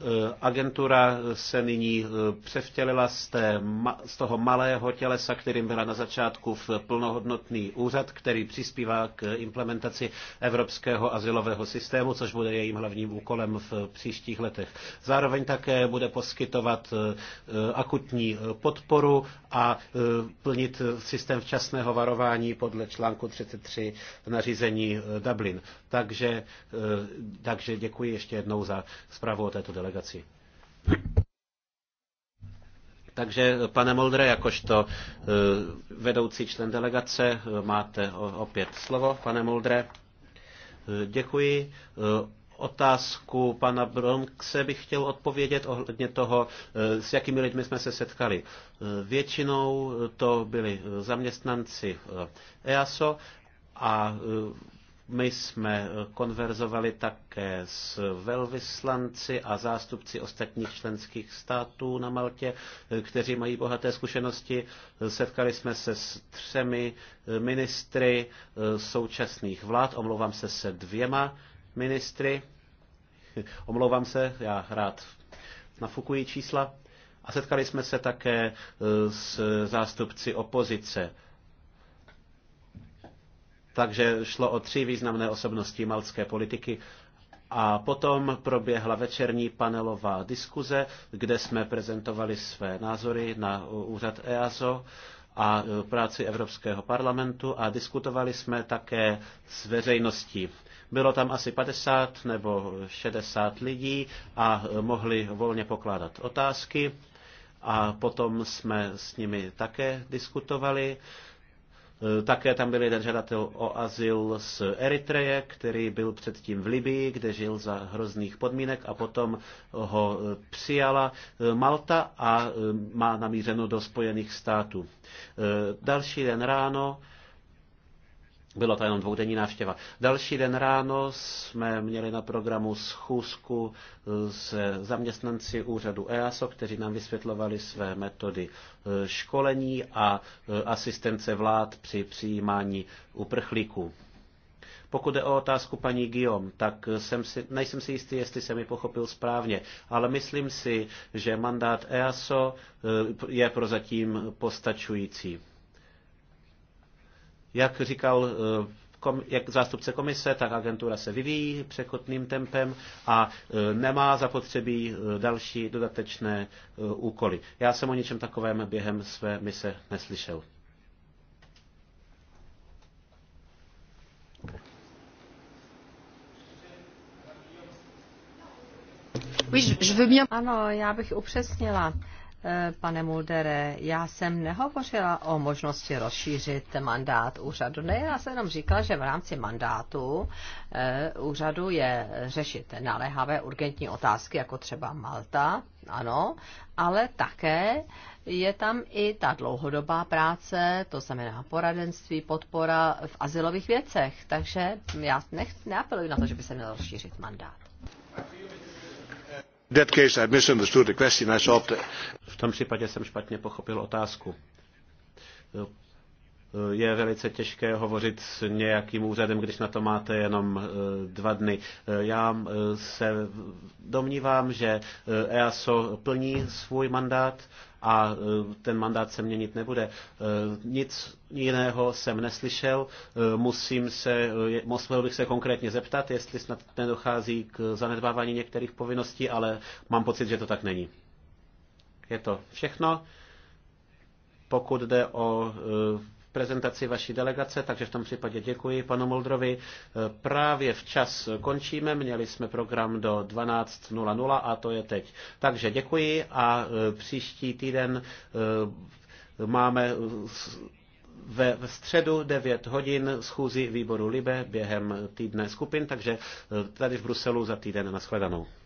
Eh, agentura se nyní eh, převtělila z, té, z toho malého tělesa, kterým byla na začátku v plnohodnotný úřad, který přispívá k implementaci evropského asilového systému, což bude jejím hlavním úkolem v příštích letech. Zároveň také bude poskytovat eh, akutní podporu a plnit systém včasného varování podle článku 33 nařízení Dublin. Takže, takže děkuji ještě jednou za zprávu o této delegaci delegaci. Takže, pane Moldre, jakožto eh, vedoucí člen delegace, eh, máte opět slovo, pane Moldre. Eh, děkuji. Otázku pana Bronxe bych chtěl odpovědět ohledně toho, s jakými lidmi jsme se setkali. Většinou to byli zaměstnanci EASO a my jsme eh, konverzovali také s velvyslanci a zástupci ostatních členských států na Maltě, eh, kteří mají bohaté zkušenosti. Eh, setkali jsme se s třemi ministry současných vlád, omlouvám se se dvěma ministry. Omlouvám se, já rád nafukuji čísla. A setkali jsme se také s zástupci opozice takže šlo o tři významné osobnosti malcké politiky. A potom proběhla večerní panelová diskuze, kde jsme prezentovali své názory na úřad EASO a práci Evropského parlamentu a diskutovali jsme také s veřejností. Bylo tam asi 50 nebo 60 lidí a mohli volně pokládat otázky a potom jsme s nimi také diskutovali Eh, také tam byl jeden žadatel o azyl z Eritreje, který byl předtím v Libii, kde žil za hrozných podmínek a potom ho eh, přijala eh, Malta a má namířeno do Spojených států. Další den ráno bylo to jenom dvoudenní návštěva. Další den ráno jsme měli na programu schůzku s zaměstnanci úřadu EASO, kteří nám vysvětlovali své metody e, školení a e, asistence vlád při přijímání uprchlíků. Pokud jde o otázku paní Guillaume, tak jsem si, nejsem si jistý, jestli jsem ji pochopil správně, ale myslím si, že mandát EASO e, je prozatím postačující. Jak říkal eh, kom, jak zástupce komise, tak agentura se vyvíjí překotným tempem a eh, nemá zapotřebí eh, další dodatečné úkoly. Já jsem o něčem takovém během své mise neslyšel. Ano, já bych upřesnila pane Muldere, já jsem nehovořila o možnosti rozšířit mandát úřadu. Ne, já jsem jenom říkala, že v rámci mandátu eh, úřadu je řešit naléhavé urgentní otázky, jako třeba Malta, ano, ale také je tam i ta dlouhodobá práce, to znamená poradenství, podpora v asilových věcech. Takže já nech, neapeluji na to, že by se měl rozšířit mandát v tom případě jsem špatně pochopil otázku je velice těžké hovořit s nějakým úřadem, když na to máte jenom e, dva dny. E, já se domnívám, že e, EASO plní svůj mandát a ten mandát se měnit nebude. Nic jiného jsem neslyšel. Musím se, musel bych se konkrétně zeptat, jestli snad nedochází k zanedbávání některých povinností, ale mám pocit, že to tak není. Je to všechno. Pokud jde o prezentaci vaší delegace, takže v tom případě děkuji panu Moldrovi. Právě včas končíme, měli jsme program do 12.00 a to je teď. Takže děkuji a e, příští týden e, máme ve středu 9 hodin schůzi výboru Libe během týdne skupin, takže e, tady v Bruselu za týden nashledanou.